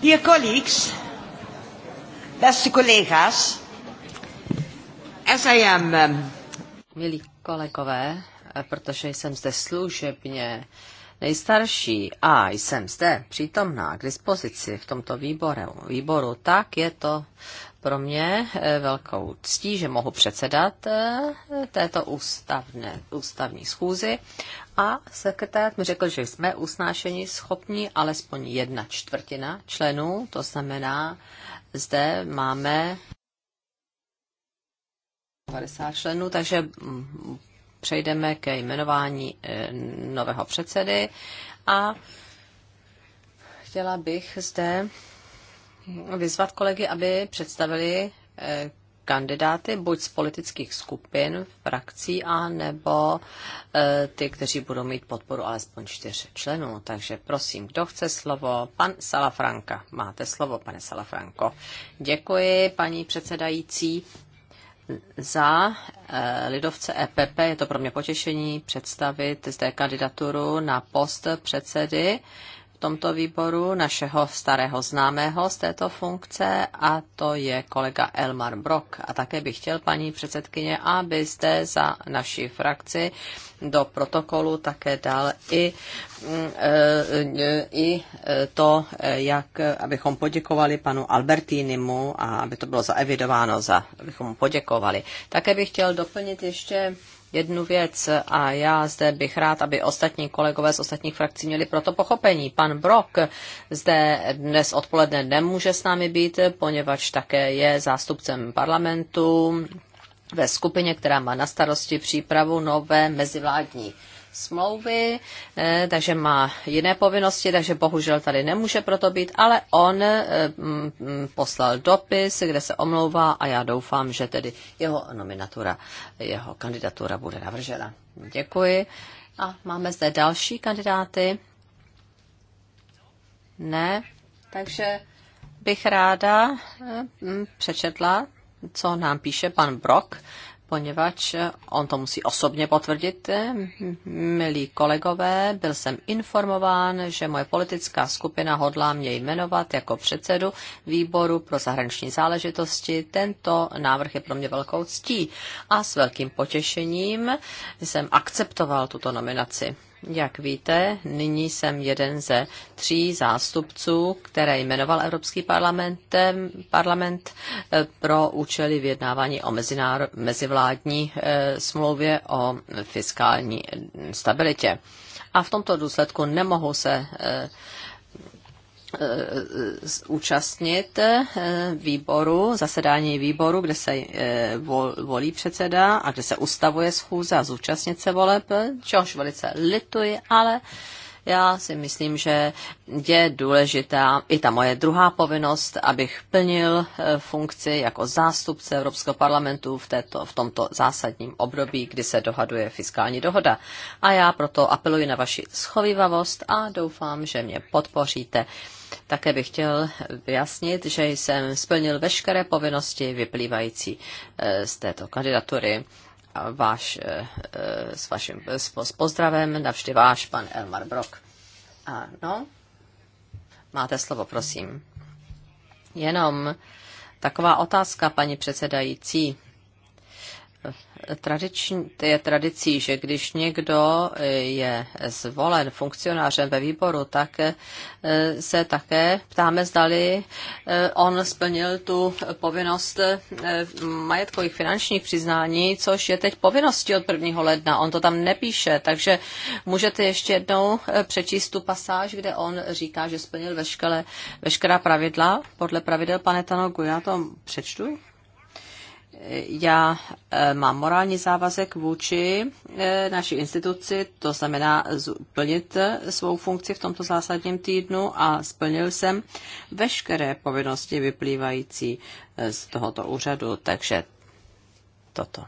Dear colleagues, beste collega's, as I am... Um... Milí kolegové, protože jsem zde služebně uh, nejstarší a jsem zde přítomná k dispozici v tomto výboru, výboru tak je to pro mě eh, velkou ctí, že mohu předsedat eh, této ústavné, ústavní schůzi a sekretář mi řekl, že jsme usnášení schopni alespoň jedna čtvrtina členů, to znamená, zde máme 50 členů, takže mm, přejdeme ke jmenování eh, nového předsedy a chtěla bych zde vyzvat kolegy, aby představili eh, kandidáty buď z politických skupin, frakcí, a nebo eh, ty, kteří budou mít podporu alespoň čtyř členů. Takže prosím, kdo chce slovo? Pan Salafranka. Máte slovo, pane Salafranko. Děkuji, paní předsedající za eh, lidovce EPP, je to pro mě potěšení představit zde kandidaturu na post předsedy tomto výboru našeho starého známého z této funkce a to je kolega Elmar Brok. A také bych chtěl, paní předsedkyně, abyste za naši frakci do protokolu také dal i, mm, e, e, i to, jak, abychom poděkovali panu Albertínimu a aby to bylo zaevidováno, za, abychom mu poděkovali. Také bych chtěl doplnit ještě jednu věc a já zde bych rád, aby ostatní kolegové z ostatních frakcí měli proto pochopení. Pan Brok zde dnes odpoledne nemůže s námi být, poněvadž také je zástupcem parlamentu ve skupině, která má na starosti přípravu nové mezivládní smlouvy, eh, takže má jiné povinnosti, takže bohužel tady nemůže proto být, ale on eh, mm, mm, poslal dopis, kde se omlouvá a já doufám, že tedy jeho nominatura, jeho kandidatura bude navržena. Děkuji. A máme zde další kandidáty. Ne, takže bych ráda eh, mm, přečetla, co nám píše pan Brock poněvadž on to musí osobně potvrdit. Milí kolegové, byl jsem informován, že moje politická skupina hodlá mě jmenovat jako předsedu výboru pro zahraniční záležitosti. Tento návrh je pro mě velkou ctí a s velkým potěšením jsem akceptoval tuto nominaci. Jak víte, nyní jsem jeden ze tří zástupců, které jmenoval Evropský parlament, parlament eh, pro účely vyjednávání o mezivládní eh, smlouvě o fiskální eh, stabilitě. A v tomto důsledku nemohu se Eh, účastnit eh, výboru, zasedání výboru, kde se eh, volí předseda a kde se ustavuje schůze a zúčastnit se voleb, čehož velice lituji, ale já si myslím, že je důležitá i ta moje druhá povinnost, abych plnil funkci jako zástupce Evropského parlamentu v, této, v tomto zásadním období, kdy se dohaduje fiskální dohoda. A já proto apeluji na vaši schovivavost a doufám, že mě podpoříte. Také bych chtěl vyjasnit, že jsem splnil veškeré povinnosti vyplývající eh, z této kandidatury. Váš, eh, eh, s vaším s pozdravem, navždy váš, pan Elmar Brok. Ano, máte slovo, prosím. Jenom taková otázka, paní předsedající tradiční, je tradicí, že když někdo eh, je zvolen funkcionářem ve výboru, tak eh, se také ptáme, zdali eh, on splnil tu povinnost majetkových finančních přiznání, což je teď povinností od 1. ledna. On to tam nepíše, takže můžete ještě jednou přečíst tu pasáž, kde on říká, že splnil veškeré, veškerá pravidla podle pravidel pane Tanogu. Já to přečtu já eh, mám morální závazek vůči eh, naší instituci, to znamená splnit eh, svou funkci v tomto zásadním týdnu a splnil jsem veškeré povinnosti vyplývající z tohoto úřadu, takže toto.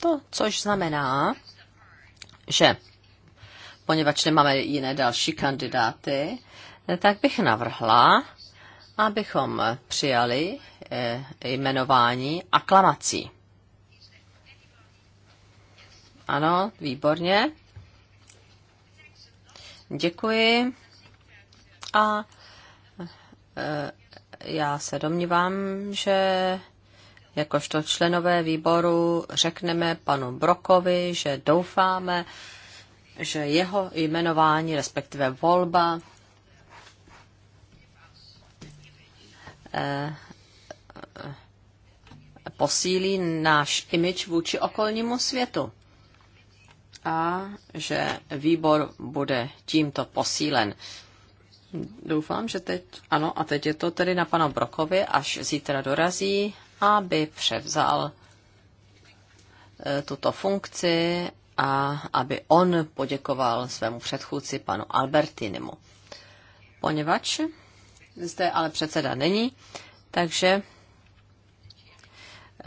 To, což znamená, že poněvadž nemáme jiné další kandidáty, tak bych navrhla, abychom přijali eh, jmenování aklamací. Ano, výborně. Děkuji. A eh, já se domnívám, že jakožto členové výboru řekneme panu Brokovi, že doufáme, že jeho jmenování, respektive volba, Eh, posílí náš imič vůči okolnímu světu a že výbor bude tímto posílen. Doufám, že teď, ano, a teď je to tedy na pana Brokovi, až zítra dorazí, aby převzal eh, tuto funkci a aby on poděkoval svému předchůdci panu Albertinimu. Poněvadž zde ale předseda není, takže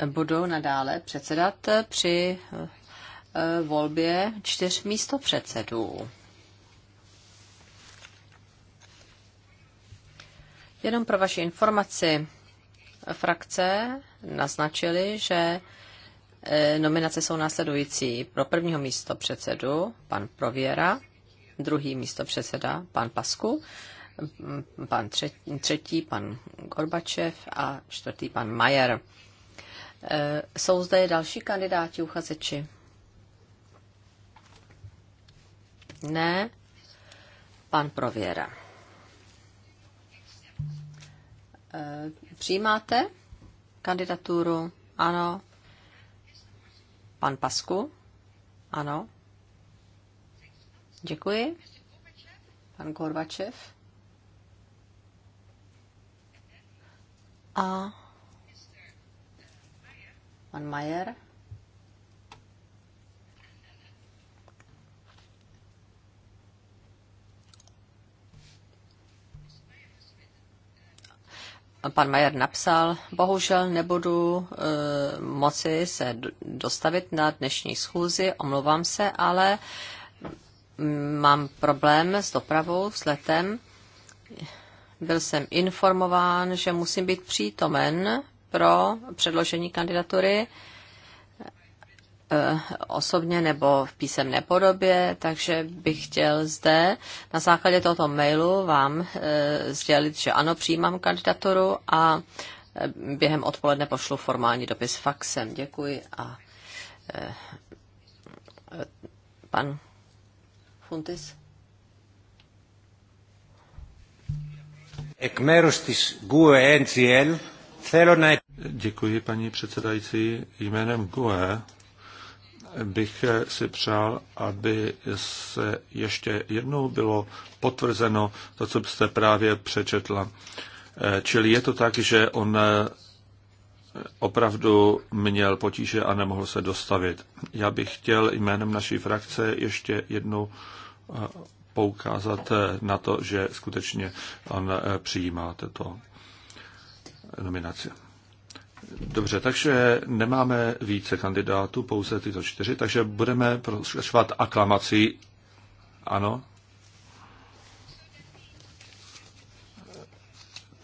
budou nadále předsedat při eh, volbě čtyř předsedů. Jenom pro vaši informaci, frakce naznačily, že eh, nominace jsou následující. Pro prvního místo předsedu pan Prověra, druhý místo předseda pan Pasku, pan třetí, třetí pan Gorbačev a čtvrtý pan Majer. E, jsou zde další kandidáti uchazeči? Ne. Pan Prověra. E, přijímáte kandidaturu? Ano. Pan Pasku? Ano. Děkuji. Pan Gorbačev? A pan Majer. pan Majer napsal, bohužel nebudu e, moci se dostavit na dnešní schůzi, omlouvám se, ale mám problém s dopravou, s letem. Byl jsem informován, že musím být přítomen pro předložení kandidatury eh, osobně nebo v písemné podobě, takže bych chtěl zde na základě tohoto mailu vám eh, sdělit, že ano, přijímám kandidaturu a eh, během odpoledne pošlu formální dopis faxem. Děkuji a pan Funtis. Děkuji, paní předsedající. Jménem GUE bych si přál, aby se ještě jednou bylo potvrzeno to, co jste právě přečetla. Čili je to tak, že on opravdu měl potíže a nemohl se dostavit. Já bych chtěl jménem naší frakce ještě jednou poukázat eh, na to, že skutečně on eh, přijímá tato nominaci. Dobře, takže nemáme více kandidátů, pouze tyto čtyři, takže budeme prošvat aklamací. Ano?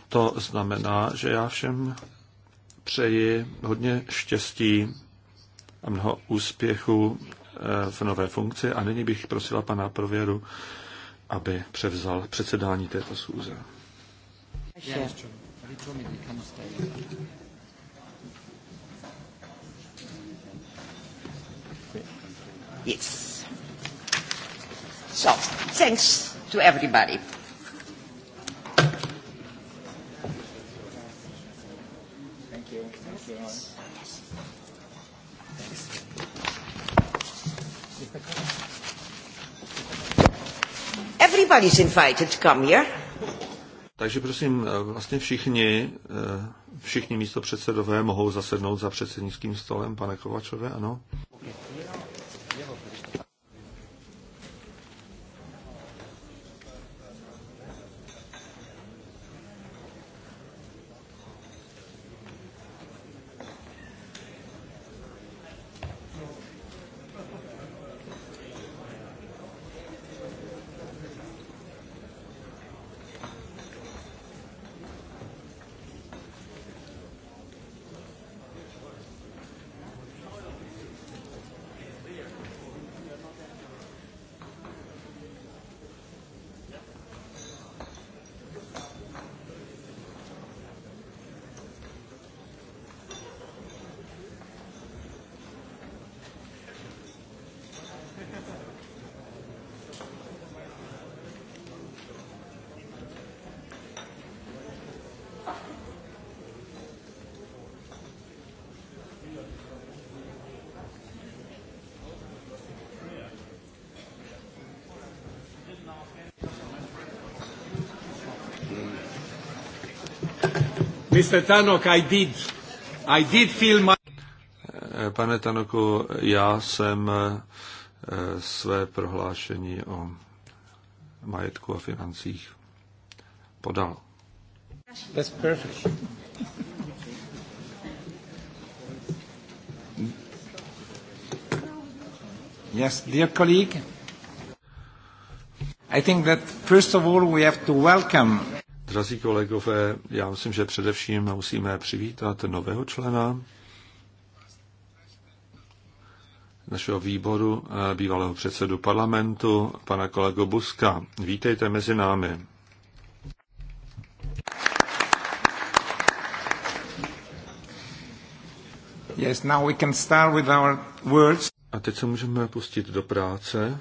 To znamená, že já všem přeji hodně štěstí a mnoho úspěchu v nové funkci a nyní bych prosila pana prověru, aby převzal předsedání této schůze. Yes. So, thanks to everybody. Everybody's invited to come here. Takže prosím, eh, vlastně všichni, eh, všichni místo předsedové mohou zasednout za předsednickým stolem, pane Kovačové, ano? Okay. Mr. Tanok, I did. I did feel my... Pane Tanoku, já jsem eh, své prohlášení o majetku a financích podal. That's perfect. Yes, dear colleague. I think that first of all we have to welcome Drazí kolegové, já myslím, že především musíme přivítat nového člena našeho výboru, bývalého předsedu parlamentu, pana kolego Buska. Vítejte mezi námi. Yes, now we can start with our words. A teď se můžeme pustit do práce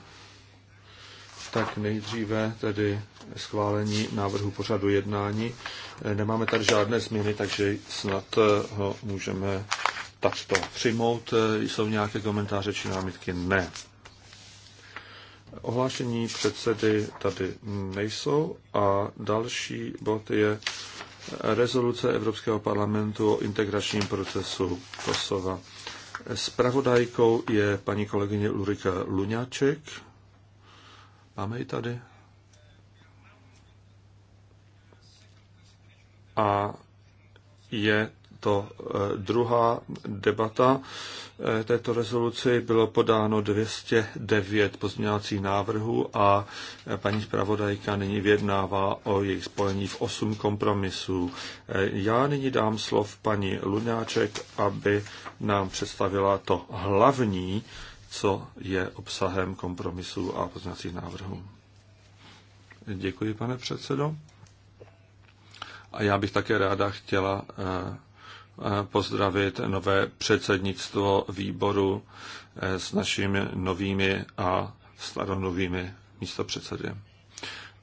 tak nejdříve tedy schválení návrhu pořadu jednání. Nemáme tady žádné změny, takže snad eh, ho můžeme takto přijmout. Eh, jsou nějaké komentáře či námitky? Ne. Ohlášení předsedy tady nejsou a další bod je rezoluce Evropského parlamentu o integračním procesu Kosova. Spravodajkou je paní kolegyně Ulrika Luňáček. Máme ji tady. A je to eh, druhá debata eh, této rezoluci. Bylo podáno 209 pozměňovacích návrhů a eh, paní zpravodajka nyní vyjednává o jejich spojení v 8 kompromisů. Já nyní dám slov paní Lunáček, aby nám představila to hlavní co je obsahem kompromisu a poznacích návrhů. Děkuji, pane předsedo. A já bych také ráda chtěla eh, eh, pozdravit nové předsednictvo výboru eh, s našimi novými a staronovými místopředsedy.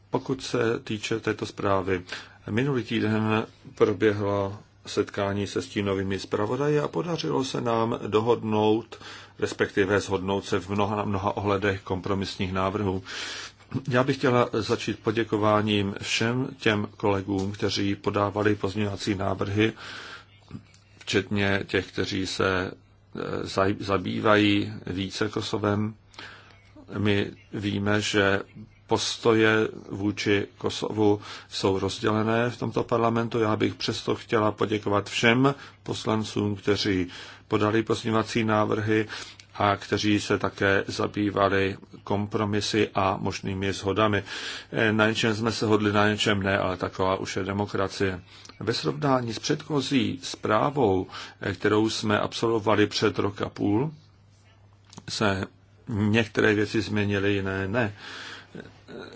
Pokud se týče této zprávy, minulý týden proběhla setkání se stínovými zpravodaji a podařilo se nám dohodnout, respektive zhodnout se v mnoha, mnoha ohledech kompromisních návrhů. Já bych chtěla začít poděkováním všem těm kolegům, kteří podávali pozměňovací návrhy, včetně těch, kteří se e, zabývají více Kosovem. My víme, že postoje vůči Kosovu jsou rozdělené v tomto parlamentu. Já bych přesto chtěla poděkovat všem poslancům, kteří podali pozměňovací návrhy a kteří se také zabývali kompromisy a možnými zhodami. Eh, na něčem jsme se hodli, na něčem ne, ale taková už je demokracie. Ve srovnání s předchozí zprávou, eh, kterou jsme absolvovali před rok a půl, se některé věci změnily, jiné ne. ne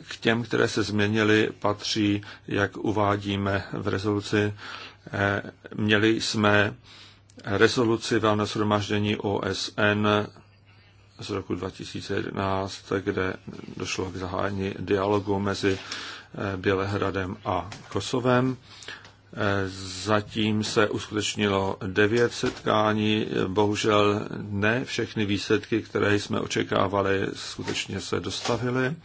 k těm, které se změnily, patří, jak uvádíme v rezoluci, eh, měli jsme rezoluci velné shromáždění OSN z roku 2011, kde došlo k zahájení dialogu mezi eh, Bělehradem a Kosovem. Eh, zatím se uskutečnilo devět setkání, bohužel ne všechny výsledky, které jsme očekávali, skutečně se dostavily.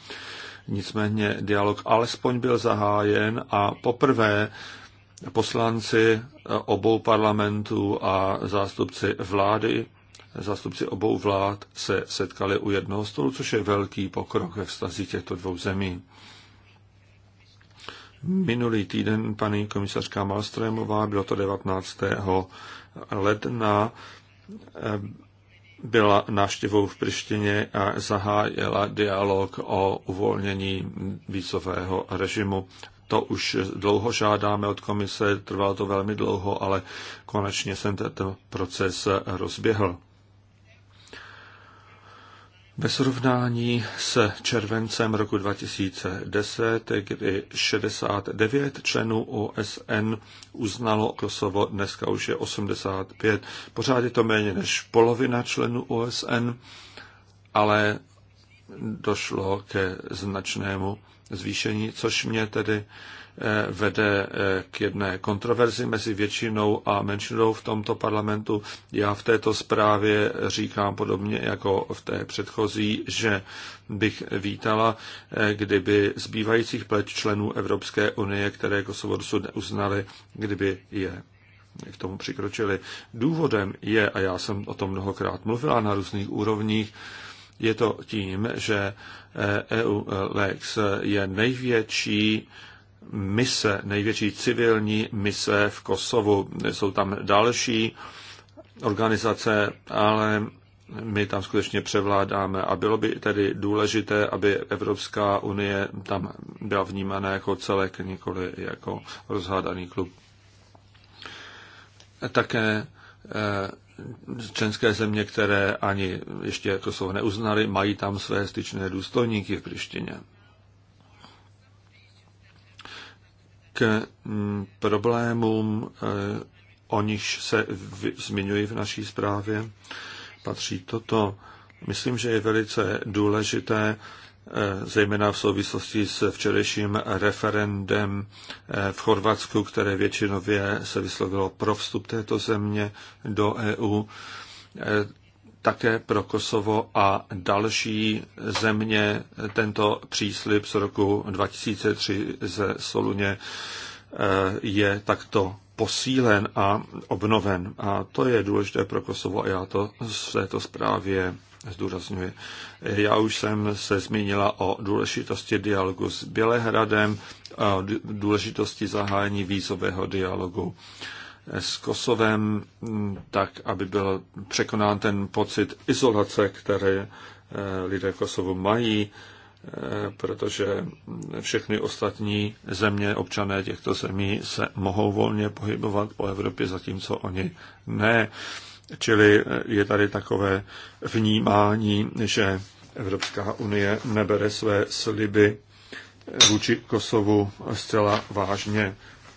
Nicméně dialog alespoň byl zahájen a poprvé poslanci obou parlamentů a zástupci vlády, zástupci obou vlád se setkali u jednoho stolu, což je velký pokrok ve vztazích těchto dvou zemí. Minulý týden paní komisařka Malstrémová, bylo to 19. ledna, byla návštěvou v Prištině a zahájila dialog o uvolnění vízového režimu. To už dlouho žádáme od komise, trvalo to velmi dlouho, ale konečně se tento proces rozběhl. Ve srovnání s červencem roku 2010, kdy 69 členů OSN uznalo Kosovo, dneska už je 85. Pořád je to méně než polovina členů OSN, ale došlo ke značnému zvýšení, což mě tedy Eh, vede eh, k jedné kontroverzi mezi většinou a menšinou v tomto parlamentu. Já v této zprávě říkám podobně jako v té předchozí, že bych vítala, eh, kdyby zbývajících pleť členů Evropské unie, které Kosovo dosud neuznali, kdyby je k tomu přikročili. Důvodem je, a já jsem o tom mnohokrát mluvila na různých úrovních, je to tím, že EU e Lex je největší mise, největší civilní mise v Kosovu. Jsou tam další organizace, ale my tam skutečně převládáme a bylo by tedy důležité, aby Evropská unie tam byla vnímána jako celek, nikoli jako rozhádaný klub. Také eh, členské země, které ani ještě Kosovo neuznali, mají tam své styčné důstojníky v Prištině. k mm, problémům, eh, o nich se zmiňuji v naší zprávě, patří toto. Myslím, že je velice důležité, eh, zejména v souvislosti s včerejším referendem eh, v Chorvatsku, které většinově se vyslovilo pro vstup této země do EU také pro Kosovo a další země tento příslip z roku 2003 ze Soluně eh, je takto posílen a obnoven. A to je důležité pro Kosovo a já to v této zprávě zdůrazňuji. Já už jsem se zmínila o důležitosti dialogu s Bělehradem, a důležitosti zahájení vízového dialogu s Kosovem, mm, tak aby byl překonán ten pocit izolace, které eh, lidé Kosovu mají, eh, protože všechny ostatní země, občané těchto zemí se mohou volně pohybovat po Evropě, zatímco oni ne. Čili eh, je tady takové vnímání, že Evropská unie nebere své sliby vůči Kosovu zcela vážně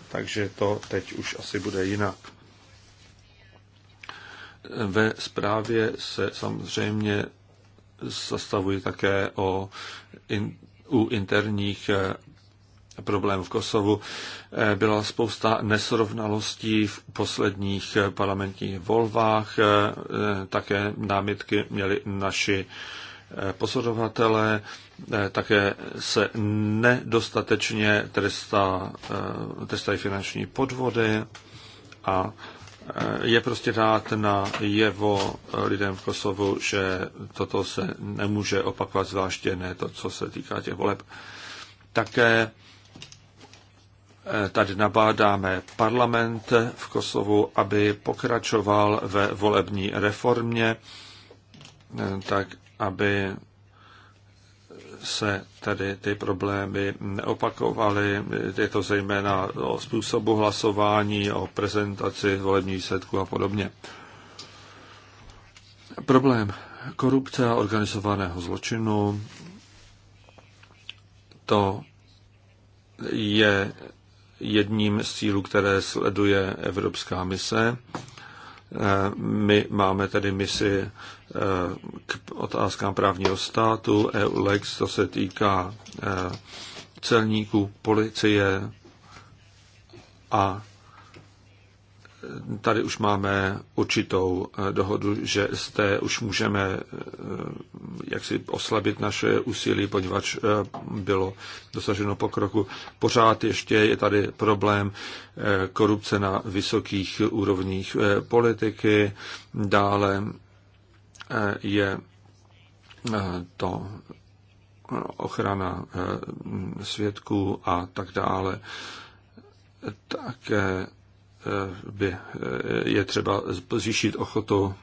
takže to teď už asi bude jinak. Ve zprávě se samozřejmě zastavuje také o in, u interních eh, problém v Kosovu. Eh, byla spousta nesrovnalostí v posledních eh, parlamentních volbách. Také námitky měli naši pozorovatelé. Eh, také se nedostatečně trestá, eh, trestají finanční podvody a eh, je prostě dát na jevo lidem v Kosovu, že toto se nemůže opakovat, zvláště ne to, co se týká těch voleb. Také tady nabádáme parlament v Kosovu, aby pokračoval ve volební reformě, tak aby se tedy ty problémy neopakovaly. Je to zejména o způsobu hlasování, o prezentaci volební výsledku a podobně. Problém korupce a organizovaného zločinu to je jedním z cílů, které sleduje Evropská mise my máme tedy misi eh, k otázkám právního státu, EU lex, to se týká eh, celníků, policie a tady už máme určitou eh, dohodu, že zde už můžeme eh, jaksi oslabit naše úsilí, poněvadž eh, bylo dosaženo pokroku. Pořád ještě je tady problém korupce na vysokých úrovních politiky, dále je to ochrana svědků a tak dále. Také by eh, je třeba zvýšit ochotu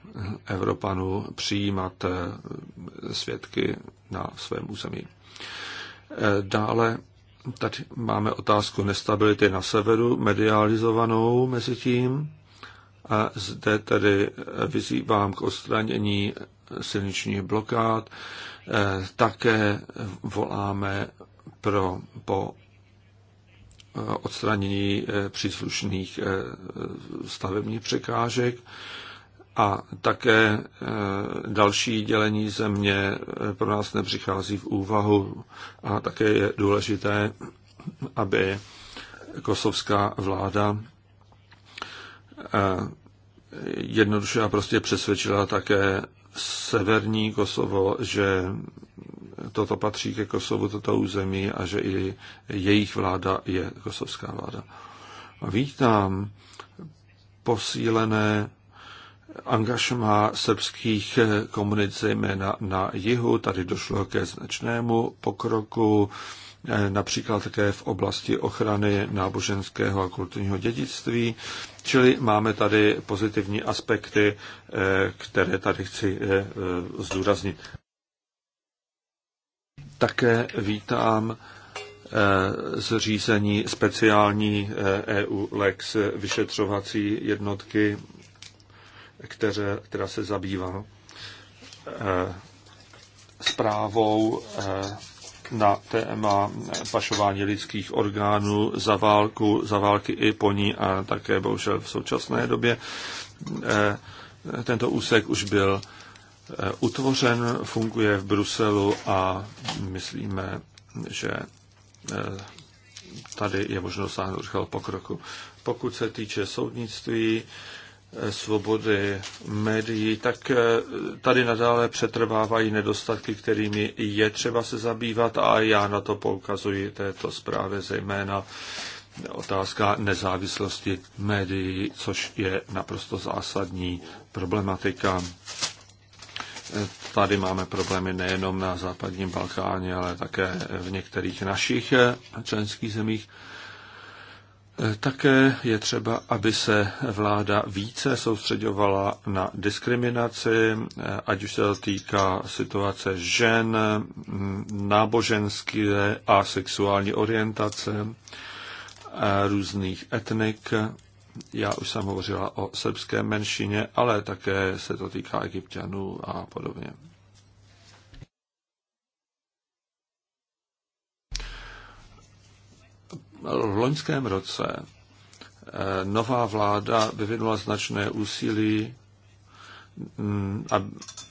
Evropanů přijímat eh, svědky na svém území. Eh, dále tady máme otázku nestability na severu, medializovanou mezi tím. A zde tedy vyzývám k odstranění silničních blokád. Také voláme pro, po odstranění eh, příslušných eh, stavebních překážek a také eh, další dělení země pro nás nepřichází v úvahu a také je důležité, aby kosovská vláda jednoduše a prostě přesvědčila také severní Kosovo, že toto patří ke Kosovu, toto území a že i jejich vláda je kosovská vláda. Vítám posílené angažma srbských komunit zejména na jihu. Tady došlo ke značnému pokroku Eh, například také v oblasti ochrany náboženského a kulturního dědictví. Čili máme tady pozitivní aspekty, eh, které tady chci eh, zdůraznit. Také vítám zřízení speciální EU e Lex vyšetřovací jednotky, které, která se zabývá zprávou na téma pašování lidských orgánů za válku, za války i po ní a také bohužel v současné době. Eh, tento úsek už byl eh, utvořen, funguje v Bruselu a myslíme, že eh, tady je možno dosáhnout pokroku. Pokud se týče soudnictví, Eh, svobody médií, tak eh, tady nadále přetrvávají nedostatky, kterými je třeba se zabývat a já na to poukazuji této zprávě zejména otázka nezávislosti médií, což je naprosto zásadní problematika. Eh, tady máme problémy nejenom na západním Balkáně, ale také v některých našich členských zemích. Také je třeba, aby se vláda více soustředovala na diskriminaci, ať už se to týká situace žen, náboženské a sexuální orientace, různých etnik. Já už jsem hovořila o srbské menšině, ale také se to týká egyptianů a podobně. V loňském roce eh, nová vláda vyvinula značné úsilí mm, a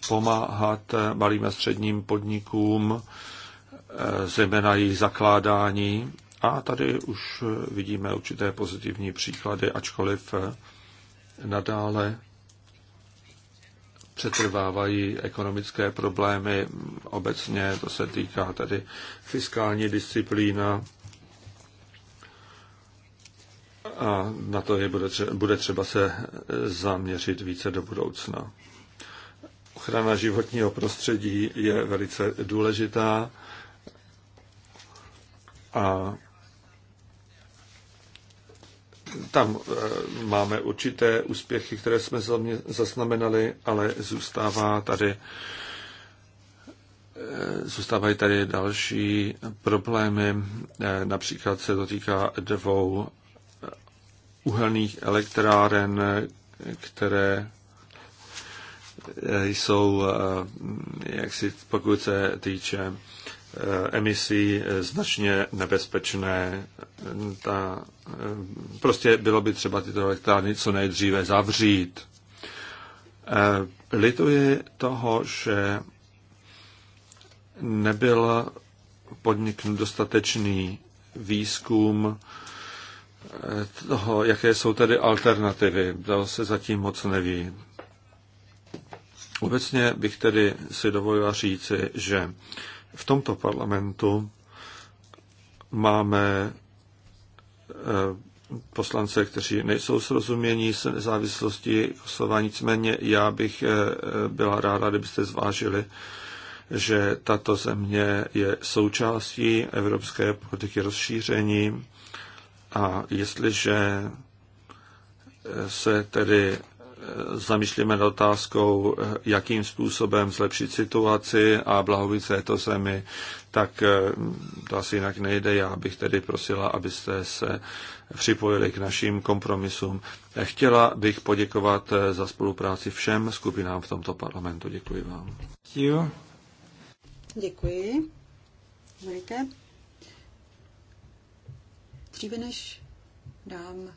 pomáhat malým a středním podnikům, eh, zejména jejich zakládání. A tady už vidíme určité pozitivní příklady, ačkoliv eh, nadále přetrvávají ekonomické problémy obecně, to se týká tedy fiskální disciplína a na to je bude, třeba, bude třeba se e, zaměřit více do budoucna. Ochrana životního prostředí je velice důležitá a tam e, máme určité úspěchy, které jsme zaznamenali, ale zůstává tady e, zůstávají tady další problémy. Například se to týká dvou uhelných elektráren, které jsou, eh, jak si pokud se týče eh, emisí, eh, značně nebezpečné. Ta, prostě bylo by třeba tyto elektrárny co nejdříve zavřít. Lituji toho, že nebyl podniknut dostatečný výzkum toho, jaké jsou tedy alternativy. To se zatím moc neví. Obecně bych tedy si dovolila říci, že v tomto parlamentu máme eh, poslance, kteří nejsou srozumění s nezávislostí Kosova. Nicméně já bych eh, byla ráda, kdybyste zvážili, že tato země je součástí evropské politiky rozšíření a jestliže se tedy eh, zamýšlíme nad otázkou, eh, jakým způsobem zlepšit situaci a blahobyt této zemi, tak eh, to asi jinak nejde. Já bych tedy prosila, abyste se připojili k našim kompromisům. Chtěla bych poděkovat za spolupráci všem skupinám v tomto parlamentu. Děkuji vám. Děkuji. Děkuji. Dříve než dám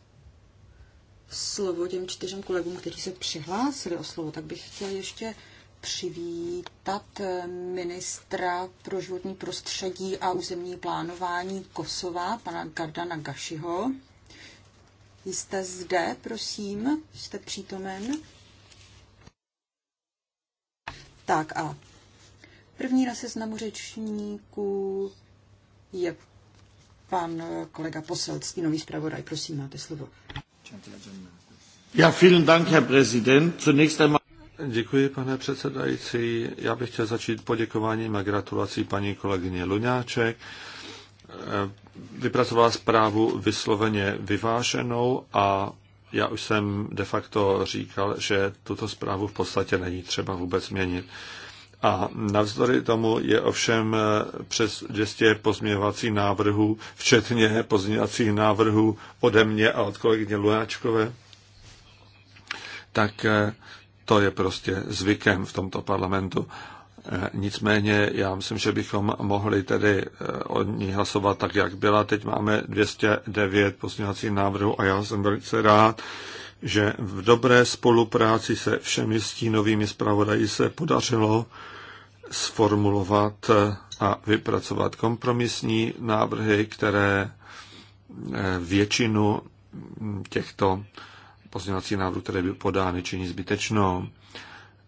slovo těm čtyřem kolegům, kteří se přihlásili o slovo, tak bych chtěl ještě přivítat ministra pro životní prostředí a územní plánování Kosova, pana Gardana Gašiho. Jste zde, prosím, jste přítomen. Tak a první na seznamu řečníků je Pan eh, kolega Posel, stínový zpravodaj, prosím, máte slovo. Ja, vielen Dank, Herr Präsident. Zunächst einmal Děkuji, pane předsedající. Já bych chtěl začít poděkováním a gratulací paní kolegyně Luňáček. Eh, vypracovala zprávu vysloveně vyváženou a já už jsem de facto říkal, že tuto zprávu v podstatě není třeba vůbec měnit. A navzdory tomu je ovšem eh, přes 200 pozměňovacích návrhů, včetně pozměňovacích návrhů ode mě a od kolegyně Lujáčkové, tak eh, to je prostě zvykem v tomto parlamentu. Eh, nicméně já myslím, že bychom mohli tedy o ní hlasovat tak, jak byla. Teď máme 209 pozměňovacích návrhů a já jsem velice rád, že v dobré spolupráci se všemi stínovými zpravodají se podařilo sformulovat a vypracovat kompromisní návrhy, které eh, většinu těchto pozměňovacích návrhů, které by podány, činí zbytečnou.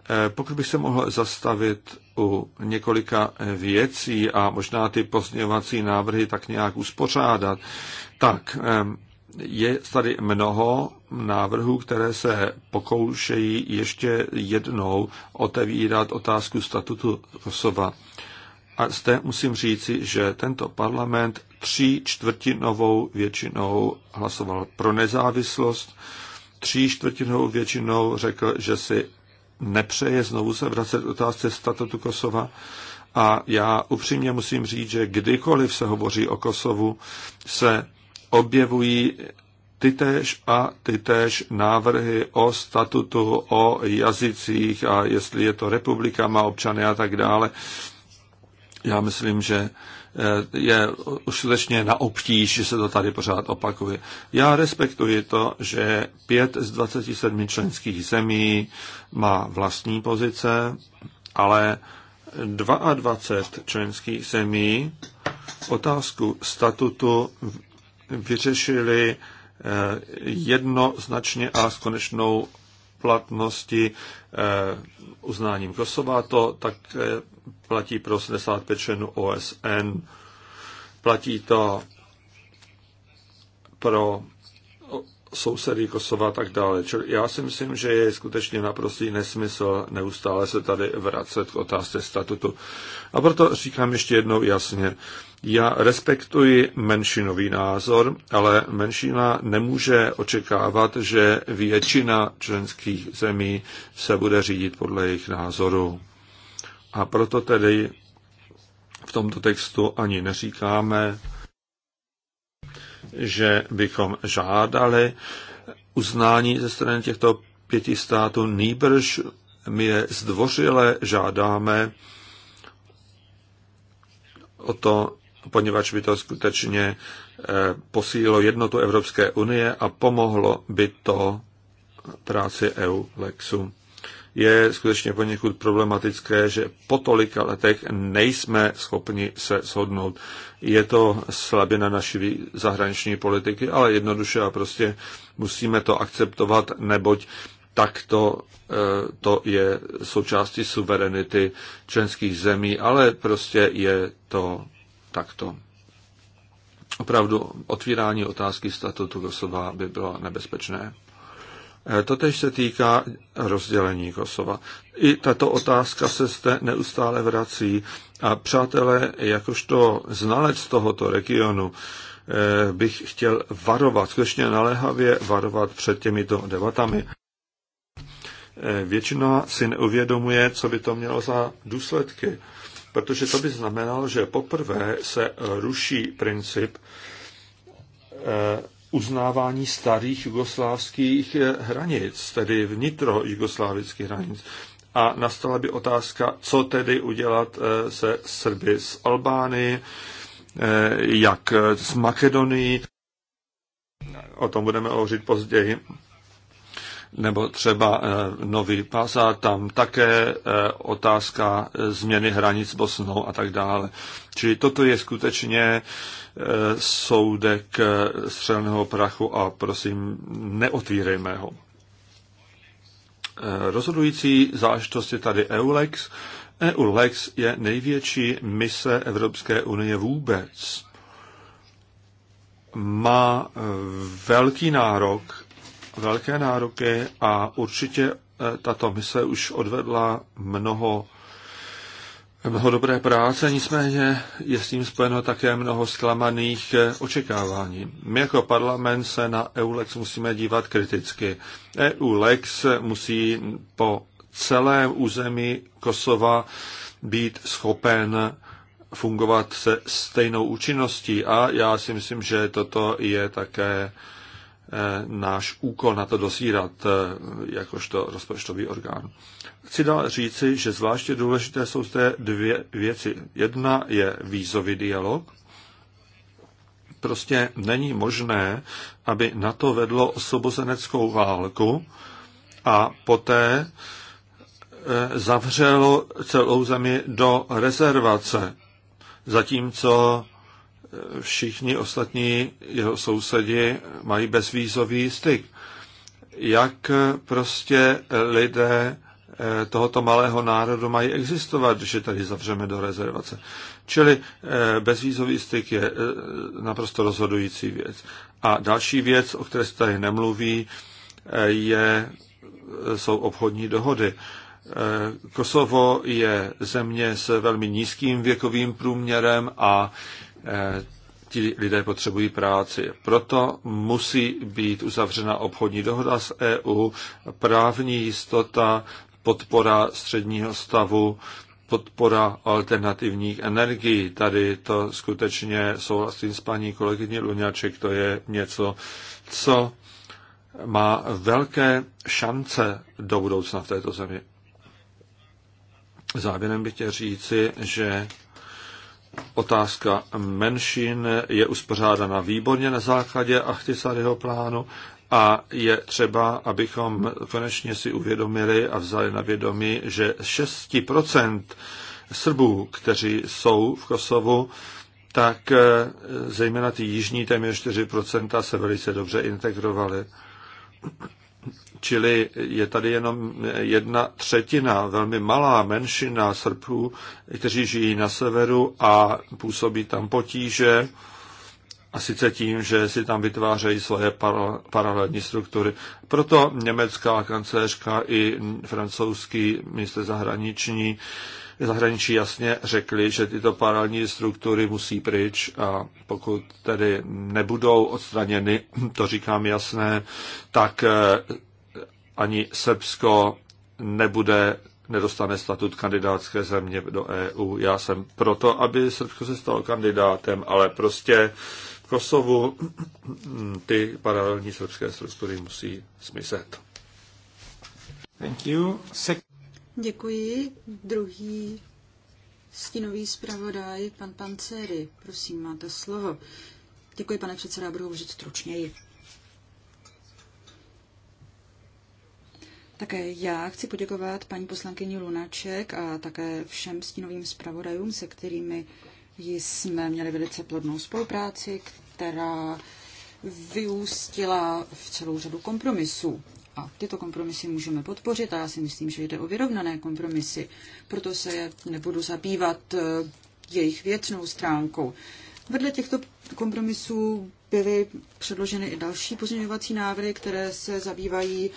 Eh, pokud bych se mohl zastavit u několika eh, věcí a možná ty pozměňovací návrhy tak nějak uspořádat, tak je tady mnoho návrhů, které se pokoušejí ještě jednou otevírat otázku statutu Kosova. A zde musím říci, že tento parlament tří čtvrtinovou většinou hlasoval pro nezávislost, tří čtvrtinovou většinou řekl, že si nepřeje znovu se vracet otázce statutu Kosova. A já upřímně musím říct, že kdykoliv se hovoří o Kosovu, se objevují tytéž a tytéž návrhy o statutu, o jazycích a jestli je to republika, má občany a tak dále. Já myslím, že eh, je už skutečně na obtíž, že se to tady pořád opakuje. Já respektuji to, že pět z 27 členských zemí má vlastní pozice, ale 22 členských zemí otázku statutu vyřešili eh, jednoznačně a s konečnou platnosti eh, uznáním Kosova. To tak eh, platí pro 85 členů OSN. Platí to pro sousedy Kosova a tak dále. Čili já si myslím, že je skutečně naprostý nesmysl neustále se tady vracet k otázce statutu. A proto říkám ještě jednou jasně, já respektuji menšinový názor, ale menšina nemůže očekávat, že většina členských zemí se bude řídit podle jejich názoru. A proto tedy v tomto textu ani neříkáme, že bychom žádali uznání ze strany těchto pěti států, nýbrž my je zdvořile žádáme o to, poněvadž by to skutečně eh, posílilo jednotu Evropské unie a pomohlo by to práci EU Lexu je skutečně poněkud problematické, že po tolika letech nejsme schopni se shodnout. Je to slabina naší zahraniční politiky, ale jednoduše a prostě musíme to akceptovat, neboť tak to, eh, to je součástí suverenity členských zemí, ale prostě je to takto. Opravdu otvírání otázky statutu Kosova by bylo nebezpečné. Eh, totež se týká rozdělení Kosova. I tato otázka se zde neustále vrací. A přátelé, jakožto znalec tohoto regionu, eh, bych chtěl varovat, skutečně naléhavě varovat před těmito debatami. Eh, většina si neuvědomuje, co by to mělo za důsledky, protože to by znamenalo, že poprvé se ruší princip uznávání starých jugoslávských eh, hranic, tedy vnitro jugoslávických hranic. A nastala by otázka, co tedy udělat eh, se Srby z Albány, eh, jak z Makedonii, o tom budeme hovořit později, nebo třeba nový pasa, tam také otázka změny hranic Bosnou a tak dále. Čili toto je skutečně soudek střelného prachu a prosím, neotvírejme ho. Rozhodující záležitost je tady EULEX. EULEX je největší mise Evropské unie vůbec. Má velký nárok, velké nároky a určitě eh, tato mise už odvedla mnoho mnoho dobré práce, nicméně je s tím spojeno také mnoho zklamaných eh, očekávání. My jako parlament se na EULEX musíme dívat kriticky. EULEX musí po celém území Kosova být schopen fungovat se stejnou účinností a já si myslím, že toto je také eh, náš úkol na to dosírat eh, jakožto rozpočtový orgán. Chci dál říci, že zvláště důležité jsou zde dvě věci. Jedna je vízový dialog. Prostě není možné, aby na to vedlo osobozeneckou válku a poté eh, zavřelo celou zemi do rezervace, zatímco eh, všichni ostatní jeho sousedi mají bezvízový styk. Jak eh, prostě lidé Eh, tohoto malého národu mají existovat, když je tady zavřeme do rezervace. Čili eh, bezvízový styk je eh, naprosto rozhodující věc. A další věc, o které se tady nemluví, je, jsou obchodní dohody. Kosovo je země s velmi nízkým věkovým průměrem a ti lidé potřebují práci. Proto musí být uzavřena obchodní dohoda s EU, právní jistota, podpora středního stavu, podpora alternativních energií. Tady to skutečně souhlasím s paní kolegyně Luňaček, to je něco, co má velké šance do budoucna v této zemi. Závěrem bych chtěl říci, že otázka menšin je uspořádána výborně na základě Achtisaryho plánu a je třeba, abychom konečně si uvědomili a vzali na vědomí, že 6% Srbů, kteří jsou v Kosovu, tak eh, zejména ty jižní, téměř 4%, se velice dobře integrovali. Čili je tady jenom jedna třetina, velmi malá menšina Srbů, kteří žijí na severu a působí tam potíže a sice tím, že si tam vytvářejí svoje paralelní struktury. Proto německá kancléřka i francouzský minister zahraniční, zahraničí jasně řekli, že tyto paralelní struktury musí pryč a pokud tedy nebudou odstraněny, to říkám jasné, tak eh, ani Srbsko nebude nedostane statut kandidátské země do EU. Já jsem proto, aby Srbsko se stalo kandidátem, ale prostě Kosovu ty paralelní srbské struktury musí smyslet. Thank you. Sek- Děkuji. Druhý stínový zpravodaj, pan Pancery. Prosím, máte slovo. Děkuji, pane předseda, budu hovořit stručněji. Také já chci poděkovat paní poslankyni Lunaček a také všem stínovým zpravodajům, se kterými jsme měli velice plodnou spolupráci, která vyústila v celou řadu kompromisů. A tyto kompromisy můžeme podpořit a já si myslím, že jde o vyrovnané kompromisy, proto se nebudu zabývat eh, jejich věcnou stránkou. Vedle těchto kompromisů byly předloženy i další pozměňovací návrhy, které se zabývají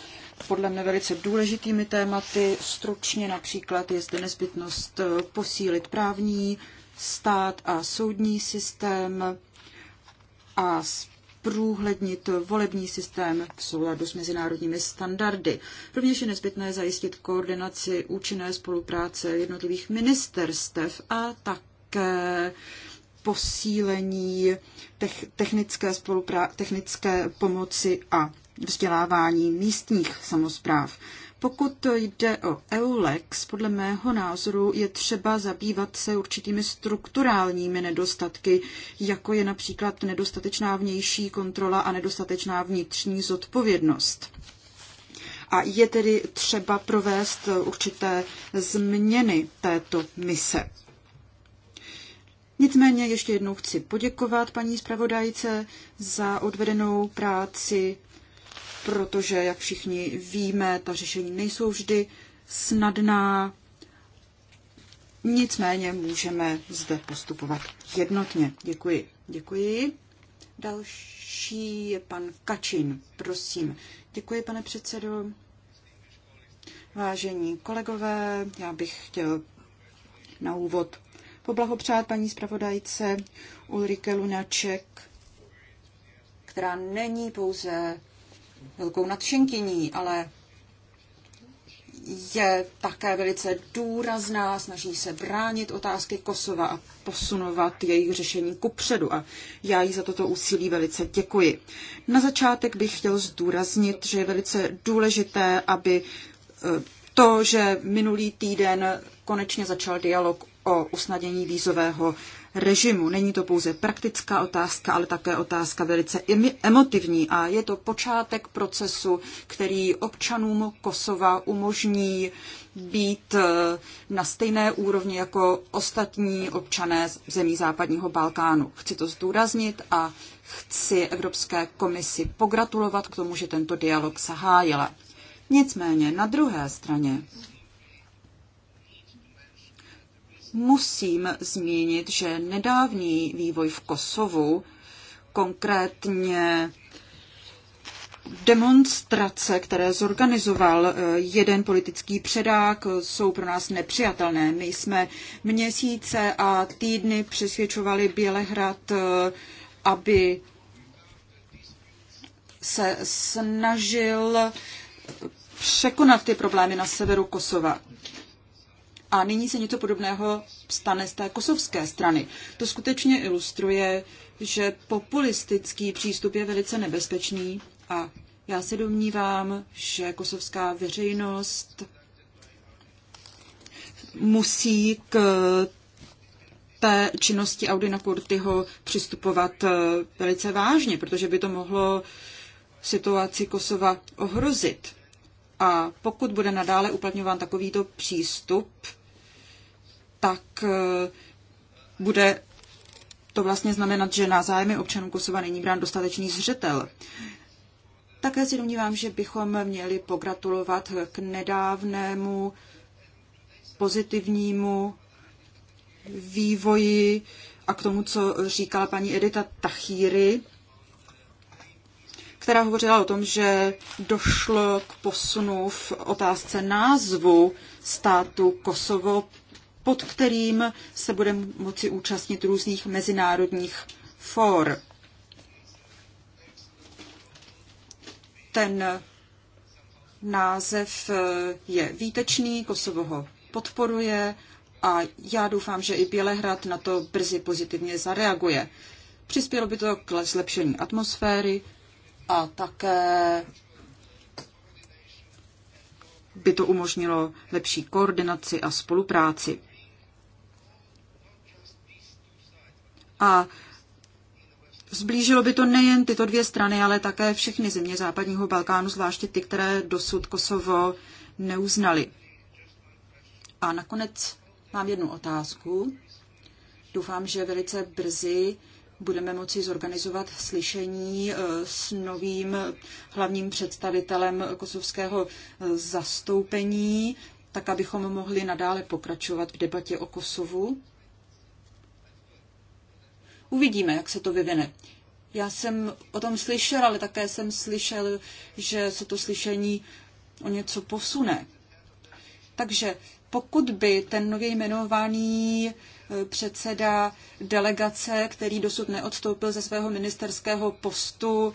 podle mne velice důležitými tématy. Stručně například je zde nezbytnost eh, posílit právní stát a soudní systém a průhlednit volební systém v souladu s mezinárodními standardy. Rovněž je nezbytné zajistit koordinaci účinné spolupráce jednotlivých ministerstev a také posílení technické, technické pomoci a vzdělávání místních samozpráv. Pokud jde o EULEX, podle mého názoru je třeba zabývat se určitými strukturálními nedostatky, jako je například nedostatečná vnější kontrola a nedostatečná vnitřní zodpovědnost. A je tedy třeba provést určité změny této mise. Nicméně ještě jednou chci poděkovat paní zpravodajce za odvedenou práci protože, jak všichni víme, ta řešení nejsou vždy snadná. Nicméně můžeme zde postupovat jednotně. Děkuji. Děkuji. Další je pan Kačin. Prosím. Děkuji, pane předsedo. Vážení kolegové, já bych chtěl na úvod poblahopřát paní zpravodajce Ulrike Lunaček, která není pouze velkou nadšenkyní, ale je také velice důrazná, snaží se bránit otázky Kosova a posunovat jejich řešení kupředu a já jí za toto úsilí velice děkuji. Na začátek bych chtěl zdůraznit, že je velice důležité, aby eh, to, že minulý týden konečně začal dialog o usnadnění vízového režimu. Není to pouze praktická otázka, ale také otázka velice emotivní a je to počátek procesu, který občanům Kosova umožní být eh, na stejné úrovni jako ostatní občané zemí západního Balkánu. Chci to zdůraznit a chci Evropské komisi pogratulovat k tomu, že tento dialog zahájila. Nicméně na druhé straně musím zmínit, že nedávný vývoj v Kosovu, konkrétně demonstrace, které zorganizoval eh, jeden politický předák, jsou pro nás nepřijatelné. My jsme měsíce a týdny přesvědčovali Bělehrad, eh, aby se snažil překonat ty problémy na severu Kosova. A nyní se něco podobného stane z té kosovské strany. To skutečně ilustruje, že populistický přístup je velice nebezpečný a já se domnívám, že kosovská veřejnost musí k té činnosti Audina Kurtyho přistupovat eh, velice vážně, protože by to mohlo situaci Kosova ohrozit. A pokud bude nadále uplatňován takovýto přístup, tak eh, bude to vlastně znamenat, že na zájmy občanů Kosova není brán dostatečný zřetel. Také si domnívám, že bychom měli pogratulovat k nedávnému pozitivnímu vývoji a k tomu, co říkala paní Edita Tachýry, která hovořila o tom, že došlo k posunu v otázce názvu státu Kosovo pod kterým se bude moci účastnit různých mezinárodních fór. Ten název eh, je výtečný, Kosovo ho podporuje a já doufám, že i Bělehrad na to brzy pozitivně zareaguje. Přispělo by to k zlepšení atmosféry a také by to umožnilo lepší koordinaci a spolupráci. a Zblížilo by to nejen tyto dvě strany, ale také všechny země západního Balkánu, zvláště ty, které dosud Kosovo neuznali. A nakonec mám jednu otázku. Doufám, že velice brzy budeme moci zorganizovat slyšení eh, s novým hlavním představitelem kosovského eh, zastoupení, tak abychom mohli nadále pokračovat v debatě o Kosovu. Uvidíme, jak se to vyvine. Já jsem o tom slyšel, ale také jsem slyšel, že se to slyšení o něco posune. Takže pokud by ten nově jmenovaný eh, předseda delegace, který dosud neodstoupil ze svého ministerského postu,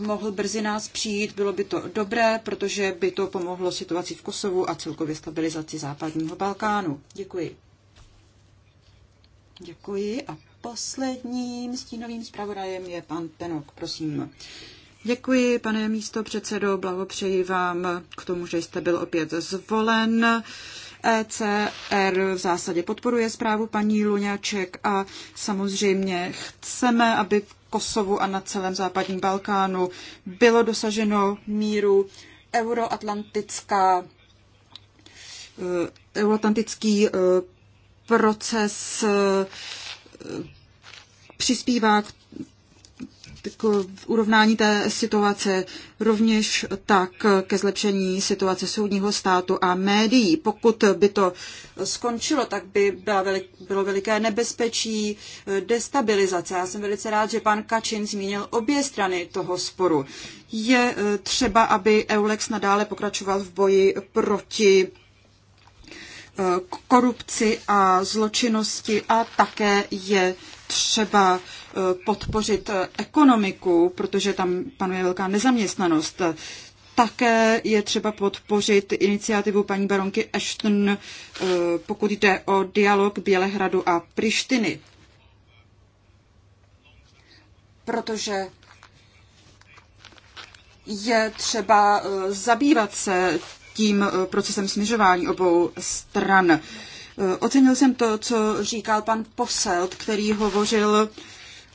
eh, mohl brzy nás přijít. Bylo by to dobré, protože by to pomohlo situaci v Kosovu a celkově stabilizaci západního Balkánu. Děkuji. Děkuji a posledním stínovým zpravodajem je pan Tenok. Prosím. Děkuji, pane místo předsedo, blahopřeji vám k tomu, že jste byl opět zvolen. ECR v zásadě podporuje zprávu paní Luňáček a samozřejmě chceme, aby v Kosovu a na celém západním Balkánu bylo dosaženo míru euroatlantická eh, euroatlantický eh, proces eh, přispívá k k urovnání té situace, rovněž tak ke zlepšení situace soudního státu a médií. Pokud by to skončilo, tak by byla velik, bylo veliké nebezpečí destabilizace. Já jsem velice rád, že pan Kačin zmínil obě strany toho sporu. Je eh, třeba, aby Eulex nadále pokračoval v boji proti korupci a zločinnosti a také je třeba e, podpořit e, ekonomiku, protože tam panuje velká nezaměstnanost. Také je třeba podpořit iniciativu paní baronky Ashton, e, pokud jde o dialog Bělehradu a Prištiny. Protože je třeba zabývat se tím eh, procesem snižování obou stran. Eh, ocenil jsem to, co říkal pan Poselt, který hovořil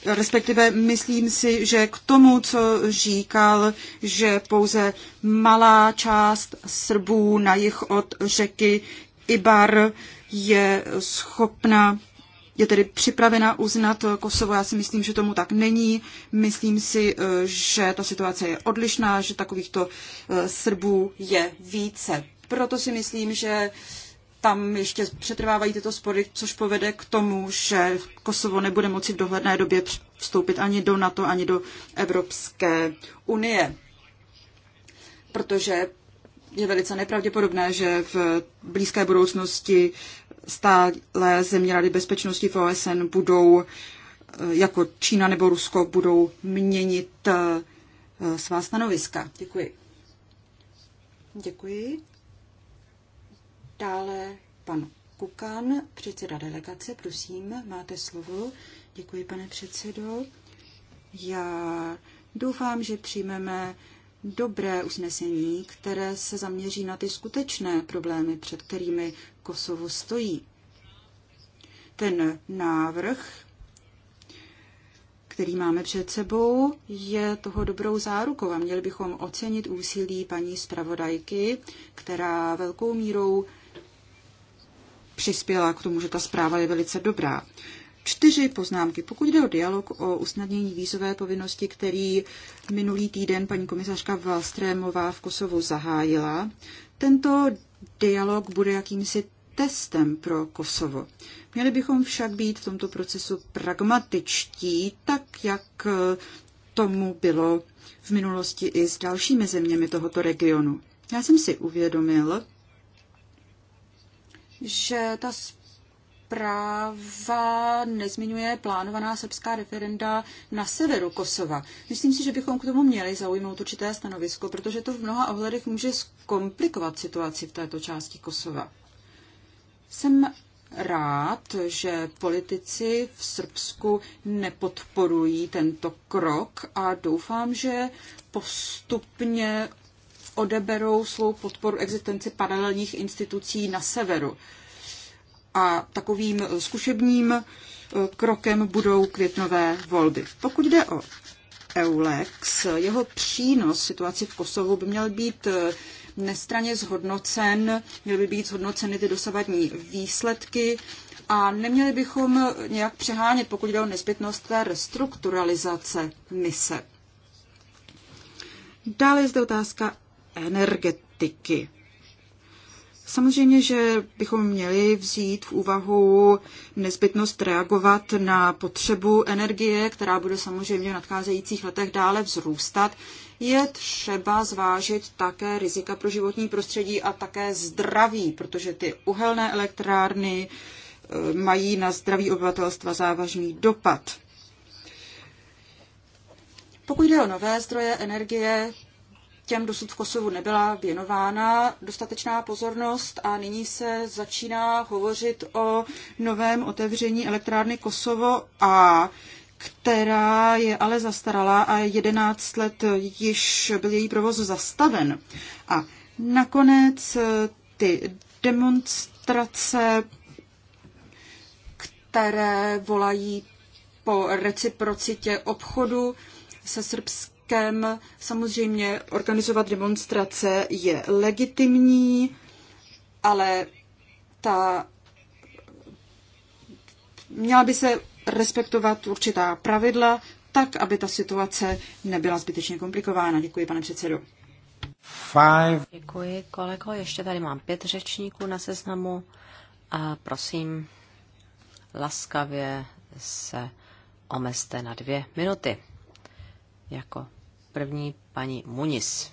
respektive myslím si, že k tomu, co říkal, že pouze malá část Srbů na jich od řeky Ibar je schopna je tedy připravena uznat Kosovo. Já si myslím, že tomu tak není. Myslím si, eh, že ta situace je odlišná, že takovýchto eh, Srbů je více. Proto si myslím, že tam ještě přetrvávají tyto spory, což povede k tomu, že Kosovo nebude moci v dohledné době vstoupit ani do NATO, ani do Evropské unie. Protože je velice nepravděpodobné, že v blízké budoucnosti stále země Rady bezpečnosti v OSN budou, eh, jako Čína nebo Rusko, budou měnit eh, svá stanoviska. Děkuji. Děkuji. Dále pan Kukan, předseda delegace, prosím, máte slovo. Děkuji, pane předsedo. Já doufám, že přijmeme dobré usnesení, které se zaměří na ty skutečné problémy, před kterými Kosovu stojí. Ten návrh, který máme před sebou, je toho dobrou zárukou a měli bychom ocenit úsilí paní zpravodajky, která velkou mírou přispěla k tomu, že ta zpráva je velice dobrá. Čtyři poznámky. Pokud jde o dialog o usnadnění výzové povinnosti, který minulý týden paní komisařka Valstrémová v Kosovu zahájila, tento dialog bude jakýmsi testem pro Kosovo. Měli bychom však být v tomto procesu pragmatičtí, tak jak eh, tomu bylo v minulosti i s dalšími zeměmi tohoto regionu. Já jsem si uvědomil, že ta zpráva nezmiňuje plánovaná srbská referenda na severu Kosova. Myslím si, že bychom k tomu měli zaujmout určité stanovisko, protože to v mnoha ohledech může zkomplikovat situaci v této části Kosova. Jsem rád, že politici v Srbsku nepodporují tento krok a doufám, že postupně odeberou svou podporu existenci paralelních institucí na severu. A takovým zkušebním eh, krokem budou květnové volby. Pokud jde o Eulex, jeho přínos situaci v Kosovu by měl být eh, nestraně zhodnocen, měly by být zhodnoceny ty dosavadní výsledky a neměli bychom nějak přehánět, pokud jde o nezbytnost té restrukturalizace mise. Dále je zde otázka energetiky. Samozřejmě, že bychom měli vzít v úvahu nezbytnost reagovat na potřebu energie, která bude samozřejmě v nadcházejících letech dále vzrůstat je třeba zvážit také rizika pro životní prostředí a také zdraví, protože ty uhelné elektrárny eh, mají na zdraví obyvatelstva závažný dopad. Pokud jde o nové zdroje energie, těm dosud v Kosovu nebyla věnována dostatečná pozornost a nyní se začíná hovořit o novém otevření elektrárny Kosovo a která je ale zastaralá a 11 let již byl její provoz zastaven. A nakonec eh, ty demonstrace, které volají po reciprocitě obchodu se Srbskem, samozřejmě organizovat demonstrace je legitimní, ale ta měla by se respektovat určitá pravidla, tak, aby ta situace nebyla zbytečně komplikována. Děkuji, pane předsedo. Five. Děkuji, kolego. Ještě tady mám pět řečníků na seznamu a prosím, laskavě se omezte na dvě minuty. Jako první paní Munis.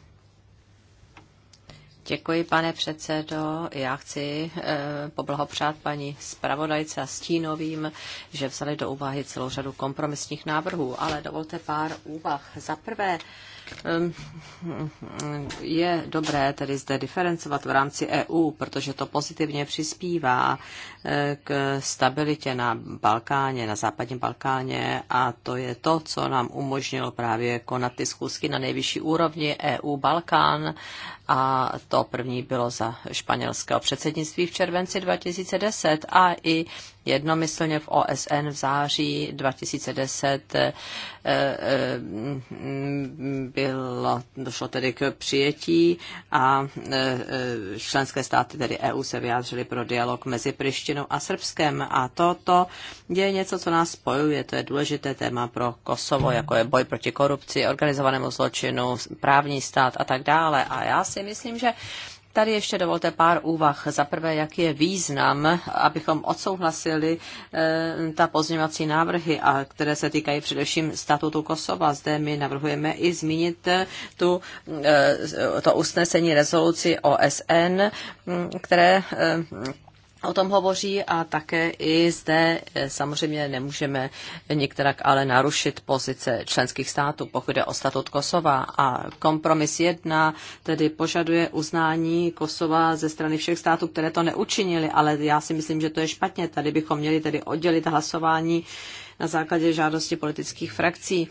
Děkuji, pane předsedo. Já chci eh, poblahopřát paní zpravodajce a stínovým, že vzali do úvahy celou řadu kompromisních návrhů, ale dovolte pár úvah. Za prvé, eh, je dobré tedy zde diferencovat v rámci EU, protože to pozitivně přispívá eh, k stabilitě na Balkáně, na západním Balkáně a to je to, co nám umožnilo právě konat ty schůzky na nejvyšší úrovni EU-Balkán a to první bylo za španělského předsednictví v červenci 2010 a i jednomyslně v OSN v září 2010 eh, eh, bylo, došlo tedy k přijetí a eh, členské státy, tedy EU, se vyjádřily pro dialog mezi Prištinou a Srbskem a toto je něco, co nás spojuje. To je důležité téma pro Kosovo, jako je boj proti korupci, organizovanému zločinu, právní stát a tak dále. A já si si myslím, že Tady ještě dovolte pár úvah. Za prvé, jaký je význam, abychom odsouhlasili e, ta pozměňovací návrhy, a které se týkají především statutu Kosova. Zde my navrhujeme i zmínit eh, tu, e, to usnesení rezoluci OSN, které e, o tom hovoří a také i zde eh, samozřejmě nemůžeme některak ale narušit pozice členských států, pokud je o statut Kosova. A kompromis jedna tedy požaduje uznání Kosova ze strany všech států, které to neučinili, ale já si myslím, že to je špatně. Tady bychom měli tedy oddělit hlasování na základě žádosti politických frakcí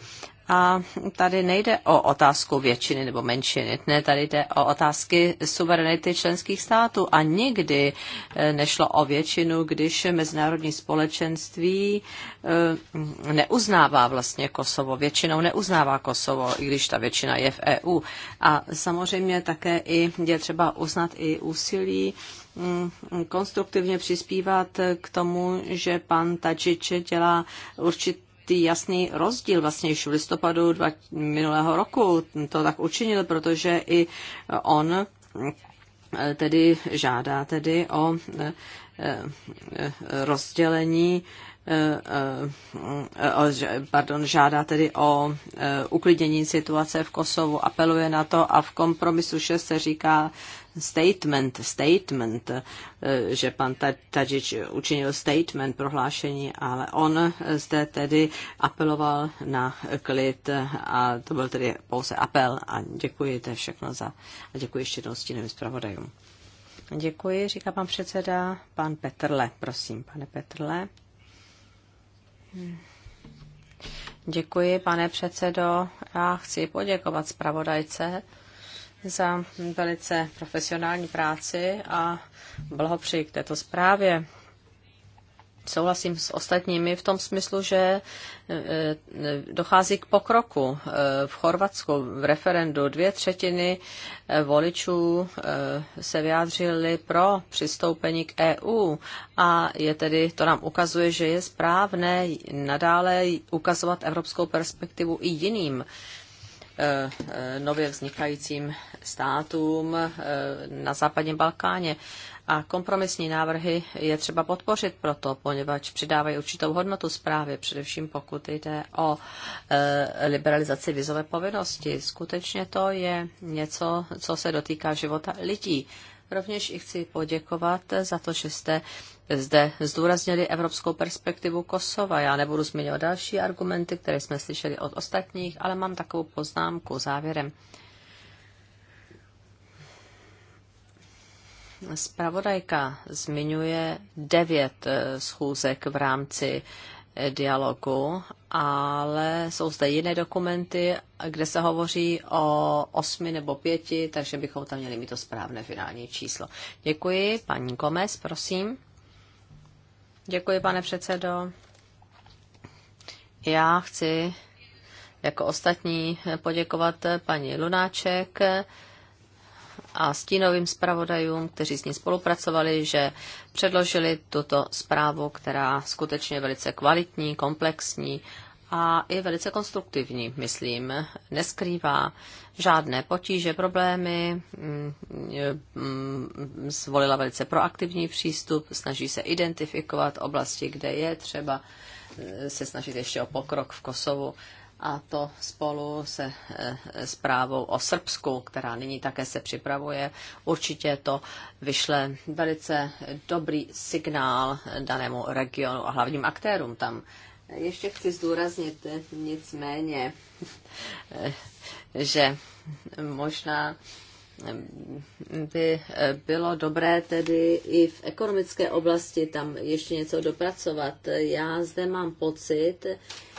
a tady nejde o otázku většiny nebo menšiny, ne, tady jde o otázky suverenity členských států. A nikdy eh, nešlo o většinu, když mezinárodní společenství eh, neuznává vlastně Kosovo. Většinou neuznává Kosovo, i když ta většina je v EU. A samozřejmě také i je třeba uznat i úsilí mm, konstruktivně přispívat k tomu, že pan Tadžič dělá určitě jasný rozdíl. Vlastně již v listopadu dva, minulého roku to tak učinil, protože i on eh, tedy žádá tedy o eh, eh, rozdělení pardon, žádá tedy o uklidnění situace v Kosovu, apeluje na to a v kompromisu 6 se říká statement, statement, eh, že pan Tadžič učinil statement, prohlášení, ale on zde tedy apeloval na klid a to byl tedy pouze apel a děkuji, to je všechno za a děkuji ještě jednou stínovým zpravodajům. Děkuji, říká pan předseda. Pan Petrle, prosím, pane Petrle. Děkuji, pane předsedo. Já chci poděkovat zpravodajce za velice profesionální práci a blahopřeji k této zprávě. Souhlasím s ostatními v tom smyslu, že e, e, dochází k pokroku. E, v Chorvatsku v referendu dvě třetiny voličů se vyjádřili pro přistoupení k EU a je tedy, to nám ukazuje, že je správné nadále ukazovat evropskou perspektivu i jiným Eh, nově vznikajícím státům eh, na západním Balkáně. A kompromisní návrhy je třeba podpořit proto, poněvadž přidávají určitou hodnotu zprávě, především pokud jde o eh, liberalizaci vizové povinnosti. Skutečně to je něco, co se dotýká života lidí. Rovněž i chci poděkovat za to, že jste zde zdůraznili evropskou perspektivu Kosova. Já nebudu zmiňovat další argumenty, které jsme slyšeli od ostatních, ale mám takovou poznámku závěrem. Spravodajka zmiňuje devět eh, schůzek v rámci eh, dialogu, ale jsou zde jiné dokumenty, kde se hovoří o osmi nebo pěti, takže bychom tam měli mít to správné finální číslo. Děkuji. Paní Gomez, prosím. Děkuji, pane předsedo. Já chci jako ostatní poděkovat paní Lunáček a stínovým zpravodajům, kteří s ní spolupracovali, že předložili tuto zprávu, která skutečně je velice kvalitní, komplexní a je velice konstruktivní, myslím. Neskrývá žádné potíže, problémy, mm, mm, zvolila velice proaktivní přístup, snaží se identifikovat oblasti, kde je třeba eh, se snažit ještě o pokrok v Kosovu a to spolu se eh, zprávou o Srbsku, která nyní také se připravuje. Určitě to vyšle velice dobrý signál danému regionu a hlavním aktérům tam. Ještě chci zdůraznit nicméně, že možná by bylo dobré tedy i v ekonomické oblasti tam ještě něco dopracovat. Já zde mám pocit,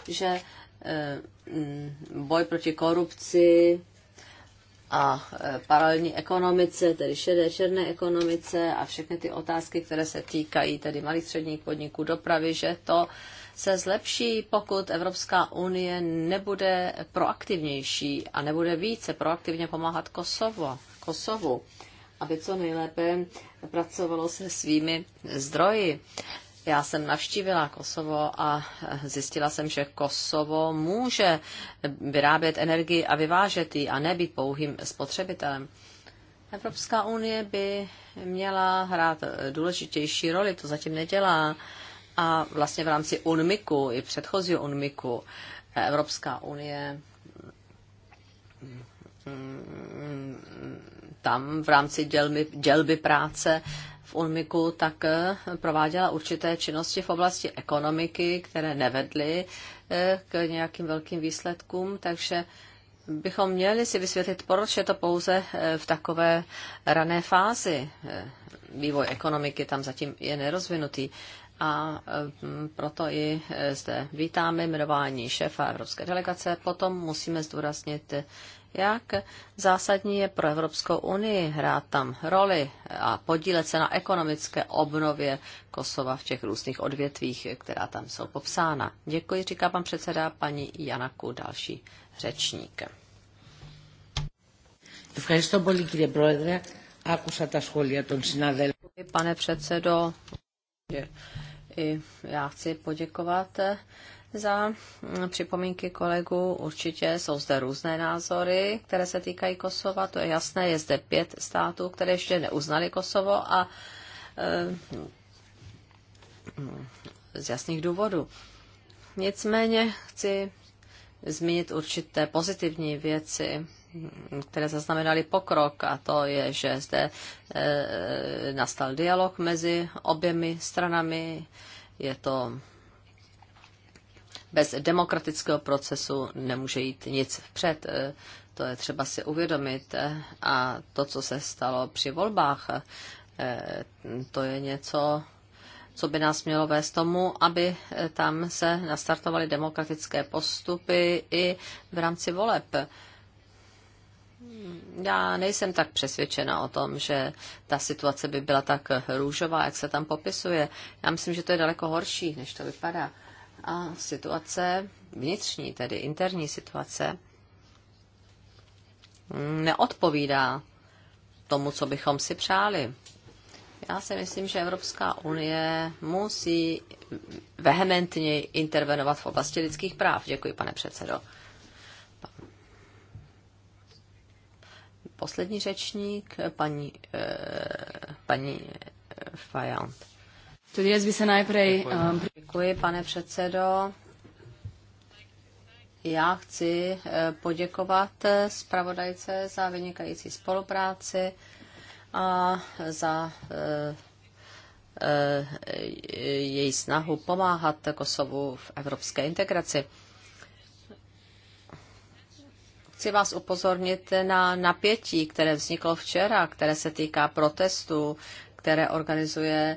že eh, boj proti korupci a eh, paralelní ekonomice, tedy šedé, černé ekonomice a všechny ty otázky, které se týkají tedy malých středních podniků dopravy, že to se zlepší, pokud Evropská unie nebude proaktivnější a nebude více proaktivně pomáhat Kosovo, Kosovu, aby co nejlépe pracovalo se svými zdroji. Já jsem navštívila Kosovo a zjistila jsem, že Kosovo může vyrábět energii a vyvážet ji a nebýt pouhým spotřebitelem. Evropská unie by měla hrát důležitější roli, to zatím nedělá. A vlastně v rámci UNMIKu, i předchozího UNMIKu, Evropská unie tam v rámci dělby, dělby práce v UNMIKu tak eh, prováděla určité činnosti v oblasti ekonomiky, které nevedly eh, k nějakým velkým výsledkům, takže bychom měli si vysvětlit, proč je to pouze eh, v takové rané fázi. Vývoj ekonomiky tam zatím je nerozvinutý a mm, proto i e, zde vítáme jmenování šéfa Evropské delegace. Potom musíme zdůraznit, jak zásadní je pro Evropskou unii hrát tam roli a podílet se na ekonomické obnově Kosova v těch různých odvětvích, která tam jsou popsána. Děkuji, říká pan předseda paní Janaku, další řečník. Děkuji, Pane předsedo, i já chci poděkovat eh, za mm, připomínky kolegů. Určitě jsou zde různé názory, které se týkají Kosova. To je jasné, je zde pět států, které ještě neuznali Kosovo a eh, z jasných důvodů. Nicméně chci zmínit určité pozitivní věci které zaznamenaly pokrok, a to je, že zde eh, nastal dialog mezi oběmi stranami. Je to bez demokratického procesu nemůže jít nic vpřed. Eh, to je třeba si uvědomit. Eh, a to, co se stalo při volbách, to je něco, co by nás mělo vést tomu, aby tam se nastartovaly demokratické postupy i v rámci voleb já nejsem tak přesvědčena o tom, že ta situace by byla tak růžová, jak se tam popisuje. Já myslím, že to je daleko horší, než to vypadá. A situace vnitřní, tedy interní situace, neodpovídá tomu, co bychom si přáli. Já si myslím, že Evropská unie musí vehementně intervenovat v oblasti lidských práv. Děkuji, pane předsedo. poslední řečník, paní, eh, paní Fajant. Tudy by se najprej... Eh, Děkuji, pane předsedo. Já chci eh, poděkovat zpravodajce za vynikající spolupráci a za její snahu pomáhat Kosovu v evropské integraci. Chci vás upozornit na napětí, které vzniklo včera, které se týká protestů, které organizuje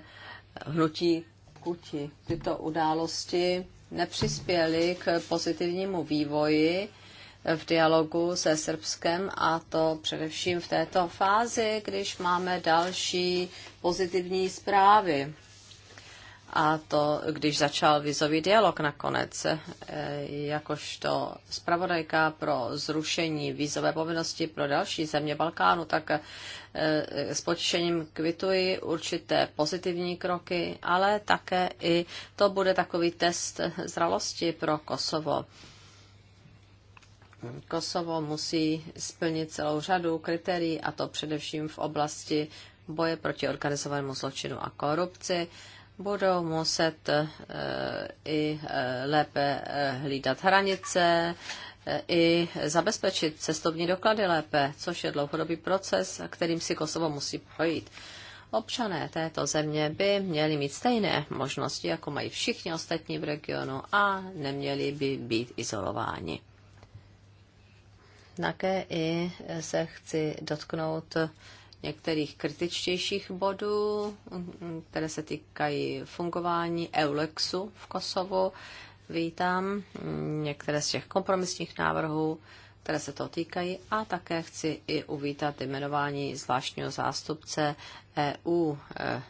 hnutí Kuti. Tyto události nepřispěly k pozitivnímu vývoji v dialogu se Srbskem a to především v této fázi, když máme další pozitivní zprávy a to, když začal vizový dialog nakonec, eh, jakožto zpravodajka pro zrušení vízové povinnosti pro další země Balkánu, tak eh, s potěšením kvituji určité pozitivní kroky, ale také i to bude takový test zralosti pro Kosovo. Kosovo musí splnit celou řadu kritérií, a to především v oblasti boje proti organizovanému zločinu a korupci budou muset eh, i eh, lépe eh, hlídat hranice, i zabezpečit cestovní doklady lépe, což je dlouhodobý proces, kterým si Kosovo musí projít. Občané této země by měli mít stejné možnosti, jako mají všichni ostatní v regionu a neměli by být izolováni. Také i se chci dotknout některých kritičtějších bodů, které se týkají fungování EULEXu v Kosovu. Vítám některé z těch kompromisních návrhů, které se to týkají a také chci i uvítat jmenování zvláštního zástupce EU eh,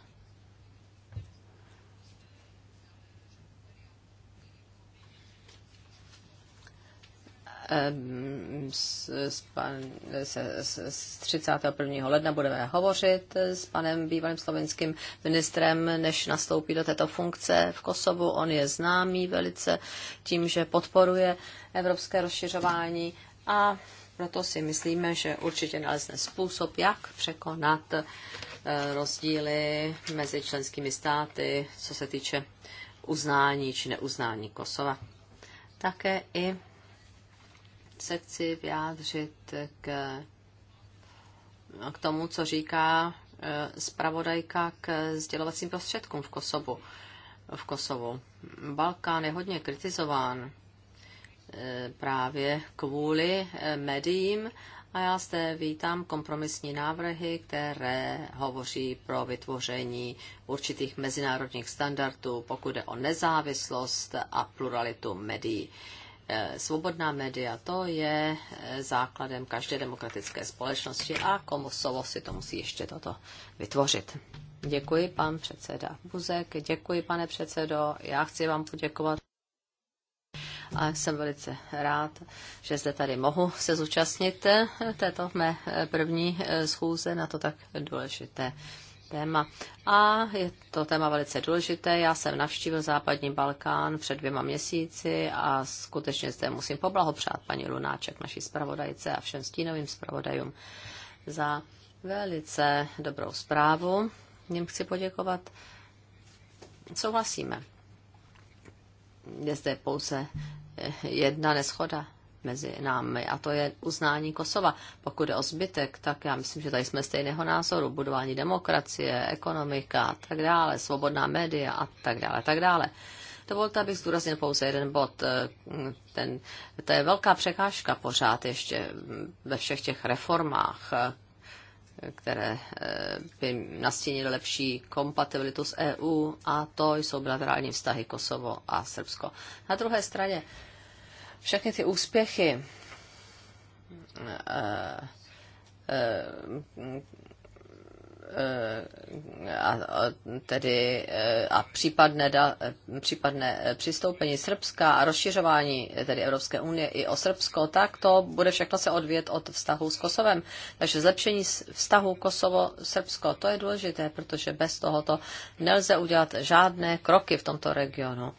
Ehm, s, s, pan, se, se, z 31. ledna budeme hovořit s panem bývalým slovenským ministrem, než nastoupí do této funkce v Kosovu. On je známý velice tím, že podporuje evropské rozšiřování a proto si myslíme, že určitě nalezne způsob, jak překonat eh, rozdíly mezi členskými státy, co se týče uznání či neuznání Kosova. Také i se chci vyjádřit k, k tomu, co říká eh, zpravodajka k sdělovacím prostředkům v Kosovu. V Kosovu. Balkán je hodně kritizován eh, právě kvůli eh, médiím a já zde vítám kompromisní návrhy, které hovoří pro vytvoření určitých mezinárodních standardů, pokud je o nezávislost a pluralitu médií. Eh, svobodná média, to je eh, základem každé demokratické společnosti a Komosovo si to musí ještě toto vytvořit. Děkuji, pan předseda Buzek, děkuji, pane předsedo, já chci vám poděkovat. A jsem velice rád, že zde tady mohu se zúčastnit eh, této mé první schůze na to tak důležité téma. A je to téma velice důležité. Já jsem navštívil západní Balkán před dvěma měsíci a skutečně zde musím poblahopřát paní Lunáček, naší zpravodajce a všem stínovým zpravodajům za velice dobrou zprávu. Jim chci poděkovat. Souhlasíme. Je zde pouze eh, jedna neschoda mezi námi a to je uznání Kosova. Pokud je o zbytek, tak já myslím, že tady jsme stejného názoru. Budování demokracie, ekonomika a tak dále, svobodná média a tak dále, tak dále. Dovolte, abych zdůraznil pouze jeden bod. Ten, to je velká překážka pořád ještě ve všech těch reformách, které eh, by nastínily lepší kompatibilitu s EU a to jsou bilaterální vztahy Kosovo a Srbsko. Na druhé straně všechny ty úspěchy, eh, eh, eh, a, a, tedy a případné, da, případné přistoupení Srbska a rozšiřování tedy Evropské unie i o Srbsko, tak to bude všechno se odvět od vztahu s Kosovem. Takže zlepšení vztahu Kosovo-Srbsko, to je důležité, protože bez tohoto nelze udělat žádné kroky v tomto regionu.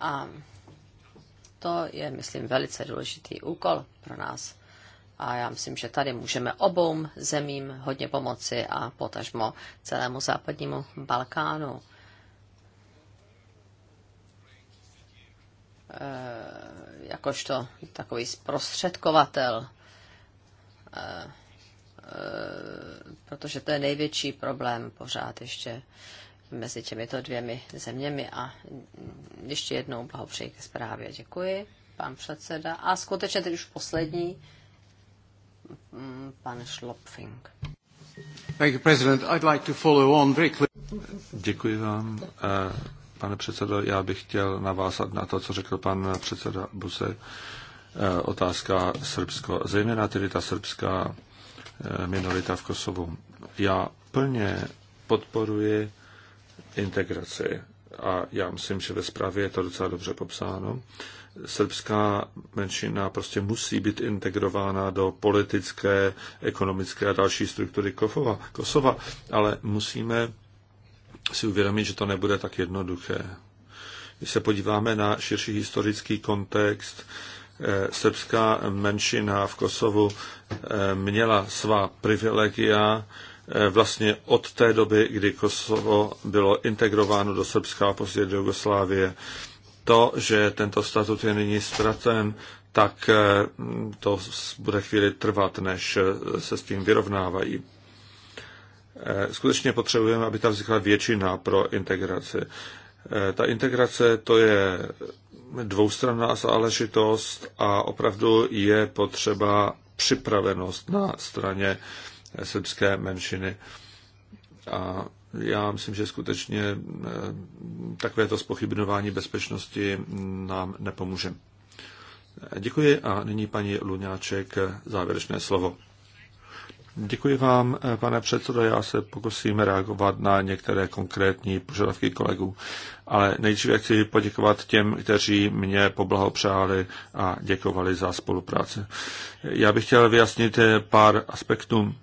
A to je, myslím, velice důležitý úkol pro nás. A já myslím, že tady můžeme obou zemím hodně pomoci a potažmo celému západnímu Balkánu. Eh, jakožto takový zprostředkovatel, eh, eh, protože to je největší problém pořád ještě mezi těmito dvěmi zeměmi. A ještě jednou blahopřeji ke zprávě. Děkuji, pan předseda. A skutečně teď už poslední, mm, pan Schlopfing. Děkuji vám. Eh, pane předsedo, já bych chtěl navázat na to, co řekl pan předseda Buse. Eh, otázka Srbsko, zejména tedy ta srbská eh, minorita v Kosovu. Já plně podporuji integraci. A já myslím, že ve zprávě je to docela dobře popsáno. Srbská menšina prostě musí být integrována do politické, ekonomické a další struktury Kosova, Kosova ale musíme si uvědomit, že to nebude tak jednoduché. Když se podíváme na širší historický kontext, eh, srbská menšina v Kosovu eh, měla svá privilegia, Eh, vlastně od té doby, kdy Kosovo bylo integrováno do Srbska a později do Jugoslávie. To, že tento statut je nyní ztracen, tak eh, to bude chvíli trvat, než eh, se s tím vyrovnávají. Skutečně potřebujeme, aby tam vznikla většina pro integraci. Ta integrace to je dvoustranná záležitost a opravdu je potřeba připravenost na straně eh, srbské menšiny. A já myslím, že skutečně eh, takovéto spochybnování bezpečnosti nám nepomůže. Děkuji a nyní paní Luňáček eh, závěrečné slovo. Děkuji vám, eh, pane předsedo. Já se pokusím reagovat na některé konkrétní požadavky kolegů, ale nejdříve chci poděkovat těm, kteří mě poblahopřáli a děkovali za spolupráci. Já bych chtěl vyjasnit pár aspektů.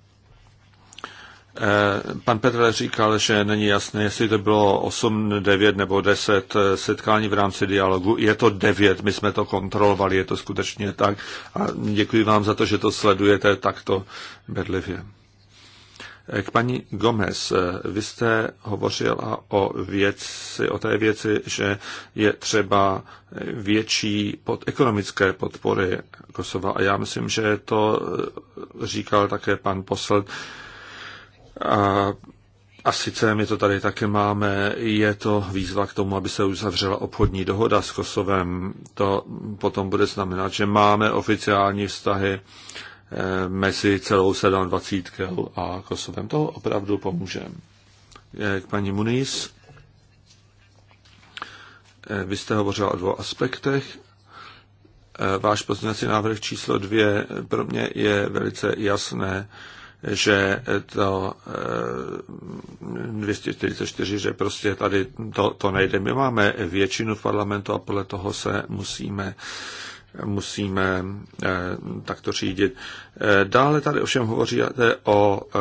Eh, pan Petr říkal, že není jasné, jestli to bylo 8, 9 nebo 10 eh, setkání v rámci dialogu. Je to 9, my jsme to kontrolovali, je to skutečně tak. A děkuji vám za to, že to sledujete takto bedlivě. Eh, k paní Gomez, vy jste hovořila o, věci, o té věci, že je třeba větší pod ekonomické podpory Kosova. A já myslím, že to říkal také pan posl a, a sice my to tady taky máme, je to výzva k tomu, aby se uzavřela obchodní dohoda s Kosovem. To potom bude znamenat, že máme oficiální vztahy eh, mezi celou 27 a Kosovem. To opravdu pomůže. K paní Muniz. Eh, vy jste hovořila o dvou aspektech. Eh, váš pozměňovací návrh číslo dvě pro mě je velice jasné že to 244, eh, že prostě tady to, to nejde. My máme většinu v parlamentu a podle toho se musíme musíme eh, takto řídit. Eh, dále tady ovšem hovoříte o eh,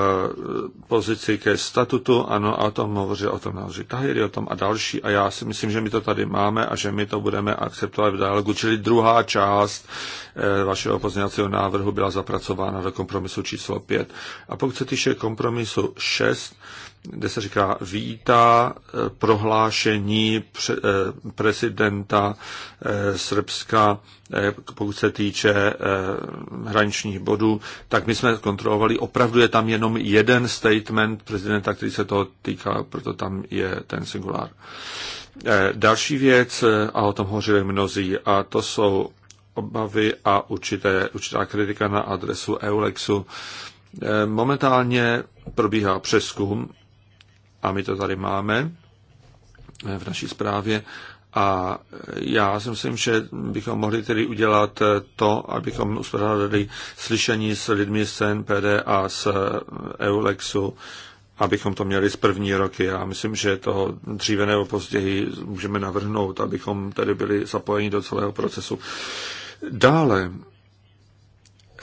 pozici ke statutu, ano, a o tom hovoří o tom náleží Tahiri, o tom a další, a já si myslím, že my to tady máme a že my to budeme akceptovat v dialogu, čili druhá část vašeho pozměňovacího návrhu byla zapracována do kompromisu číslo 5. A pokud se týče kompromisu 6, kde se říká vítá eh, prohlášení eh, prezidenta eh, Srbska, pokud se týče hraničních bodů, tak my jsme kontrolovali, opravdu je tam jenom jeden statement prezidenta, který se toho týká, proto tam je ten singulár. Další věc, a o tom hovořili mnozí, a to jsou obavy a určité, určitá kritika na adresu Eulexu. Momentálně probíhá přeskum a my to tady máme eh, v naší zprávě. A já si myslím, že bychom mohli tedy udělat eh, to, abychom uspořádali slyšení s lidmi z CNPD a z eh, EULEXu, abychom to měli z první roky. Já myslím, že toho dříve nebo později můžeme navrhnout, abychom tedy byli zapojeni do celého procesu. Dále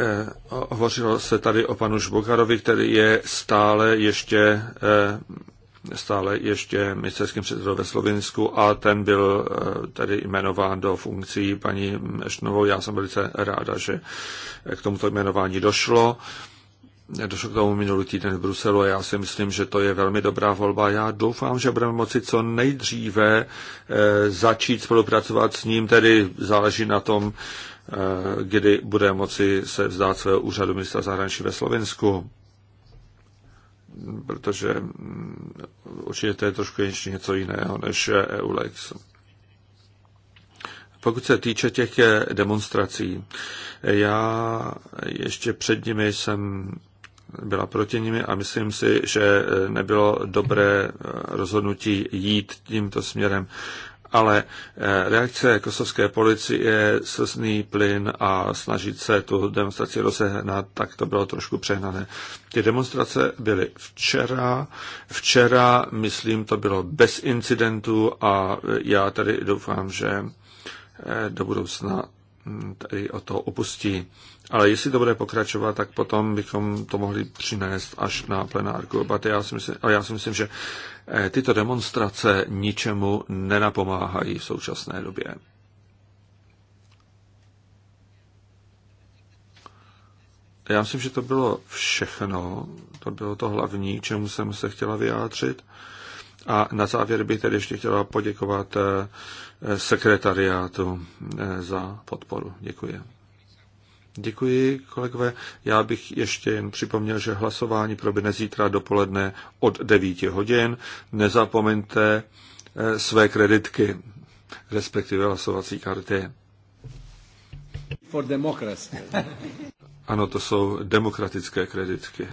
eh, hovořilo se tady o panu Žbokarovi, který je stále ještě eh, stále ještě ministerským předsedou ve Slovensku a ten byl eh, tedy jmenován do funkcí paní Ešnovou. Já jsem velice ráda, že k tomuto jmenování došlo. Došlo k tomu minulý týden v Bruselu a já si myslím, že to je velmi dobrá volba. Já doufám, že budeme moci co nejdříve eh, začít spolupracovat s ním, tedy záleží na tom, eh, kdy bude moci se vzdát svého úřadu ministra zahraničí ve Slovensku protože mm, určitě to je trošku ještě něco jiného než eh, EULEX. Pokud se týče těch eh, demonstrací, eh, já ještě před nimi jsem byla proti nimi a myslím si, že nebylo dobré rozhodnutí jít tímto směrem ale eh, reakce kosovské policie, je slzný plyn a snažit se tu demonstraci rozehnat, tak to bylo trošku přehnané. Ty demonstrace byly včera, včera, myslím, to bylo bez incidentů a eh, já tady doufám, že eh, do budoucna hm, tady o to opustí. Ale jestli to bude pokračovat, tak potom bychom to mohli přinést až na plenárku. Ale já si myslím, ale já si myslím že Eh, tyto demonstrace ničemu nenapomáhají v současné době. Já myslím, že to bylo všechno. To bylo to hlavní, čemu jsem se chtěla vyjádřit. A na závěr bych tedy ještě chtěla poděkovat eh, sekretariátu eh, za podporu. Děkuji. Děkuji, kolegové. Já bych ještě jen připomněl, že hlasování proběhne zítra dopoledne od 9 hodin. Nezapomeňte eh, své kreditky, respektive hlasovací karty. For democracy. ano, to jsou demokratické kreditky.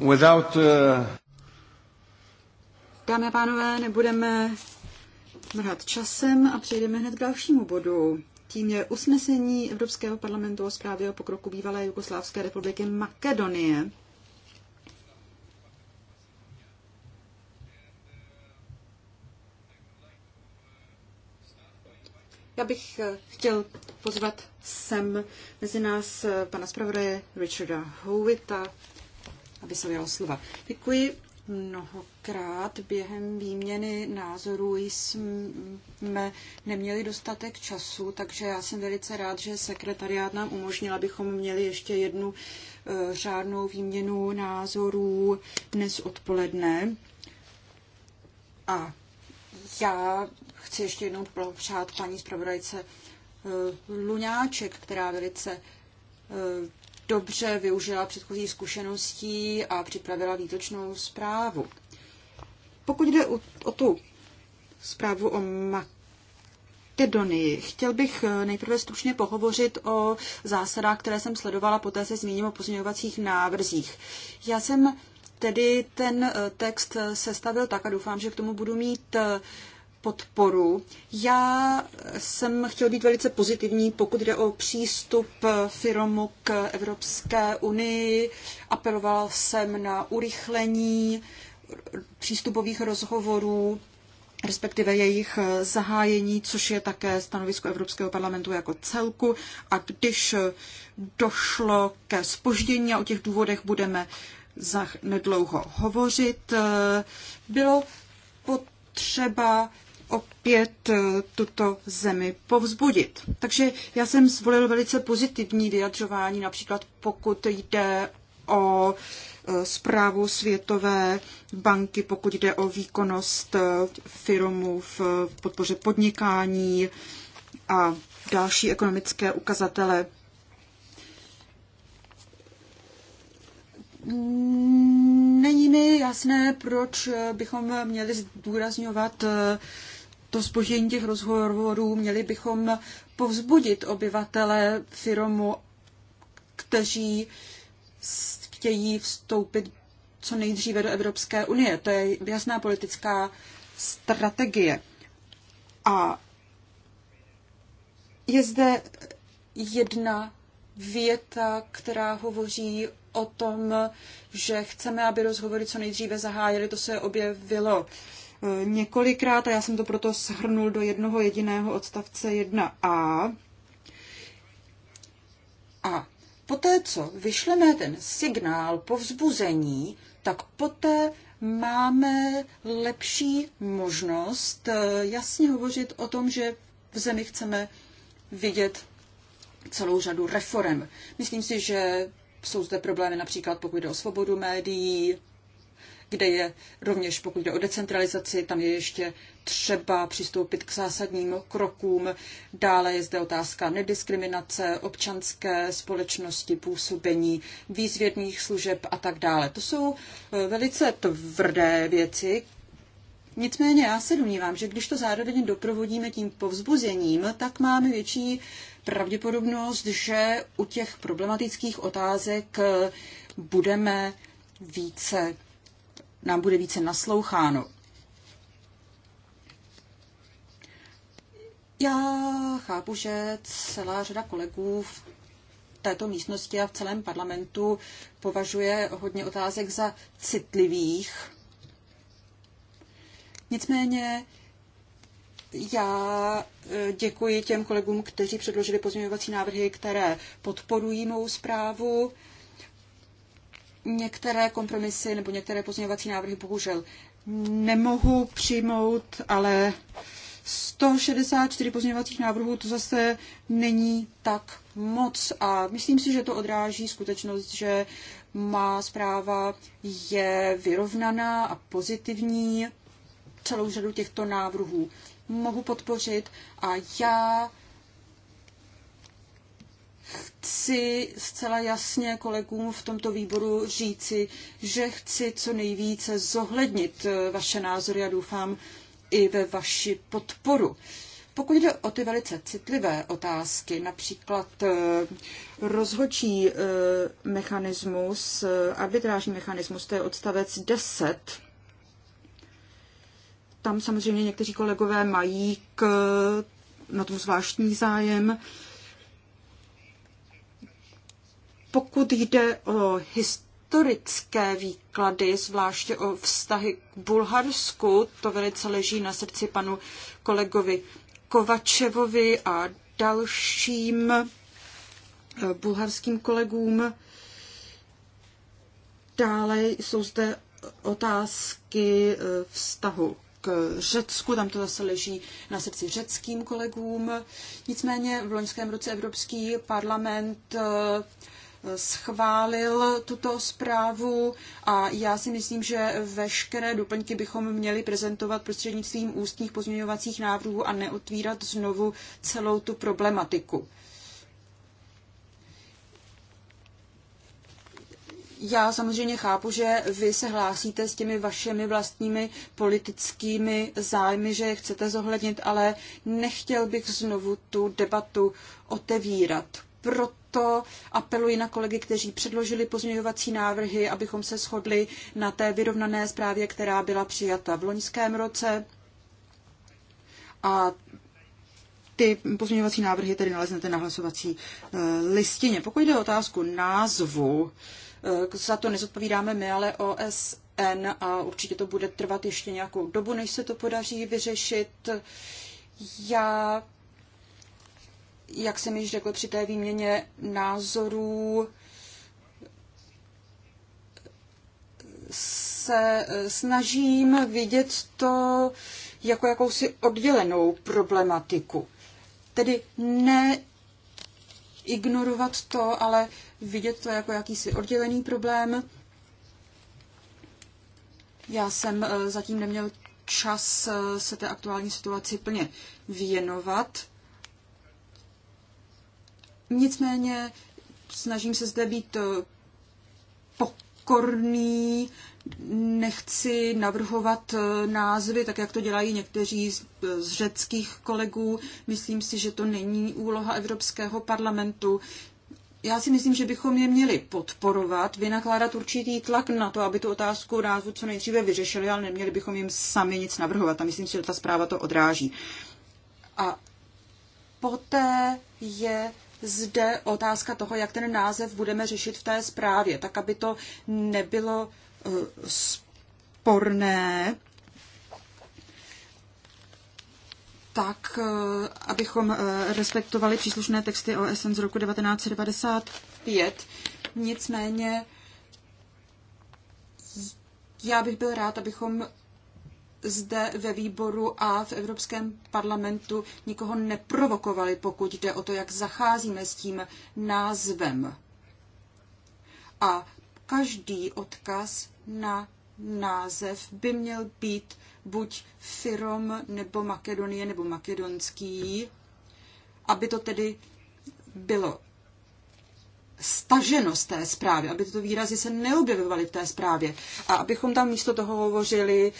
Without, uh... Dámy a pánové, nebudeme mrhat časem a přejdeme hned k dalšímu bodu. Tím je usnesení Evropského parlamentu o zprávě o pokroku bývalé Jugoslávské republiky Makedonie. Já bych eh, chtěl pozvat sem mezi nás eh, pana zpravodaje Richarda Howita, aby se ujalo slova. Děkuji mnohokrát. Během výměny názorů jsme neměli dostatek času, takže já jsem velice rád, že sekretariát nám umožnil, abychom měli ještě jednu eh, řádnou výměnu názorů dnes odpoledne. A já chci ještě jednou blahopřát paní zpravodajce eh, Luňáček, která velice eh, dobře využila předchozí zkušeností a připravila výtočnou zprávu. Pokud jde o, o tu zprávu o Makedonii, chtěl bych eh, nejprve stručně pohovořit o zásadách, které jsem sledovala, poté se zmíním o pozměňovacích návrzích. Já jsem tedy ten eh, text eh, sestavil tak a doufám, že k tomu budu mít podporu. Já jsem chtěl být velice pozitivní, pokud jde o přístup firmu k Evropské unii. Apeloval jsem na urychlení přístupových rozhovorů, respektive jejich zahájení, což je také stanovisko Evropského parlamentu jako celku. A když došlo ke spoždění a o těch důvodech budeme za nedlouho hovořit, bylo potřeba opět eh, tuto zemi povzbudit. Takže já jsem zvolil velice pozitivní vyjadřování, například pokud jde o eh, zprávu Světové banky, pokud jde o výkonnost eh, firmů v podpoře podnikání a další ekonomické ukazatele. Není mi jasné, proč bychom měli zdůrazňovat to zbožení těch rozhovorů, měli bychom povzbudit obyvatele firmu, kteří chtějí vstoupit co nejdříve do Evropské unie. To je jasná politická strategie. A je zde jedna věta, která hovoří o tom, že chceme, aby rozhovory co nejdříve zahájily. To se objevilo E, několikrát a já jsem to proto shrnul do jednoho jediného odstavce 1a. A poté, co vyšleme ten signál po vzbuzení, tak poté máme lepší možnost e, jasně hovořit o tom, že v zemi chceme vidět celou řadu reform. Myslím si, že jsou zde problémy například pokud jde o svobodu médií, kde je rovněž, pokud jde o decentralizaci, tam je ještě třeba přistoupit k zásadním krokům. Dále je zde otázka nediskriminace, občanské společnosti, působení výzvědných služeb a tak dále. To jsou eh, velice tvrdé věci, Nicméně já se domnívám, že když to zároveň doprovodíme tím povzbuzením, tak máme větší pravděpodobnost, že u těch problematických otázek eh, budeme více nám bude více nasloucháno. Já chápu, že celá řada kolegů v této místnosti a v celém parlamentu považuje hodně otázek za citlivých. Nicméně já e, děkuji těm kolegům, kteří předložili pozměňovací návrhy, které podporují mou zprávu. Některé kompromisy nebo některé pozměňovací návrhy bohužel nemohu přijmout, ale 164 pozměňovacích návrhů to zase není tak moc a myslím si, že to odráží skutečnost, že má zpráva je vyrovnaná a pozitivní. Celou řadu těchto návrhů mohu podpořit a já chci zcela jasně kolegům v tomto výboru říci, že chci co nejvíce zohlednit eh, vaše názory a doufám i ve vaši podporu. Pokud jde o ty velice citlivé otázky, například eh, rozhodčí eh, mechanismus, arbitrážní mechanismus, to je odstavec 10, tam samozřejmě někteří kolegové mají k, na tom zvláštní zájem. Pokud jde o historické výklady, zvláště o vztahy k Bulharsku, to velice leží na srdci panu kolegovi Kovačevovi a dalším eh, bulharským kolegům. Dále jsou zde otázky eh, vztahu k Řecku, tam to zase leží na srdci řeckým kolegům. Nicméně v loňském roce Evropský parlament eh, schválil tuto zprávu a já si myslím, že veškeré doplňky bychom měli prezentovat prostřednictvím ústních pozměňovacích návrhů a neotvírat znovu celou tu problematiku. Já samozřejmě chápu, že vy se hlásíte s těmi vašimi vlastními politickými zájmy, že je chcete zohlednit, ale nechtěl bych znovu tu debatu otevírat proto apeluji na kolegy, kteří předložili pozměňovací návrhy, abychom se shodli na té vyrovnané zprávě, která byla přijata v loňském roce. A ty pozměňovací návrhy tedy naleznete na hlasovací eh, listině. Pokud jde o otázku názvu, eh, za to nezodpovídáme my, ale OSN a určitě to bude trvat ještě nějakou dobu, než se to podaří vyřešit. Já jak jsem již řekl při té výměně názorů, se eh, snažím vidět to jako jakousi oddělenou problematiku. Tedy ne ignorovat to, ale vidět to jako jakýsi oddělený problém. Já jsem eh, zatím neměl čas eh, se té aktuální situaci plně věnovat. Nicméně snažím se zde být eh, pokorný, nechci navrhovat eh, názvy, tak jak to dělají někteří eh, z řeckých kolegů. Myslím si, že to není úloha Evropského parlamentu. Já si myslím, že bychom je měli podporovat, vynakládat určitý tlak na to, aby tu otázku názvu co nejdříve vyřešili, ale neměli bychom jim sami nic navrhovat. A myslím si, že ta zpráva to odráží. A poté je zde otázka toho, jak ten název budeme řešit v té zprávě, tak aby to nebylo eh, sporné, tak eh, abychom eh, respektovali příslušné texty OSN z roku 1995. Nicméně já bych byl rád, abychom zde ve výboru a v Evropském parlamentu nikoho neprovokovali, pokud jde o to, jak zacházíme s tím názvem. A každý odkaz na název by měl být buď Firom nebo Makedonie nebo makedonský, aby to tedy bylo staženo z té zprávy, aby tyto výrazy se neobjevovaly v té zprávě a abychom tam místo toho hovořili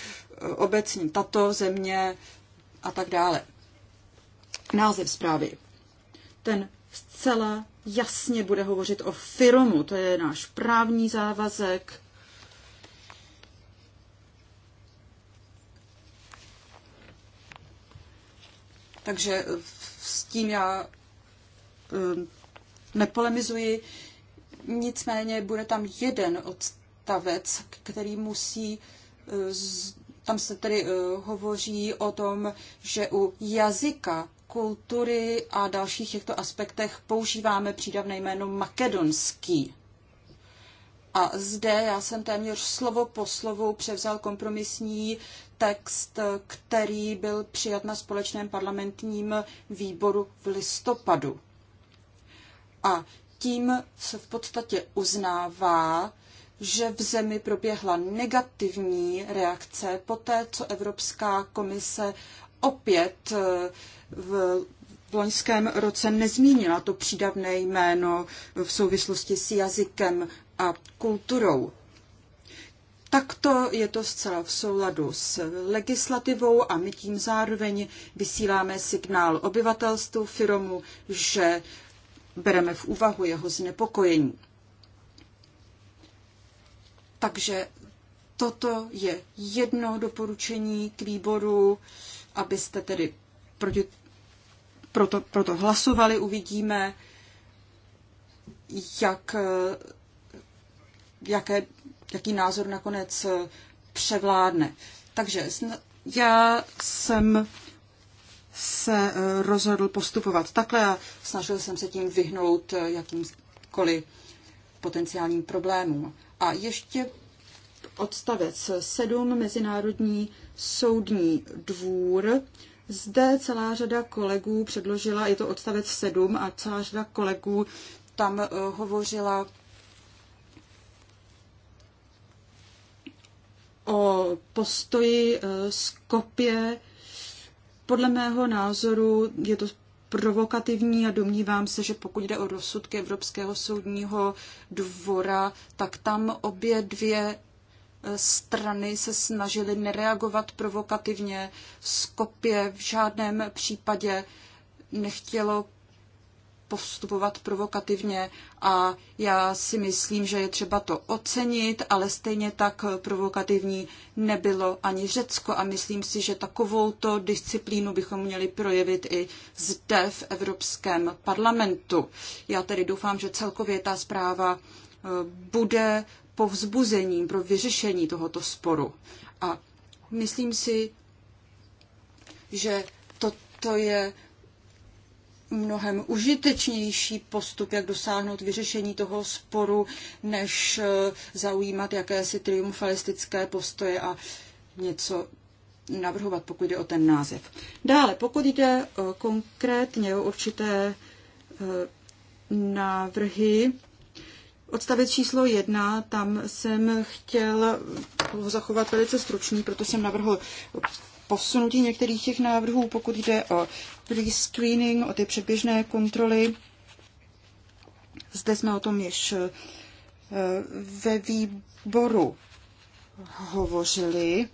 obecní tato země a tak dále. Název zprávy. Ten zcela jasně bude hovořit o firmu, to je náš právní závazek. Takže s tím já um, nepolemizuji. Nicméně bude tam jeden odstavec, který musí uh, tam se tedy eh, hovoří o tom, že u jazyka, kultury a dalších těchto aspektech používáme přídavné jméno makedonský. A zde já jsem téměř slovo po slovu převzal kompromisní text, který byl přijat na společném parlamentním výboru v listopadu. A tím se v podstatě uznává, že v zemi proběhla negativní reakce po té, co Evropská komise opět eh, v loňském roce nezmínila to přídavné jméno v souvislosti s jazykem a kulturou. Takto je to zcela v souladu s legislativou a my tím zároveň vysíláme signál obyvatelstvu firmu, že bereme v úvahu jeho znepokojení. Takže toto je jedno doporučení k výboru, abyste tedy proti, proto, proto hlasovali. Uvidíme, jak, jaké, jaký názor nakonec převládne. Takže já jsem se eh, rozhodl postupovat takhle a snažil jsem se tím vyhnout eh, jakýmkoliv potenciálním problémům. A ještě odstavec 7 Mezinárodní soudní dvůr. Zde celá řada kolegů předložila, je to odstavec 7 a celá řada kolegů tam eh, hovořila o postoji eh, Skopě. Podle mého názoru je to provokativní a domnívám se, že pokud jde o rozsudky Evropského soudního dvora, tak tam obě dvě eh, strany se snažily nereagovat provokativně. Skopě v žádném případě nechtělo postupovat provokativně a já si myslím, že je třeba to ocenit, ale stejně tak provokativní nebylo ani Řecko a myslím si, že takovou to disciplínu bychom měli projevit i zde v Evropském parlamentu. Já tedy doufám, že celkově ta zpráva eh, bude povzbuzením pro vyřešení tohoto sporu. A myslím si, že toto je mnohem užitečnější postup, jak dosáhnout vyřešení toho sporu, než eh, zaujímat jakési triumfalistické postoje a něco navrhovat, pokud jde o ten název. Dále, pokud jde eh, konkrétně o určité eh, návrhy, Odstavec číslo jedna, tam jsem chtěl ho zachovat velice stručný, proto jsem navrhl posunutí některých těch návrhů, pokud jde o pre-screening, o ty předběžné kontroly. Zde jsme o tom již eh, ve výboru hovořili.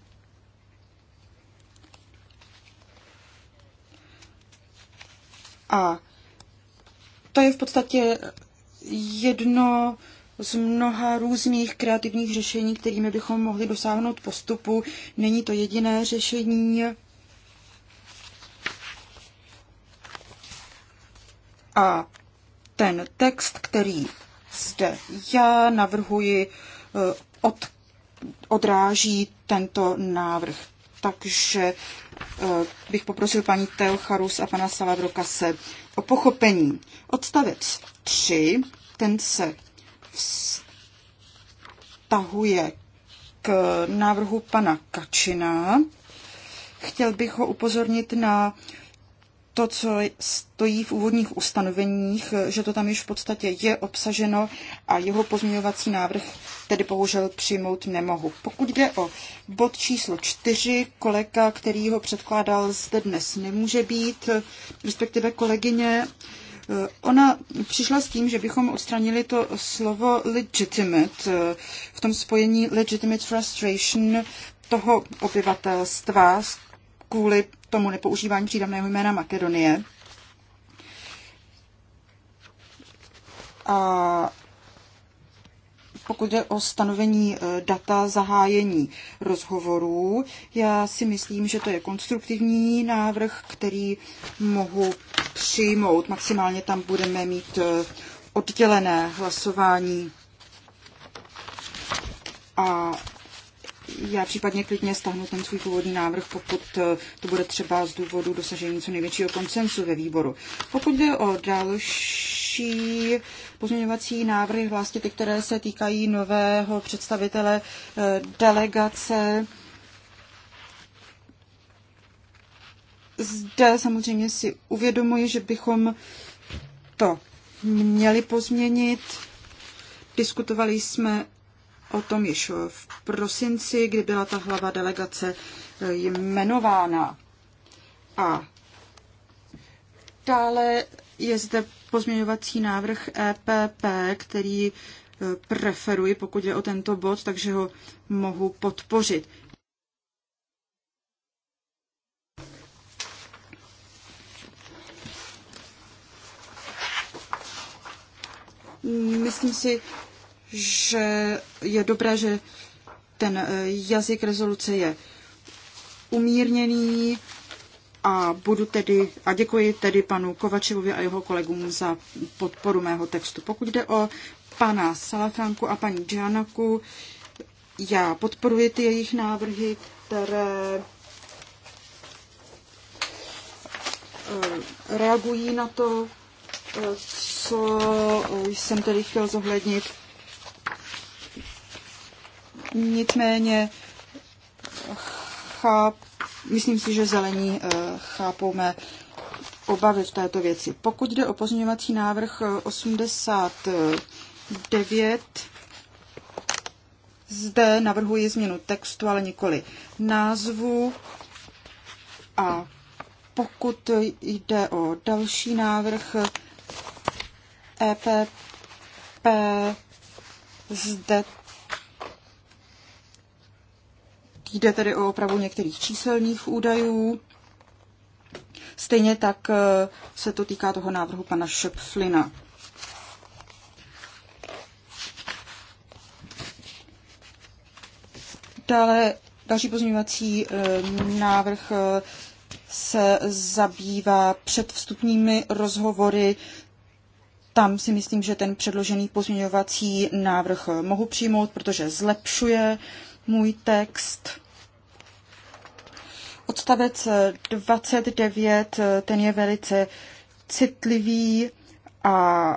A to je v podstatě jedno z mnoha různých kreativních řešení, kterými bychom mohli dosáhnout postupu. Není to jediné řešení. A ten text, který zde já navrhuji, eh, od, odráží tento návrh. Takže eh, bych poprosil paní Teocharus a pana Salavrokase o pochopení. Odstavec 3, ten se vztahuje k návrhu pana Kačina. Chtěl bych ho upozornit na to, co stojí v úvodních ustanoveních, že to tam již v podstatě je obsaženo a jeho pozměňovací návrh tedy bohužel přijmout nemohu. Pokud jde o bod číslo čtyři, kolega, který ho předkládal, zde dnes nemůže být, respektive kolegyně, Eh, ona přišla s tím, že bychom odstranili to slovo legitimate eh, v tom spojení legitimate frustration toho obyvatelstva kvůli tomu nepoužívání přídavného jména Makedonie. A pokud jde o stanovení e, data zahájení rozhovorů, já si myslím, že to je konstruktivní návrh, který mohu přijmout. Maximálně tam budeme mít e, oddělené hlasování a já případně klidně stáhnu ten svůj původní návrh, pokud e, to bude třeba z důvodu dosažení co největšího konsensu ve výboru. Pokud jde o další další pozměňovací návrhy, vlastně ty, které se týkají nového představitele eh, delegace. Zde samozřejmě si uvědomuji, že bychom to měli pozměnit. Diskutovali jsme o tom již v prosinci, kdy byla ta hlava delegace eh, jmenována. A dále je zde pozměňovací návrh EPP, který e, preferuji, pokud je o tento bod, takže ho mohu podpořit. Myslím si, že je dobré, že ten e, jazyk rezoluce je umírněný, a budu tedy, a děkuji tedy panu Kovačevovi a jeho kolegům za podporu mého textu. Pokud jde o pana Salafranku a paní Džanaku, já podporuji ty jejich návrhy, které eh, reagují na to, eh, co jsem tedy chtěl zohlednit. Nicméně cháp, myslím si, že zelení eh, chápou mé obavy v této věci. Pokud jde o pozměňovací návrh 89, eh, zde navrhuji změnu textu, ale nikoli názvu. A pokud jde o další návrh EPP, eh, e zde Jde tedy o opravu některých číselných údajů. Stejně tak eh, se to týká toho návrhu pana Šepflina. Dále další pozměňovací eh, návrh eh, se zabývá předvstupními rozhovory. Tam si myslím, že ten předložený pozměňovací návrh mohu přijmout, protože zlepšuje můj text. Odstavec 29, ten je velice citlivý a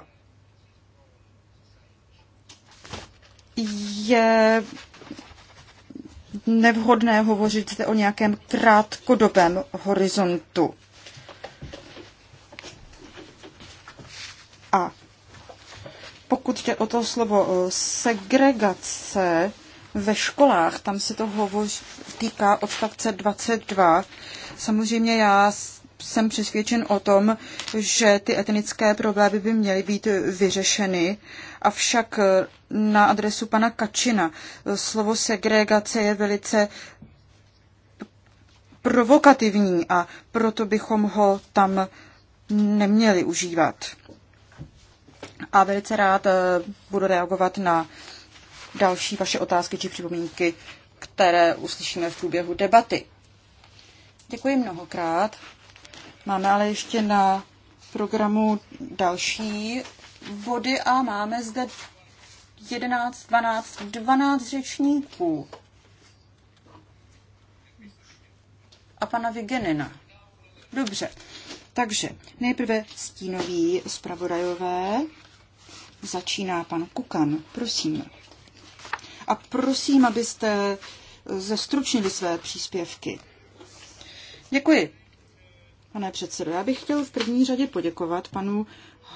je nevhodné hovořit zde o nějakém krátkodobém horizontu. A pokud jde o to slovo eh, segregace, ve školách. Tam se to hovoří, týká odstavce 22. Samozřejmě já jsem přesvědčen o tom, že ty etnické problémy by měly být vyřešeny. Avšak eh, na adresu pana Kačina eh, slovo segregace je velice provokativní a proto bychom ho tam neměli užívat. A velice rád eh, budu reagovat na další vaše otázky či připomínky, které uslyšíme v průběhu debaty. Děkuji mnohokrát. Máme ale ještě na programu další body a máme zde 11, 12, 12 řečníků. A pana Vigenina. Dobře. Takže nejprve stínoví zpravodajové. Začíná pan Kukan. Prosím a prosím, abyste eh, zestručnili své příspěvky. Děkuji. Pane předsedo, já bych chtěl v první řadě poděkovat panu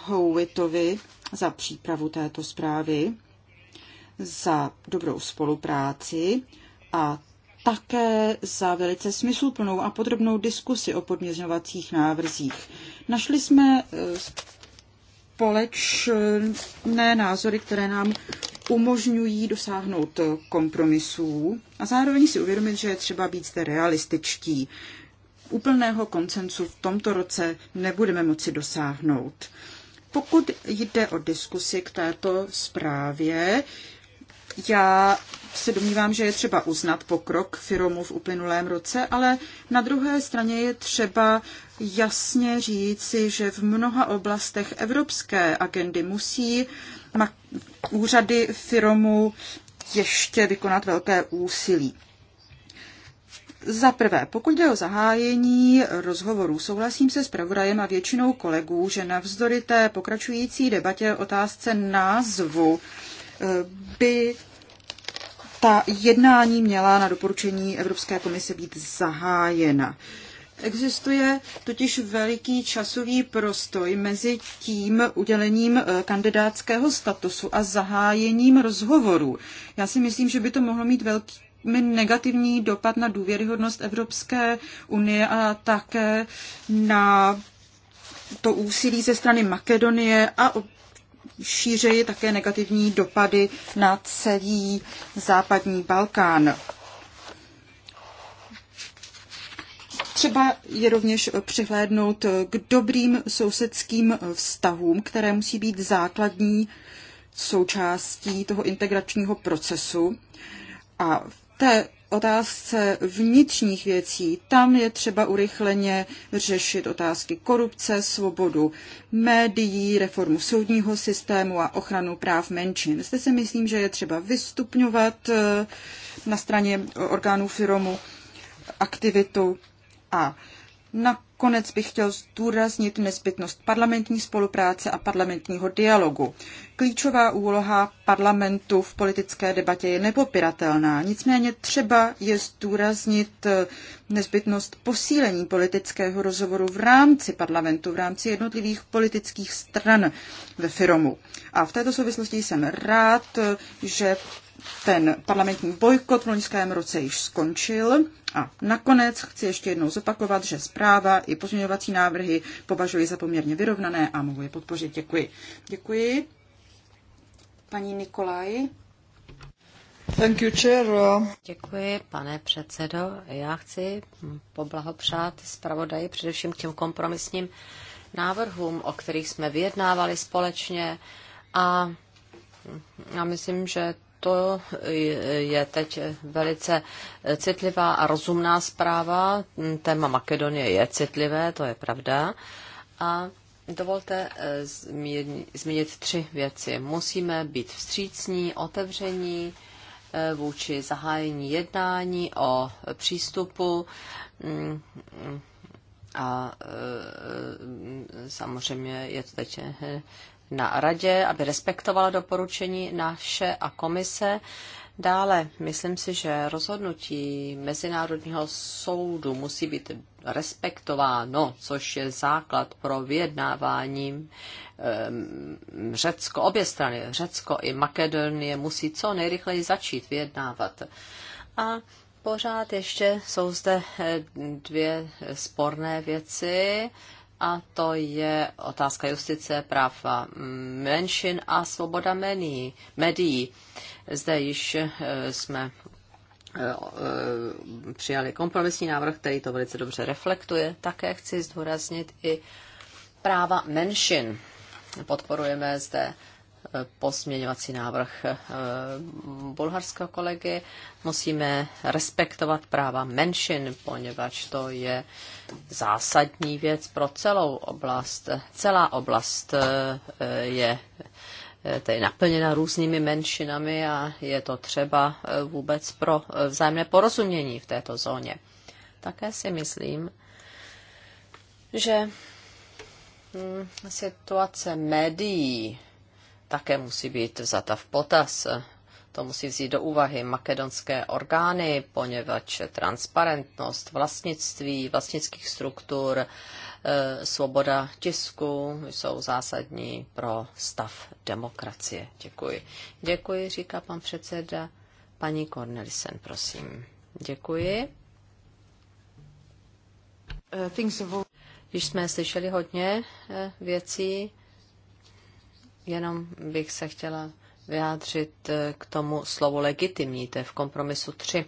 Howitovi za přípravu této zprávy, za dobrou spolupráci a také za velice smysluplnou a podrobnou diskusi o podměřovacích návrzích. Našli jsme eh, společné názory, které nám umožňují dosáhnout kompromisů a zároveň si uvědomit, že je třeba být zde realističtí. Úplného koncensu v tomto roce nebudeme moci dosáhnout. Pokud jde o diskusi k této zprávě, já se domnívám, že je třeba uznat pokrok firmu v uplynulém roce, ale na druhé straně je třeba jasně říci, že v mnoha oblastech evropské agendy musí úřady firmu ještě vykonat velké úsilí. Za prvé, pokud jde o zahájení rozhovorů, souhlasím se s pravodajem a většinou kolegů, že navzdory té pokračující debatě otázce názvu eh, by ta jednání měla na doporučení Evropské komise být zahájena. Existuje totiž veliký časový prostoj mezi tím udělením eh, kandidátského statusu a zahájením rozhovorů. Já si myslím, že by to mohlo mít velký negativní dopad na důvěryhodnost Evropské unie a také na to úsilí ze strany Makedonie a šířeji také negativní dopady na celý západní Balkán. Třeba je rovněž eh, přihlédnout eh, k dobrým sousedským eh, vztahům, které musí být základní součástí toho integračního procesu. A v té otázce vnitřních věcí, tam je třeba urychleně řešit otázky korupce, svobodu médií, reformu soudního systému a ochranu práv menšin. Zde si myslím, že je třeba vystupňovat na straně orgánů firmu aktivitu a nakonec bych chtěl zdůraznit nezbytnost parlamentní spolupráce a parlamentního dialogu. Klíčová úloha parlamentu v politické debatě je nepopiratelná, nicméně třeba je zdůraznit eh, nezbytnost posílení politického rozhovoru v rámci parlamentu, v rámci jednotlivých politických stran ve Firomu. A v této souvislosti jsem rád, eh, že ten parlamentní bojkot v loňském roce již skončil. A nakonec chci ještě jednou zopakovat, že zpráva i pozměňovací návrhy považuji za poměrně vyrovnané a mohu je podpořit. Děkuji. Děkuji. Paní Nikolaj. Thank you, chair. Děkuji, pane předsedo. Já chci poblahopřát zpravodaji především k těm kompromisním návrhům, o kterých jsme vyjednávali společně a já myslím, že to je teď velice citlivá a rozumná zpráva. Téma Makedonie je citlivé, to je pravda. A dovolte eh, zmínit tři věci. Musíme být vstřícní, otevření eh, vůči zahájení jednání o přístupu mm, mm, a eh, samozřejmě je to teď na radě, aby respektovala doporučení naše a komise. Dále, myslím si, že rozhodnutí Mezinárodního soudu musí být respektováno, což je základ pro vyjednávání ehm, Řecko. Obě strany, Řecko i Makedonie, musí co nejrychleji začít vyjednávat. A pořád ještě jsou zde eh, dvě sporné věci a to je otázka justice, práv menšin a svoboda médií. Zde již eh, jsme eh, eh, přijali kompromisní návrh, který to velice dobře reflektuje. Také chci zdůraznit i práva menšin. Podporujeme zde pozměňovací návrh eh, bulharského kolegy. Musíme respektovat práva menšin, poněvadž to je zásadní věc pro celou oblast. Celá oblast eh, je eh, tedy naplněna různými menšinami a je to třeba vůbec pro vzájemné porozumění v této zóně. Také si myslím, že hm, situace médií také musí být vzata v potaz. To musí vzít do úvahy makedonské orgány, poněvadž transparentnost vlastnictví, vlastnických struktur, eh, svoboda tisku jsou zásadní pro stav demokracie. Děkuji. Děkuji, říká pan předseda. Paní Cornelisen, prosím. Děkuji. Eh, Již jsme slyšeli hodně eh, věcí Jenom bych se chtěla vyjádřit eh, k tomu slovu legitimní, to je v kompromisu 3.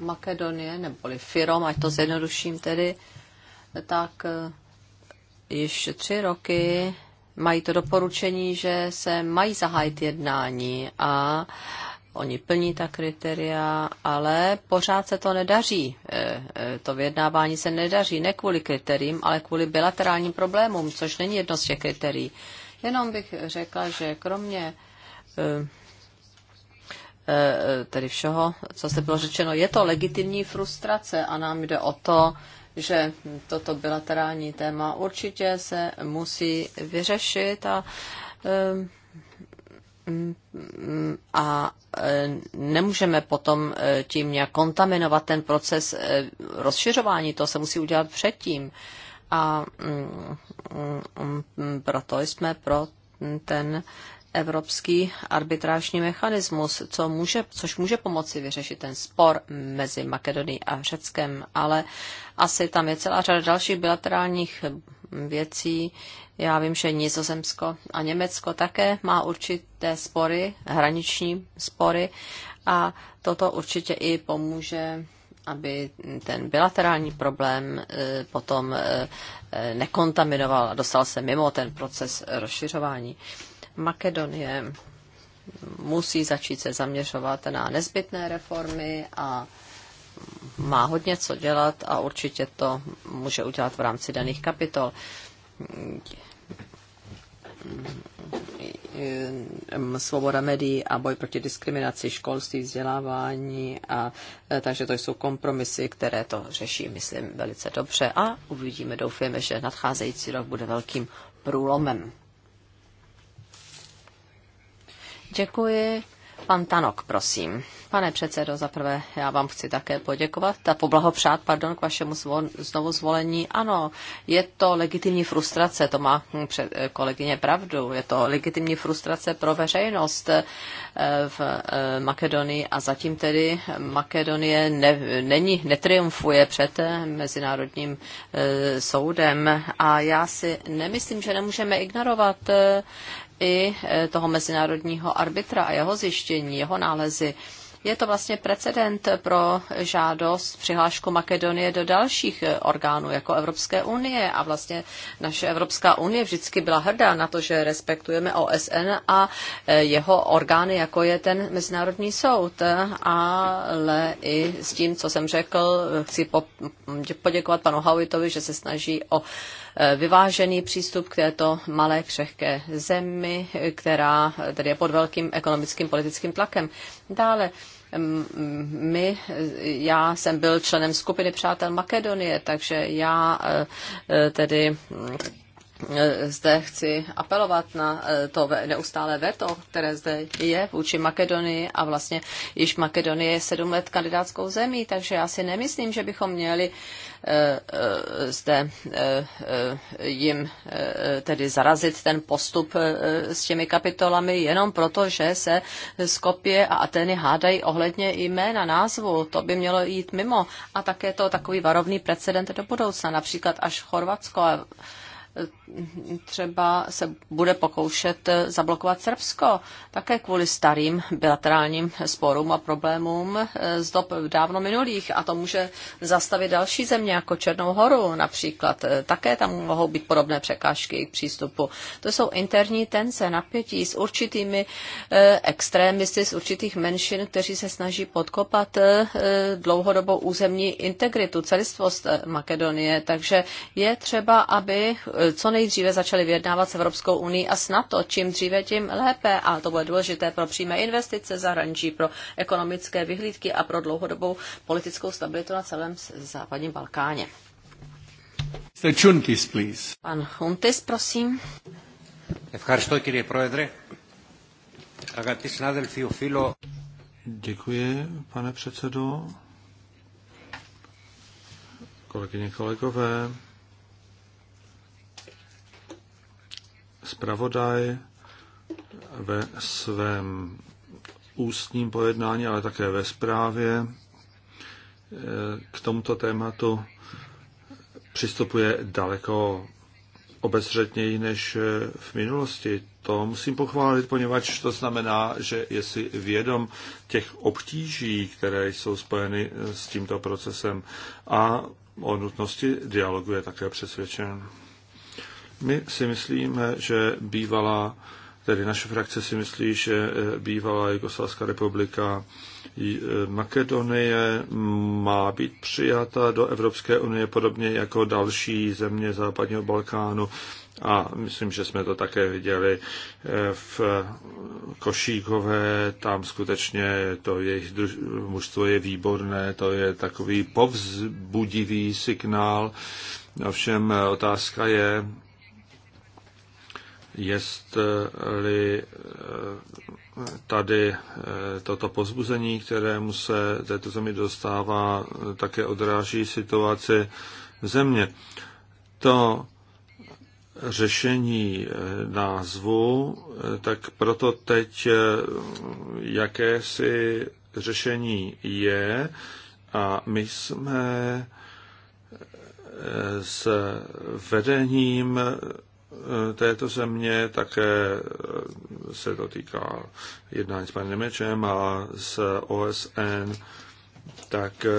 Makedonie, neboli Firom, ať to zjednoduším tedy, tak eh, již tři roky mají to doporučení, že se mají zahájit jednání a Oni plní ta kritéria, ale pořád se to nedaří. E, e, to vyjednávání se nedaří ne kvůli kritériím, ale kvůli bilaterálním problémům, což není jedno z těch kritérií. Jenom bych řekla, že kromě e, tedy všeho, co se bylo řečeno, je to legitimní frustrace a nám jde o to, že toto bilaterální téma určitě se musí vyřešit a a e, nemůžeme potom e, tím nějak kontaminovat ten proces e, rozšiřování, to se musí udělat předtím. A mm, mm, mm, proto jsme pro ten evropský arbitrážní mechanismus, co může, což může pomoci vyřešit ten spor mezi Makedonií a Řeckem, ale asi tam je celá řada dalších bilaterálních věcí, já vím, že Nizozemsko a Německo také má určité spory, hraniční spory a toto určitě i pomůže, aby ten bilaterální problém e, potom e, e, nekontaminoval a dostal se mimo ten proces rozšiřování. Makedonie musí začít se zaměřovat na nezbytné reformy a má hodně co dělat a určitě to může udělat v rámci daných kapitol svoboda médií a boj proti diskriminaci, školství, vzdělávání. A, e, takže to jsou kompromisy, které to řeší, myslím, velice dobře. A uvidíme, doufujeme, že nadcházející rok bude velkým průlomem. Děkuji. Pan Tanok, prosím. Pane předsedo, zaprvé já vám chci také poděkovat a poblahopřát, pardon, k vašemu zvon, znovu zvolení. Ano, je to legitimní frustrace, to má hm, eh, kolegyně pravdu, je to legitimní frustrace pro veřejnost eh, v eh, Makedonii a zatím tedy Makedonie ne, není, netriumfuje před Mezinárodním soudem a já si nemyslím, že nemůžeme ignorovat i e, toho mezinárodního arbitra a jeho zjištění, jeho nálezy. Je to vlastně precedent pro žádost přihlášku Makedonie do dalších e, orgánů jako Evropské unie a vlastně naše Evropská unie vždycky byla hrdá na to, že respektujeme OSN a e, jeho orgány, jako je ten Mezinárodní soud. Ale i s tím, co jsem řekl, chci poděkovat panu Howitovi, že se snaží o Eh, vyvážený přístup k této malé křehké zemi, která tedy je pod velkým ekonomickým politickým tlakem. Dále mm, mm, my, eh, já jsem byl členem skupiny Přátel Makedonie, takže já eh, tedy zde chci apelovat na to neustále veto, které zde je vůči Makedonii a vlastně již Makedonie je sedm let kandidátskou zemí, takže já si nemyslím, že bychom měli Eh, eh, zde eh, jim tedy zarazit ten postup s těmi kapitolami jenom proto, že se Skopje a Ateny hádají ohledně jména názvu. To by mělo jít mimo. A také to takový varovný precedent do budoucna, například až Chorvatsko a třeba se bude pokoušet zablokovat Srbsko, také kvůli starým bilaterálním sporům a problémům z dob dávno minulých. A to může zastavit další země, jako Černou horu například. Také tam mohou být podobné překážky k přístupu. To jsou interní tenze, napětí s určitými eh, extrémisty, z určitých menšin, kteří se snaží podkopat eh, dlouhodobou územní integritu, celistvost eh, Makedonie. Takže je třeba, aby co nejdříve začali vyjednávat s Evropskou unii a s NATO. Čím dříve, tím lépe. A to bude důležité pro přímé investice zahraničí, pro ekonomické vyhlídky a pro dlouhodobou politickou stabilitu na celém západním Balkáně. Chuntis, please. Pan Chuntis, prosím. Ευχαριστώ κύριε Πρόεδρε. Αγαπητοί συνάδελφοι, οφείλω... Děkuji, pane předsedo. Kolegyně, kolegové, zpravodaj ve svém ústním pojednání, ale také ve zprávě eh, k tomuto tématu přistupuje daleko obezřetněji než eh, v minulosti. To musím pochválit, poněvadž to znamená, že je si vědom těch obtíží, které jsou spojeny eh, s tímto procesem a o nutnosti dialogu je také přesvědčen. My si myslíme, že bývalá, tedy naše frakce si myslí, že eh, bývalá Jugoslavská republika eh, Makedonie má být přijata do Evropské unie podobně jako další země západního Balkánu. A myslím, že jsme to také viděli eh, v Košíkové, tam skutečně to jejich mužstvo je výborné, to je takový povzbudivý signál. Ovšem otázka je, jestli eh, tady eh, toto pozbuzení, kterému se této zemi dostává, také odráží situaci země. To řešení eh, názvu, tak proto teď jakési řešení je a my jsme s vedením Eh, této země, také eh, se to týká jednání s panem Nemečem a s OSN, tak eh,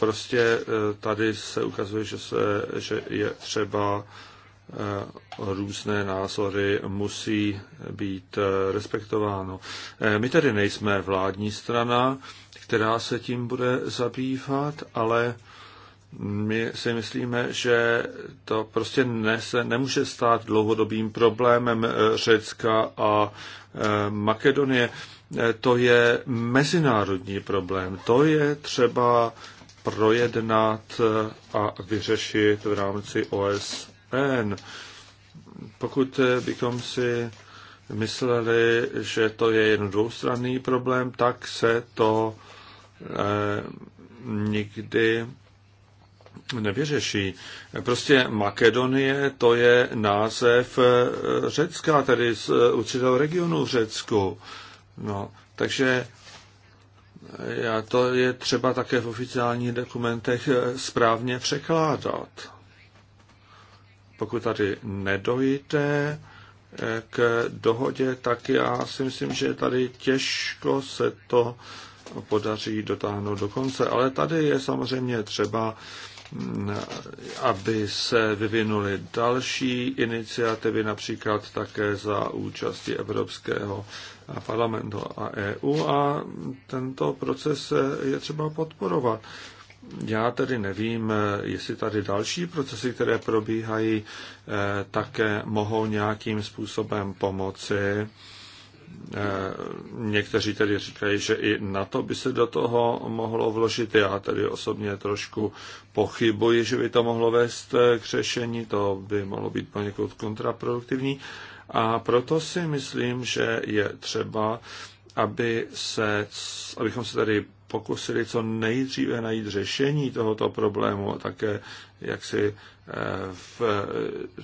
prostě tady se ukazuje, že, se, že je třeba různé názory musí být respektováno. My tady nejsme vládní strana, která se tím bude zabývat, ale my si myslíme, že to prostě ne, se nemůže stát dlouhodobým problémem eh, Řecka a eh, Makedonie. Eh, to je mezinárodní problém. To je třeba projednat a vyřešit v rámci OSN. Pokud bychom si mysleli, že to je jen dvoustranný problém, tak se to eh, nikdy nevyřeší. Prostě Makedonie to je název eh, Řecka, tedy z eh, určitého regionu v Řecku. No, takže eh, já to je třeba také v oficiálních dokumentech správně překládat. Pokud tady nedojde k dohodě, tak já si myslím, že tady těžko se to podaří dotáhnout do konce. Ale tady je samozřejmě třeba aby se vyvinuly další iniciativy, například také za účasti Evropského parlamentu a EU a tento proces je třeba podporovat. Já tedy nevím, jestli tady další procesy, které probíhají, eh, také mohou nějakým způsobem pomoci Eh, někteří tedy říkají, že i na to by se do toho mohlo vložit. Já tedy osobně trošku pochybuji, že by to mohlo vést eh, k řešení. To by mohlo být poněkud kontraproduktivní. A proto si myslím, že je třeba, aby se, abychom se tady pokusili co nejdříve najít řešení tohoto problému a také jak si v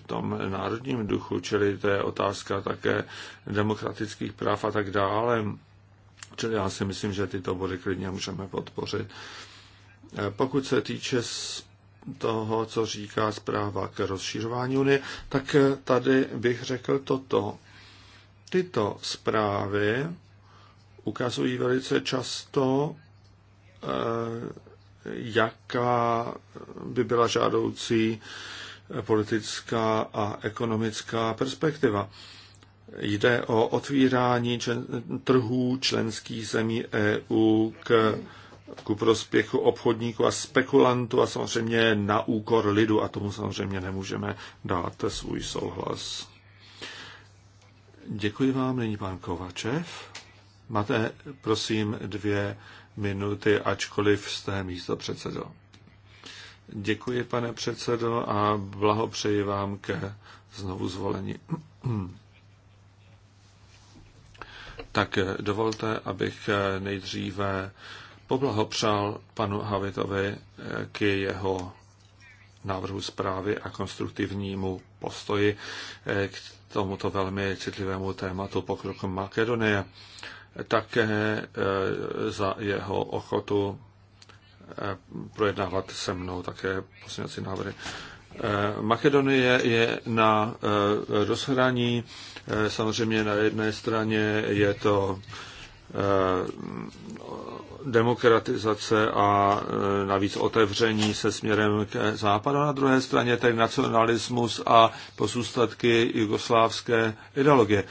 tom národním duchu, čili to je otázka také demokratických práv a tak dále. Čili já si myslím, že tyto body klidně můžeme podpořit. Pokud se týče toho, co říká zpráva k rozšířování Unie, tak tady bych řekl toto. Tyto zprávy ukazují velice často eh, jaká by byla žádoucí politická a ekonomická perspektiva. Jde o otvírání člen, trhů členských zemí EU k, ku prospěchu obchodníků a spekulantů a samozřejmě na úkor lidu a tomu samozřejmě nemůžeme dát svůj souhlas. Děkuji vám, nyní pan Kovačev. Máte, prosím, dvě minuty, ačkoliv jste místo předsedo. Děkuji, pane předsedo, a blahopřeji vám ke znovu zvolení. tak dovolte, abych nejdříve poblahopřál panu Havitovi k jeho návrhu zprávy a konstruktivnímu postoji k tomuto velmi citlivému tématu pokroku Makedonie také eh, za jeho ochotu eh, projednávat se mnou také poslanecí návrhy. Eh, Makedonie je na rozhraní. Samozřejmě na jedné straně je to demokratizace a navíc otevření se směrem k západu. Na druhé straně tedy nacionalismus a pozůstatky jugoslávské ideologie.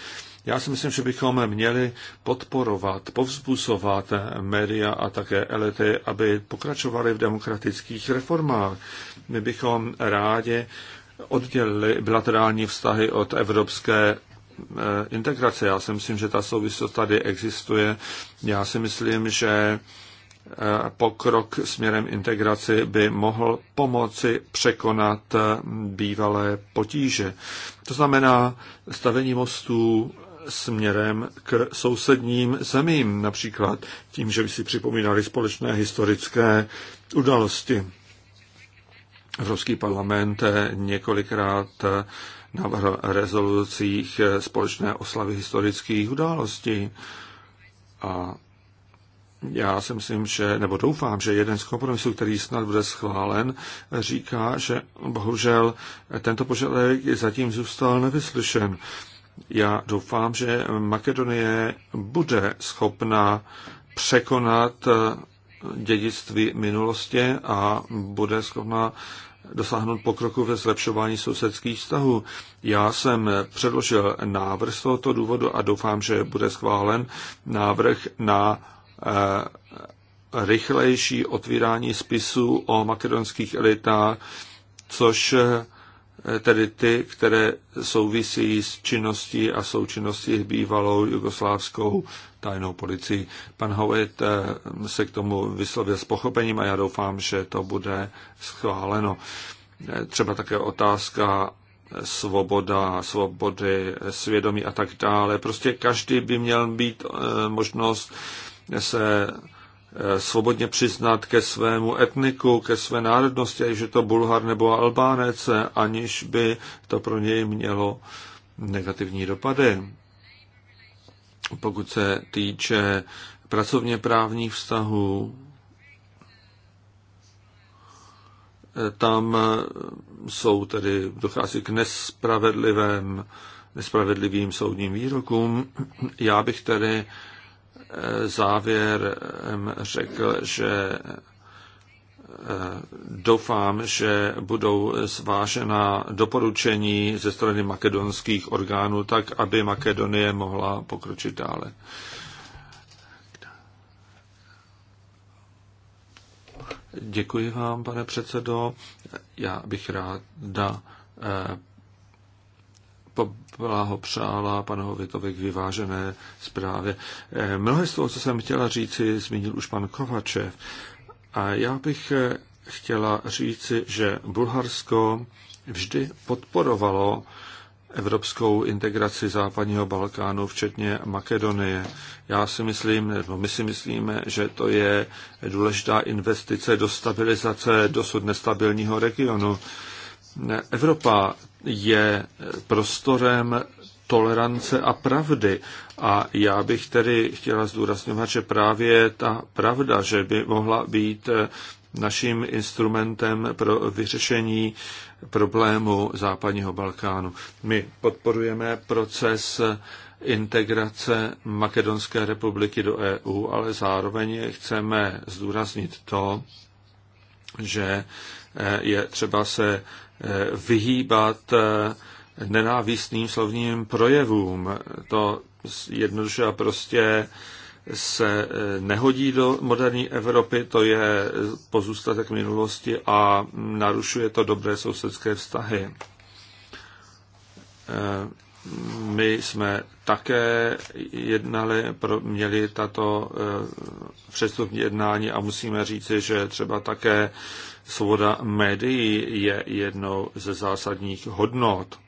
Já si myslím, že bychom měli podporovat, povzbuzovat média a také elity, aby pokračovali v demokratických reformách. My bychom rádi oddělili bilaterální vztahy od evropské eh, integrace. Já si myslím, že ta souvislost tady existuje. Já si myslím, že eh, pokrok směrem integraci by mohl pomoci překonat eh, bývalé potíže. To znamená stavení mostů, směrem k sousedním zemím, například tím, že by si připomínali společné historické události. Evropský parlament několikrát navrhl rezolucích společné oslavy historických událostí. A já si myslím, že, nebo doufám, že jeden z kompromisů, který snad bude schválen, říká, že bohužel tento požadavek zatím zůstal nevyslyšen. Já doufám, že Makedonie bude schopna překonat eh, dědictví minulosti a bude schopna dosáhnout pokroku ve zlepšování sousedských vztahů. Já jsem předložil návrh z tohoto důvodu a doufám, že bude schválen návrh na eh, rychlejší otvírání spisů o makedonských elitách, což eh, Eh, tedy ty, které souvisí s činností a součinností s bývalou jugoslávskou tajnou policií. Pan Howitt eh, se k tomu vyslovil s pochopením a já doufám, že to bude schváleno. Eh, třeba také otázka svoboda, svobody, svědomí a tak dále. Prostě každý by měl být možnost se Eh, svobodně přiznat ke svému etniku, ke své národnosti, že to Bulhar nebo Albánec, aniž by to pro něj mělo negativní dopady. Pokud se týče pracovně právních vztahů, eh, tam eh, jsou tedy, dochází k nespravedlivým soudním výrokům. Já bych tedy Závěr řekl, že e, doufám, že budou zvážena doporučení ze strany makedonských orgánů, tak aby Makedonie mohla pokročit dále. Děkuji vám, pane předsedo. Já bych ráda eh, po, blahopřála panu Hovitovi k vyvážené zprávě. Eh, mnohé z toho, co jsem chtěla říci, zmínil už pan Kovačev. A já bych eh, chtěla říci, že Bulharsko vždy podporovalo evropskou integraci západního Balkánu, včetně Makedonie. Já si myslím, nebo my si myslíme, že to je důležitá investice do stabilizace dosud nestabilního regionu. Evropa je prostorem tolerance a pravdy. A já bych tedy chtěla zdůrazňovat, že právě ta pravda, že by mohla být naším instrumentem pro vyřešení problému západního Balkánu. My podporujeme proces integrace Makedonské republiky do EU, ale zároveň chceme zdůraznit to, že je třeba se vyhýbat eh, nenávistným slovním projevům. To jednoduše a prostě se eh, nehodí do moderní Evropy, to je pozůstatek minulosti a narušuje to dobré sousedské vztahy. Eh, my jsme také jednali, měli tato přestupní jednání a musíme říci, že třeba také Svoboda médií je jednou ze zásadních hodnot.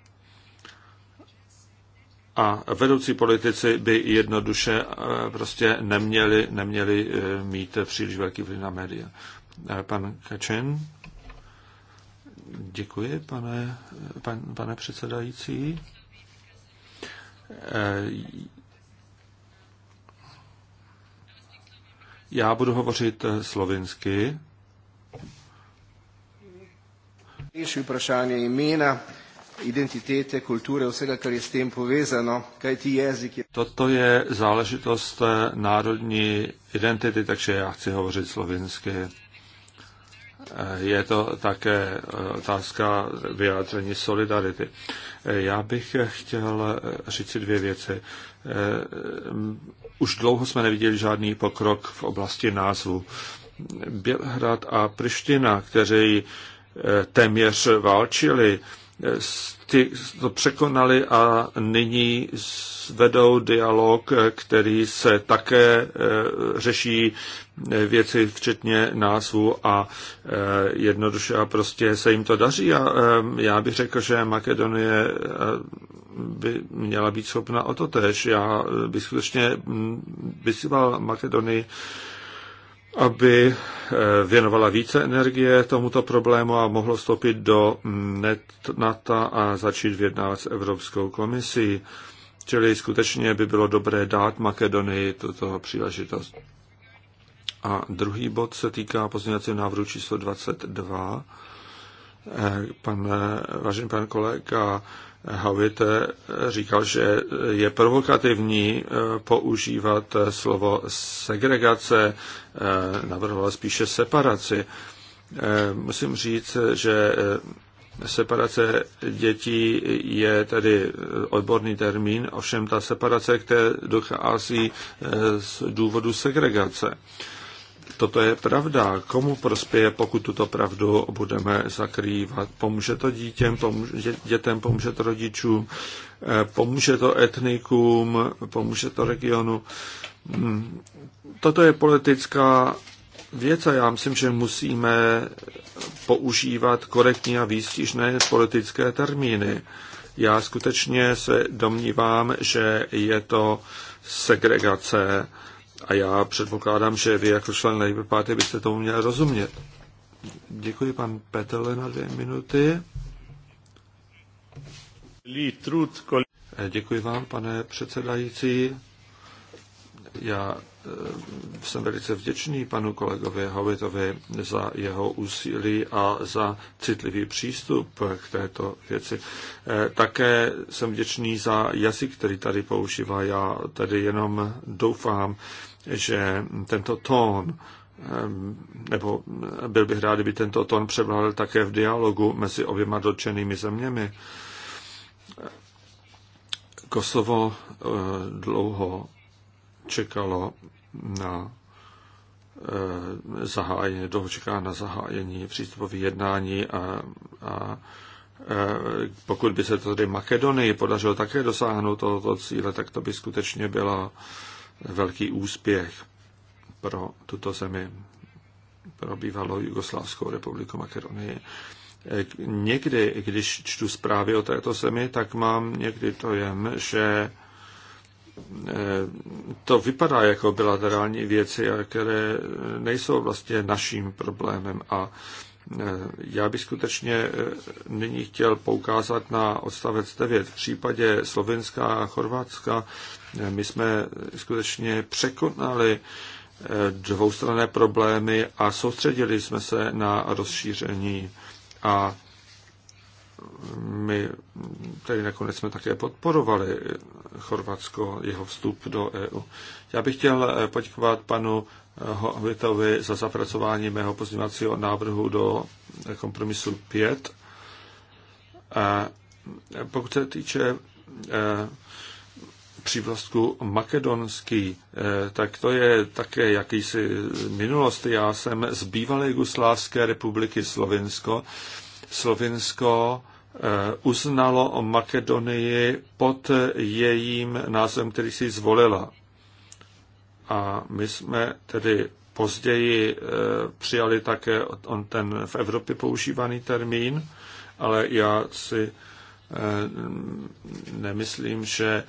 A vedoucí politici by jednoduše eh, prostě neměli, neměli eh, mít příliš velký vliv na média. Eh, pan Kačen. Děkuji, pane, pan, pane předsedající. Já budu hovořit slovinsky. Rešil vprašanje imena, identitete, kulture, vsega, kar je s tem povezano, kaj ti jezik je. Toto je záležitost eh, národní identity, takže já chci hovořit slovinsky. Eh, je to také eh, otázka vyjádření solidarity. Já bych chtěl říct si dvě věci. Už dlouho jsme neviděli žádný pokrok v oblasti názvu. Bělhrad a Priština, kteří téměř válčili, ty to překonali a nyní vedou dialog, který se také e, řeší e, věci včetně názvu a e, jednoduše a prostě se jim to daří a já bych řekl, že Makedonie by měla být schopna o to tež. Já bych skutečně vysílal Makedonii, aby eh, věnovala více energie tomuto problému a mohlo vstoupit do NATO e a začít vyjednávat s Evropskou komisí. Čili skutečně by bylo dobré dát Makedonii tuto příležitost. A druhý bod se týká pozměňovacího návrhu číslo 22. Eh, pan, eh, vážený pan kolega Havite říkal, že je provokativní používat slovo segregace Eh, navrhoval spíše separaci. Eh, musím říct, že eh, separace dětí je tedy odborný termín, ovšem ta separace, která dochází z důvodu segregace. Toto je pravda. Komu prospěje, pokud tuto pravdu budeme zakrývat? Pomůže to dítěm, pomůže, dětem, pomůže to rodičům, pomůže to etnikům, pomůže to regionu. Hmm toto je politická věc a já myslím, že musíme používat korektní a výstižné politické termíny. Já skutečně se domnívám, že je to segregace a já předpokládám, že vy jako člen Labour Party byste tomu měl rozumět. Děkuji pan Petele na dvě minuty. Děkuji vám, pane předsedající. Já e, jsem velice vděčný panu kolegovi Hovitovi za jeho úsilí a za citlivý přístup k této věci. E, také jsem vděčný za jazyk, který tady používá. Já tady jenom doufám, že tento tón e, nebo byl bych rád, kdyby tento tón převládl také v dialogu mezi oběma dotčenými zeměmi. Kosovo dlouho čekalo na eh, zahájení, dlouho čeká na zahájení přístupových jednání a, a eh, pokud by se to tedy Makedonii podařilo také dosáhnout tohoto cíle, tak to by skutečně bylo velký úspěch pro tuto zemi, pro bývalou Jugoslávskou republiku Makedonii. Eh, někdy, když čtu zprávy o této zemi, tak mám někdy to jem, že to vypadá jako bilaterální věci, které nejsou vlastně naším problémem. A e, já bych skutečně e, nyní chtěl poukázat na odstavec 9. V případě Slovenska a Chorvatska e, my jsme skutečně překonali dvoustranné problémy a soustředili jsme se na rozšíření a my tedy nakonec jsme také podporovali Chorvatsko, jeho vstup do EU. Já bych chtěl eh, poděkovat panu eh, Hovitovi za zapracování mého pozměňovacího návrhu do eh, kompromisu 5. A pokud se týče přívlastku makedonský, tak to je také jakýsi minulost. Já jsem z bývalé Jugoslávské republiky Slovinsko. Slovinsko Eh, uznalo Makedonii pod jejím názvem, který si zvolila. A my jsme tedy později eh, přijali také on ten v Evropě používaný termín, ale já si eh, nemyslím, že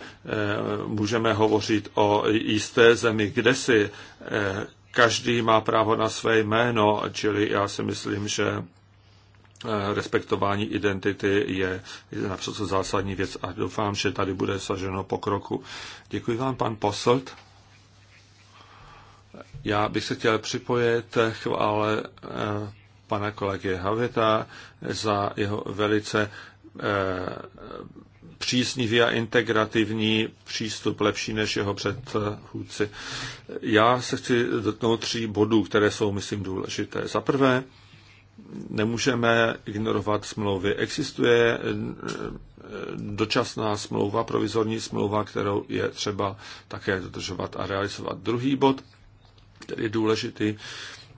můžeme hovořit o jisté zemi, kde si každý má právo na své jméno, čili já si myslím, že Eh, respektování identity je naprosto zásadní věc a doufám, že tady bude saženo pokroku. Děkuji vám, pan Posolt. Já bych se chtěl připojit chvále eh, pana kolegy Haveta za jeho velice eh, příznivý a integrativní přístup, lepší než jeho předchůdci. Já se chci dotknout tří bodů, které jsou, myslím, důležité. Za prvé, nemůžeme ignorovat smlouvy. Existuje eh, dočasná smlouva, provizorní smlouva, kterou je třeba také dodržovat a realizovat. Druhý bod, který je důležitý,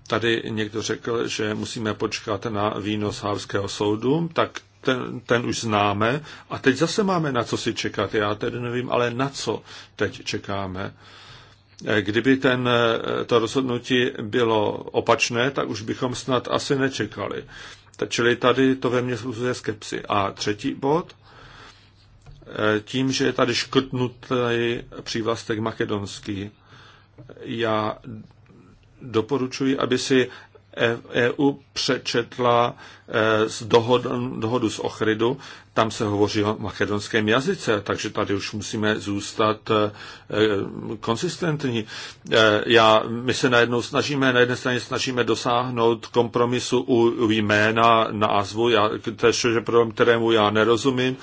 tady někdo řekl, že musíme počkat na výnos Hávského soudu, tak ten, ten už známe a teď zase máme na co si čekat. Já tedy nevím, ale na co teď čekáme. Kdyby ten, eh, to rozhodnutí bylo opačné, tak už bychom snad asi nečekali. Čili tady to ve mně způsobuje skepsy. A třetí bod, eh, tím, že je tady škrtnutý přívlastek makedonský, já doporučuji, aby si EU e přečetla eh, z dohod, dohodu z Ochridu, tam se hovoří o makedonském jazyce, takže tady už musíme zůstat eh, eh, konsistentní. Eh, já, my se najednou snažíme, na jedné straně snažíme dosáhnout kompromisu u, u jména, názvu, já, to je problém, kterému já nerozumím.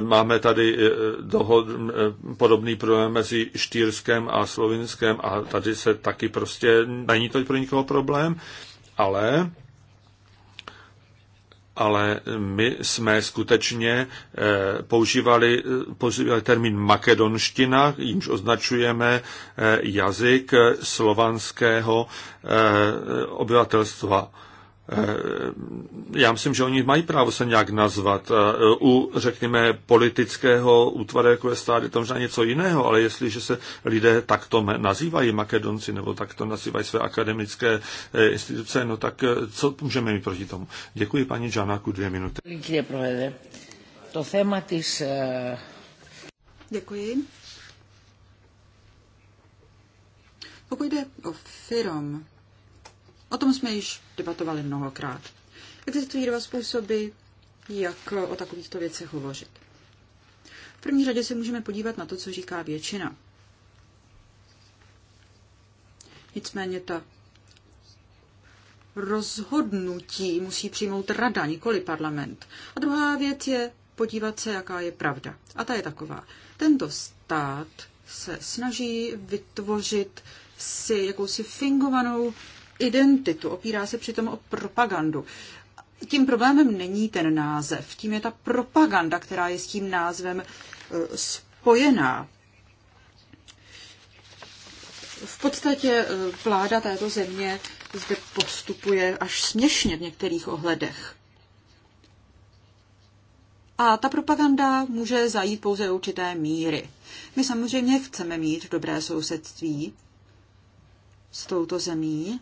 Máme tady dohod, podobný problém mezi Štýrskem a Slovinskem a tady se taky prostě, není to pro nikoho problém, ale ale my jsme skutečně eh, používali, eh, používali termín makedonština, jímž označujeme eh, jazyk slovanského obyvatelstva. Eh, já myslím, že oni mají právo se nějak nazvat. Eh, u, řekněme, politického útvaru, jako je stát, je to možná něco jiného, ale jestliže se lidé takto nazývají Makedonci nebo takto nazývají své akademické eh, instituce, no tak co můžeme mít proti tomu? Děkuji paní Džanáku dvě minuty. Děkuji. Pokud jde o firm, O tom jsme již debatovali mnohokrát. Existují dva způsoby, jak o takovýchto věcech hovořit. V první řadě se můžeme podívat na to, co říká většina. Nicméně ta rozhodnutí musí přijmout rada, nikoli parlament. A druhá věc je podívat se, jaká je pravda. A ta je taková. Tento stát se snaží vytvořit si jakousi fingovanou identitu, opírá se přitom o propagandu. Tím problémem není ten název, tím je ta propaganda, která je s tím názvem eh, spojená. V podstatě eh, vláda této země zde postupuje až směšně v některých ohledech. A ta propaganda může zajít pouze určité míry. My samozřejmě chceme mít dobré sousedství s touto zemí,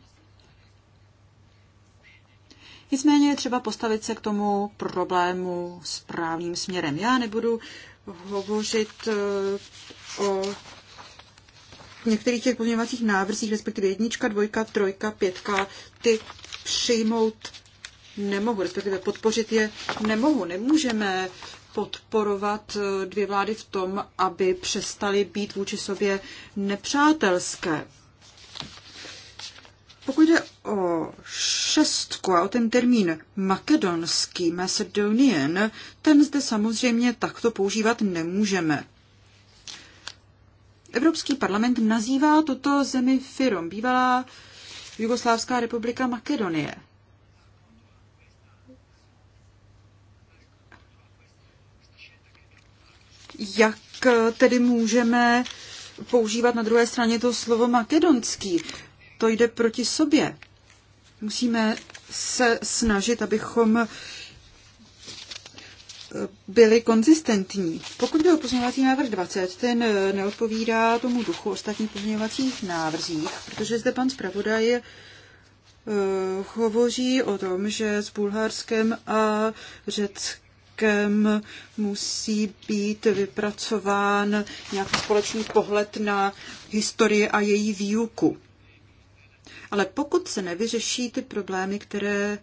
Nicméně je třeba postavit se k tomu problému správným směrem. Já nebudu hovořit eh, o některých těch pozměňovacích návrzích, respektive jednička, dvojka, trojka, pětka, ty přijmout nemohu, respektive podpořit je nemohu. Nemůžeme podporovat eh, dvě vlády v tom, aby přestaly být vůči sobě nepřátelské. Pokud jde o šestku a o ten termín makedonský, Macedonian, ten zde samozřejmě takto používat nemůžeme. Evropský parlament nazývá tuto zemi Firom, bývalá Jugoslávská republika Makedonie. Jak tedy můžeme používat na druhé straně to slovo makedonský? to jde proti sobě. Musíme se snažit, abychom eh, byli konzistentní. Pokud jde o pozměňovací návrh 20, ten eh, neodpovídá tomu duchu ostatních pozměňovacích návrzích, protože zde pan zpravodaj eh, hovoří o tom, že s Bulharskem a Řeckem musí být vypracován nějaký společný pohled na historii a její výuku. Ale pokud se nevyřeší ty problémy, které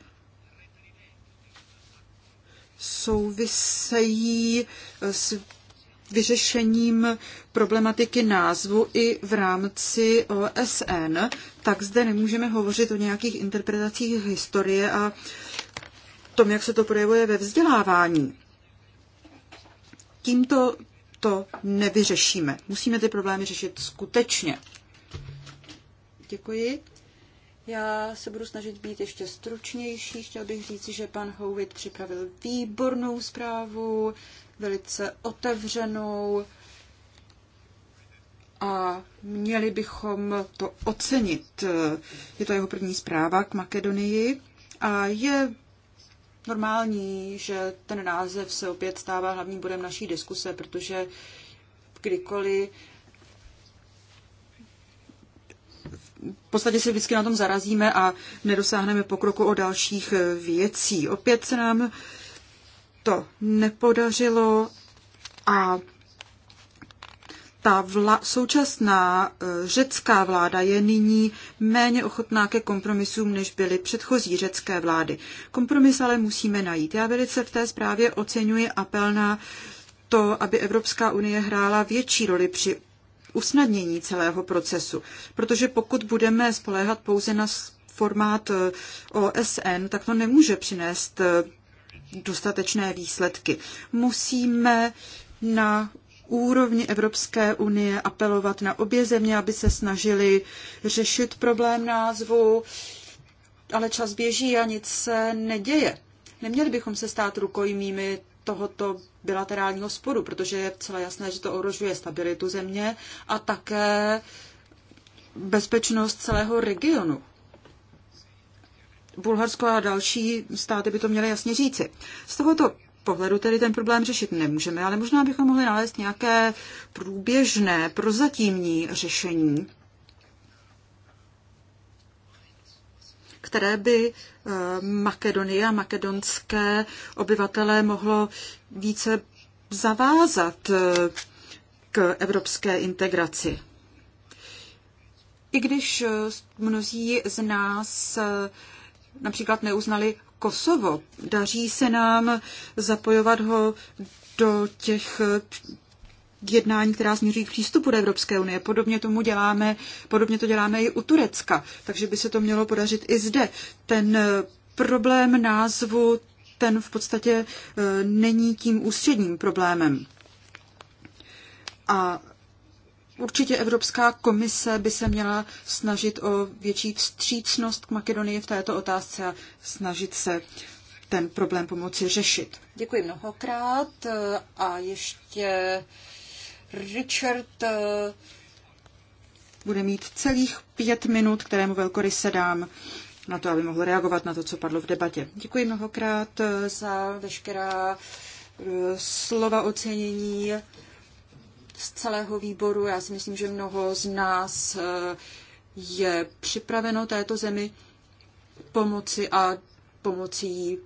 souvisejí eh, s vyřešením problematiky názvu i v rámci OSN, tak zde nemůžeme hovořit o nějakých interpretacích historie a tom, jak se to projevuje ve vzdělávání. Tímto to nevyřešíme. Musíme ty problémy řešit skutečně. Děkuji. Já se budu snažit být ještě stručnější. Chtěl bych říci, že pan Houvit připravil výbornou zprávu, velice otevřenou a měli bychom to ocenit. Je to jeho první zpráva k Makedonii a je normální, že ten název se opět stává hlavním bodem naší diskuse, protože kdykoliv v podstatě se vždycky na tom zarazíme a nedosáhneme pokroku o dalších eh, věcí. Opět se nám to nepodařilo a ta vla, současná eh, řecká vláda je nyní méně ochotná ke kompromisům, než byly předchozí řecké vlády. Kompromis ale musíme najít. Já velice v té zprávě oceňuji apel na to, aby Evropská unie hrála větší roli při usnadnění celého procesu. Protože pokud budeme spoléhat pouze na formát eh, OSN, tak to nemůže přinést eh, dostatečné výsledky. Musíme na úrovni Evropské unie apelovat na obě země, aby se snažili řešit problém názvu, ale čas běží a nic se neděje. Neměli bychom se stát rukojmími tohoto bilaterálního sporu, protože je celé jasné, že to ohrožuje stabilitu země a také bezpečnost celého regionu. Bulharsko a další státy by to měly jasně říci. Z tohoto pohledu tedy ten problém řešit nemůžeme, ale možná bychom mohli nalézt nějaké průběžné, prozatímní řešení, které by eh, Makedonie a makedonské obyvatelé mohlo více zavázat eh, k evropské integraci. I když eh, mnozí z nás například neuznali Kosovo, daří se nám zapojovat ho do těch jednání, která směřují k přístupu do Evropské unie. Podobně, tomu děláme, podobně to děláme i u Turecka, takže by se to mělo podařit i zde. Ten eh, problém názvu, ten v podstatě eh, není tím ústředním problémem. A Určitě Evropská komise by se měla snažit o větší vstřícnost k Makedonii v této otázce a snažit se ten problém pomoci řešit. Děkuji mnohokrát eh, a ještě Richard eh, bude mít celých pět minut, kterému velkoryse dám na to, aby mohl reagovat na to, co padlo v debatě. Děkuji mnohokrát eh, za veškerá eh, slova ocenění z celého výboru. Já si myslím, že mnoho z nás je připraveno této zemi pomoci a pomocí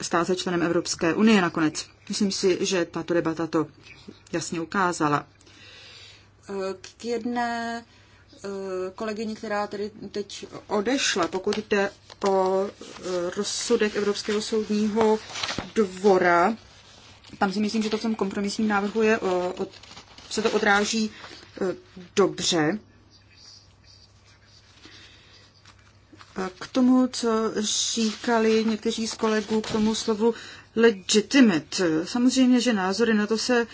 stát se členem Evropské unie nakonec. Myslím si, že tato debata to jasně ukázala. K jedné eh, kolegyni, která tedy teď odešla, pokud jde o eh, rozsudek Evropského soudního dvora, tam si myslím, že to v tom kompromisním návrhu je, se to odráží eh, dobře. K tomu, co říkali někteří z kolegů, k tomu slovu legitimate. Samozřejmě, že názory na to se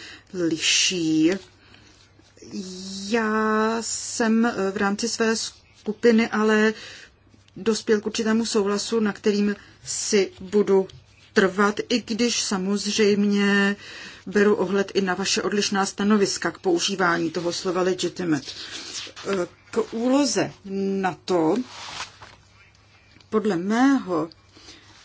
liší. Já jsem v rámci své skupiny ale dospěl k určitému souhlasu, na kterým si budu trvat, i když samozřejmě beru ohled i na vaše odlišná stanoviska k používání toho slova legitimate. K úloze na to, podle mého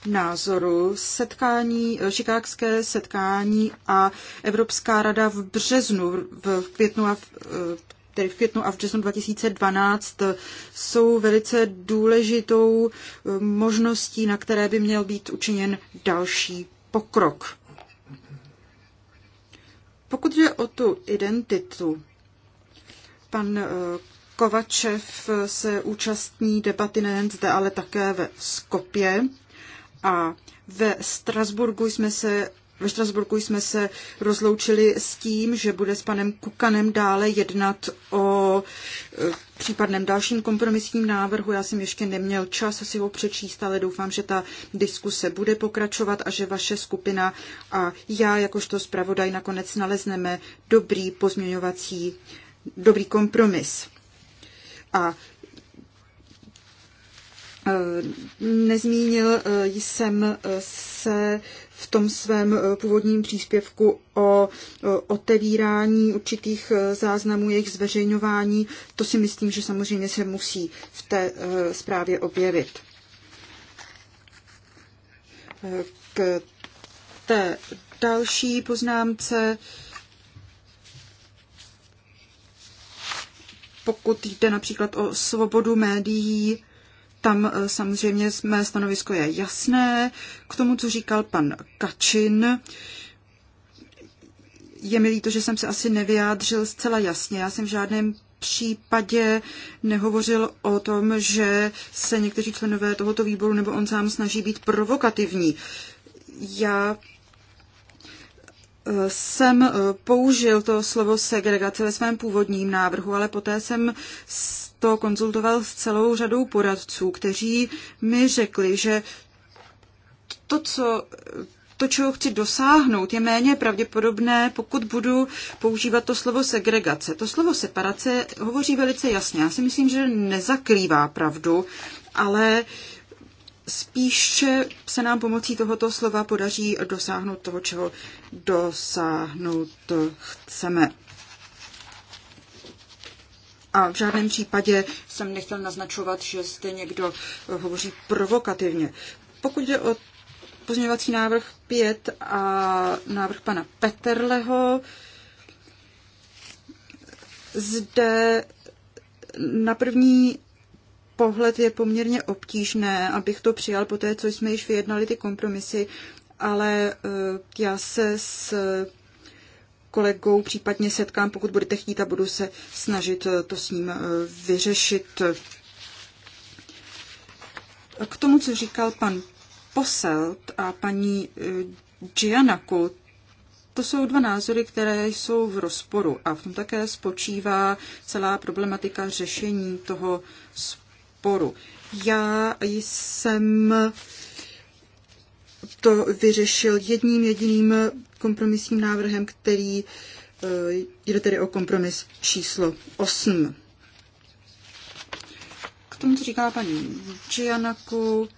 názoru setkání, šikákské setkání a Evropská rada v březnu, v květnu a v, eh, tedy v květnu a v březnu 2012, jsou velice důležitou eh, možností, na které by měl být učiněn další pokrok. Pokud jde o tu identitu, pan eh, Kovačev se účastní debaty nejen zde, ale také ve Skopě a ve Strasburgu jsme se ve Štrasburku jsme se rozloučili s tím, že bude s panem Kukanem dále jednat o e, případném dalším kompromisním návrhu. Já jsem ještě neměl čas si ho přečíst, ale doufám, že ta diskuse bude pokračovat a že vaše skupina a já jakožto zpravodaj nakonec nalezneme dobrý pozměňovací, dobrý kompromis. A Eh, nezmínil eh, jsem eh, se v tom svém původním příspěvku o otevírání určitých záznamů, jejich zveřejňování. To si myslím, že samozřejmě se musí v té zprávě objevit. K té další poznámce, pokud jde například o svobodu médií, tam e, samozřejmě mé stanovisko je jasné. K tomu, co říkal pan Kačin, je mi líto, že jsem se asi nevyjádřil zcela jasně. Já jsem v žádném případě nehovořil o tom, že se někteří členové tohoto výboru nebo on sám snaží být provokativní. Já e, jsem e, použil to slovo segregace ve svém původním návrhu, ale poté jsem to konzultoval s celou řadou poradců, kteří mi řekli, že to, co to, čeho chci dosáhnout, je méně pravděpodobné, pokud budu používat to slovo segregace. To slovo separace hovoří velice jasně. Já si myslím, že nezakrývá pravdu, ale spíše se nám pomocí tohoto slova podaří dosáhnout toho, čeho dosáhnout chceme. A v žádném případě jsem nechtěl naznačovat, že zde někdo eh, hovoří provokativně. Pokud jde o pozměňovací návrh 5 a návrh pana Peterleho, zde na první pohled je poměrně obtížné, abych to přijal po té, co jsme již vyjednali ty kompromisy, ale eh, já se s kolegou případně setkám, pokud budete chtít a budu se snažit eh, to s ním eh, vyřešit. K tomu, co říkal pan Poselt a paní eh, Gianaku, to jsou dva názory, které jsou v rozporu a v tom také spočívá celá problematika řešení toho sporu. Já jsem to vyřešil jedním jediným kompromisním návrhem, který eh, jde tedy o kompromis číslo 8. K tomu, co říkala paní Gianaku,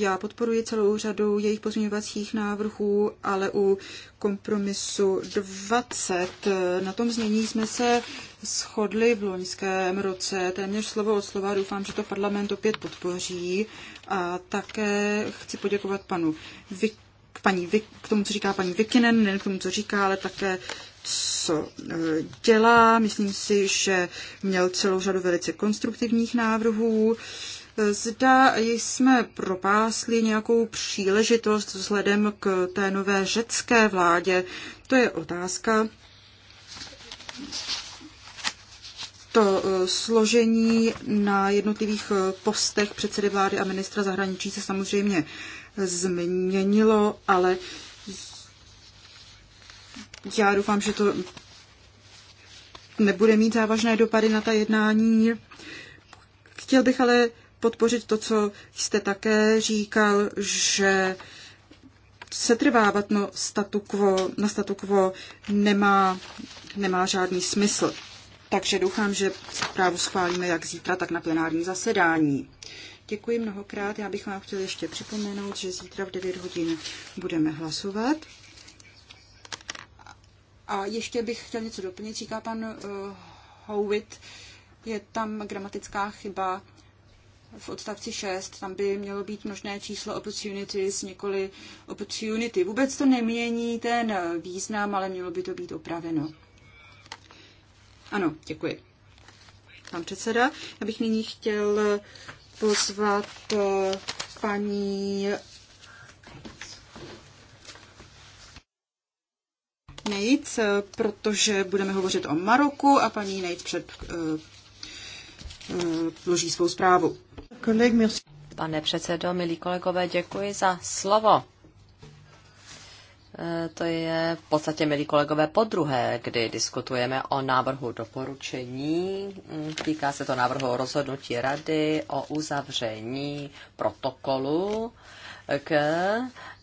já podporuji celou řadu jejich pozměňovacích návrhů, ale u kompromisu 20 eh, na tom změní jsme se shodli v loňském roce, téměř slovo od slova. Doufám, že to parlament opět podpoří. A také chci poděkovat panu Vy, paní Vy, k tomu, co říká paní Vikinen, ne k tomu, co říká, ale také co eh, dělá. Myslím si, že měl celou řadu velice konstruktivních návrhů zda jsme propásli nějakou příležitost vzhledem k té nové řecké vládě. To je otázka. To eh, složení na jednotlivých eh, postech předsedy vlády a ministra zahraničí se samozřejmě změnilo, ale já doufám, že to nebude mít závažné dopady na ta jednání. Chtěl bych ale podpořit to, co jste také říkal, že setrvávat no statu quo, na statu quo nemá, nemá žádný smysl. Takže doufám, že zprávu schválíme jak zítra, tak na plenárním zasedání. Děkuji mnohokrát. Já bych vám chtěl ještě připomenout, že zítra v 9 hodin budeme hlasovat. A ještě bych chtěl něco doplnit, říká pan uh, Howitt. Je tam gramatická chyba v odstavci 6, tam by mělo být možné číslo opportunities, nikoli opportunity. Vůbec to nemění ten význam, ale mělo by to být opraveno. Ano, děkuji. Pan předseda, já bych nyní chtěl pozvat eh, paní Nejc, protože budeme hovořit o Maroku a paní Nejc před, uh, uh, vloží svou zprávu. Pane předsedo, milí kolegové, děkuji za slovo. E, to je v podstatě, milí kolegové, po druhé, kdy diskutujeme o návrhu doporučení. Týká se to návrhu o rozhodnutí rady o uzavření protokolu k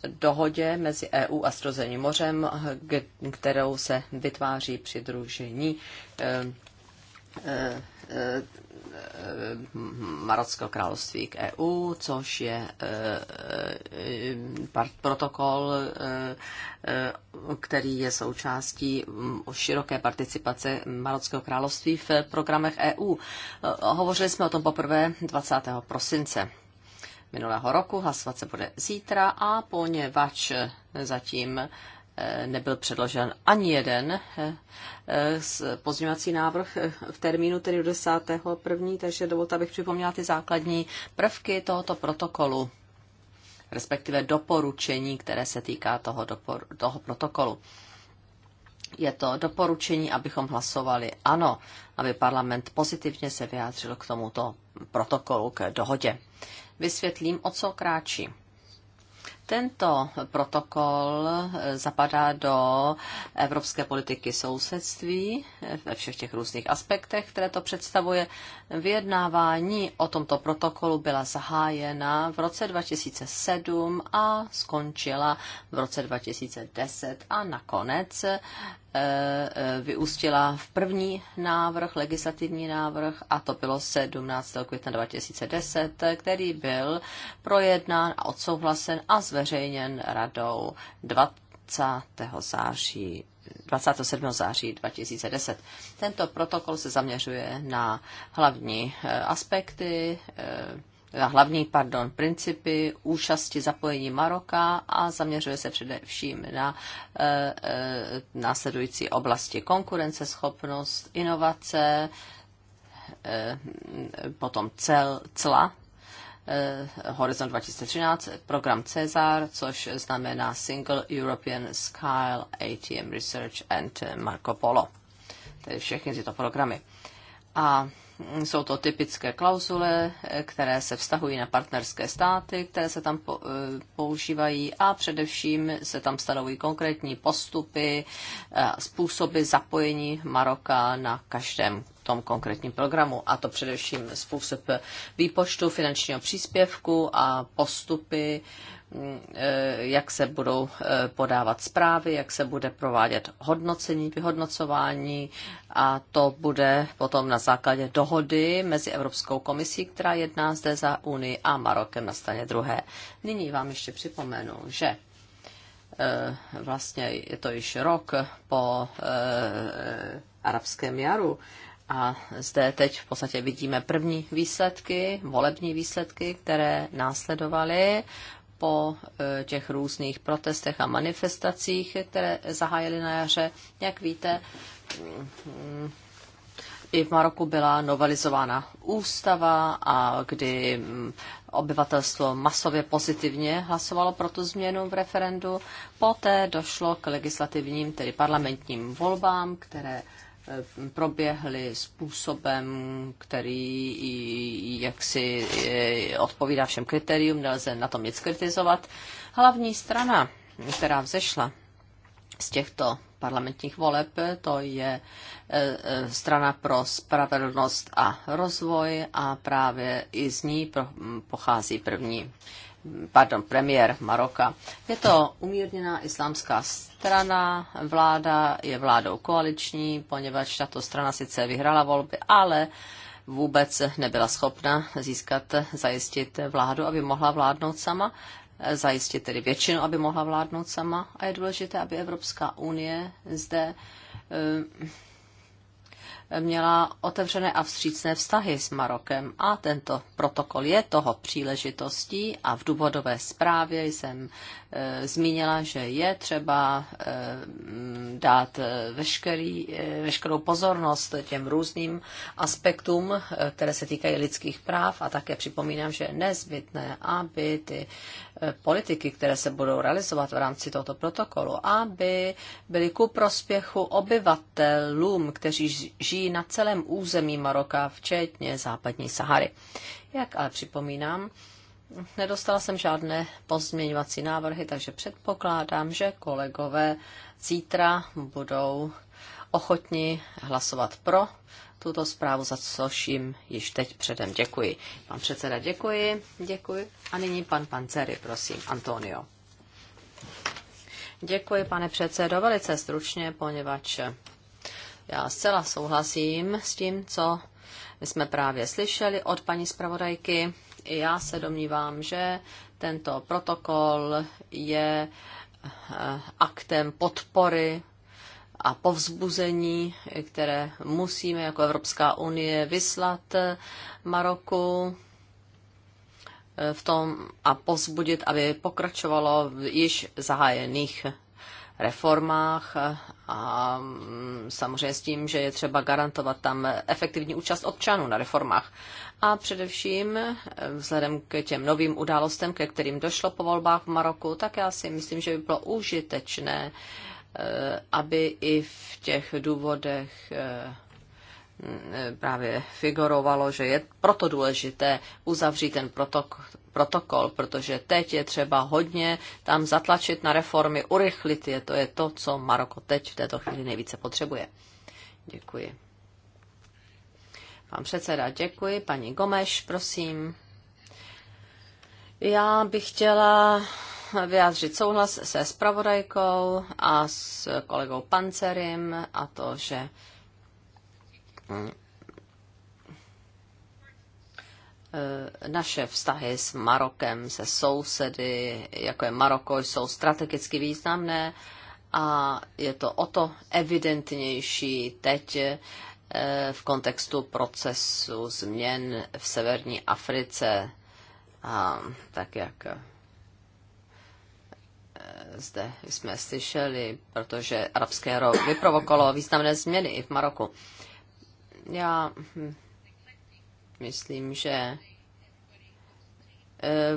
dohodě mezi EU a Středozemním mořem, kterou se vytváří přidružení e, e, Eh, Marockého království k EU, což je eh, eh, protokol, který je součástí mm, široké participace Marockého království v programech EU. Hovořili jsme o tom poprvé 20. prosince minulého roku, hlasovat se bude zítra a poněvadž zatím nebyl předložen ani jeden eh, eh, pozměňovací návrh eh, v termínu tedy 10.1., takže dovolte, abych připomněla ty základní prvky tohoto protokolu, respektive doporučení, které se týká toho, dopor, toho protokolu. Je to doporučení, abychom hlasovali ano, aby parlament pozitivně se vyjádřil k tomuto protokolu, k dohodě. Vysvětlím, o co kráčí. Tento protokol eh, zapadá do evropské politiky sousedství ve všech těch různých aspektech, které to představuje. Vyjednávání o tomto protokolu byla zahájena v roce 2007 a skončila v roce 2010 a nakonec Eh, vyústila v první návrh, legislativní návrh, a to bylo 17. května 2010, který byl projednán a odsouhlasen a zveřejněn radou 20. září 27. září 2010. Tento protokol se zaměřuje na hlavní eh, aspekty eh, hlavní pardon, principy účasti zapojení Maroka a zaměřuje se především na e, e, následující oblasti konkurenceschopnost, inovace, e, potom cel, cla, Horizon 2013, program CESAR, což znamená Single European Scale ATM Research and Marco Polo, tedy všechny tyto programy. A jsou to typické klauzule, které se vztahují na partnerské státy, které se tam e, používají a především se tam stanovují konkrétní postupy, způsoby zapojení Maroka na každém tom konkrétním programu, a to především způsob výpočtu finančního příspěvku a postupy Eh, jak se budou eh, podávat zprávy, jak se bude provádět hodnocení, vyhodnocování a to bude potom na základě dohody mezi Evropskou komisí, která jedná zde za Unii a Marokem na straně druhé. Nyní vám ještě připomenu, že eh, vlastně je to již rok po arabském jaru, a zde teď v podstatě vidíme první výsledky, volební výsledky, které následovaly po e, těch různých protestech a manifestacích, které zahájily na jaře. Jak víte, i v Maroku byla novelizována ústava, a kdy mm, obyvatelstvo masově pozitivně hlasovalo pro tu změnu v referendu. Poté došlo k legislativním, tedy parlamentním volbám, které proběhly způsobem, který jaksi e, odpovídá všem kritériům, nelze na tom nic kritizovat. Hlavní strana, která vzešla z těchto parlamentních voleb, to je e, e, strana pro spravedlnost a rozvoj a právě i z ní pochází první pardon, premiér Maroka. Je to umírněná islámská strana, vláda je vládou koaliční, poněvadž tato strana sice vyhrala volby, ale vůbec nebyla schopna získat, zajistit vládu, aby mohla vládnout sama, zajistit tedy většinu, aby mohla vládnout sama. A je důležité, aby Evropská unie zde eh, měla otevřené a vstřícné vztahy s Marokem a tento protokol je toho příležitostí a v důvodové zprávě jsem e, zmínila, že je třeba e, dát veškerý, e, veškerou pozornost těm různým aspektům, e, které se týkají lidských práv a také připomínám, že je nezbytné, aby ty Eh, politiky, které se budou realizovat v rámci tohoto protokolu, aby byly ku prospěchu obyvatelům, kteří žijí na celém území Maroka, včetně západní Sahary. Jak ale připomínám, Nedostala jsem žádné pozměňovací návrhy, takže předpokládám, že kolegové zítra budou ochotni hlasovat pro tuto zprávu, za což jim již teď předem děkuji. Pan předseda, děkuji, děkuji. A nyní pan Panceri, prosím, Antonio. Děkuji, pane předsedo, velice stručně, poněvadž já zcela souhlasím s tím, co jsme právě slyšeli od paní zpravodajky. I já se domnívám, že tento protokol je eh, aktem podpory a povzbuzení, které musíme jako Evropská unie vyslat eh, Maroku eh, v tom a povzbudit, aby pokračovalo v již zahájených reformách eh, a mm, samozřejmě s tím, že je třeba garantovat tam efektivní účast občanů na reformách. A především vzhledem k těm novým událostem, ke kterým došlo po volbách v Maroku, tak já si myslím, že by bylo užitečné uh, Eh, aby i v těch důvodech eh, eh, právě figurovalo, že je proto důležité uzavřít ten protok, protokol, protože teď je třeba hodně tam zatlačit na reformy, urychlit je. To je to, co Maroko teď v této chvíli nejvíce potřebuje. Děkuji. Pan předseda, děkuji. Paní Gomeš, prosím. Já bych chtěla vyjádřit souhlas se spravodajkou a s kolegou Pancerim a to, že eh, naše vztahy s Marokem, se sousedy, jako je Maroko, jsou strategicky významné a je to o to evidentnější teď eh, v kontextu procesu změn v severní Africe, a tak jak Eh, zde jsme slyšeli, protože arabské rok vyprovokovalo významné změny i v Maroku. Já hm, myslím, že eh,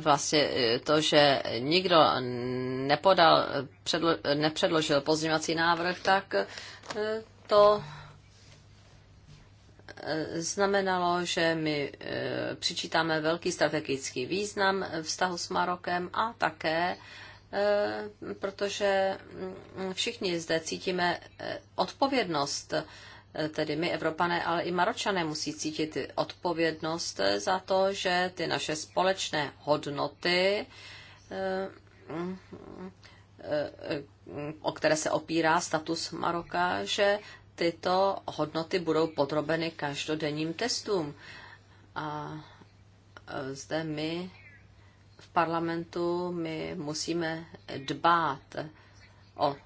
vlastně eh, to, že nikdo nepodal, předlo, nepředložil pozdňovací návrh, tak to znamenalo, že my přičítáme velký strategický význam vztahu s Marokem a také Eh, protože hm, všichni zde cítíme eh, odpovědnost, eh, tedy my Evropané, ale i Maročané musí cítit odpovědnost za to, že ty naše společné hodnoty, hm, o které se opírá status Maroka, že tyto hodnoty budou podrobeny každodenním testům. A zde my v parlamentu my musíme dbát o, o,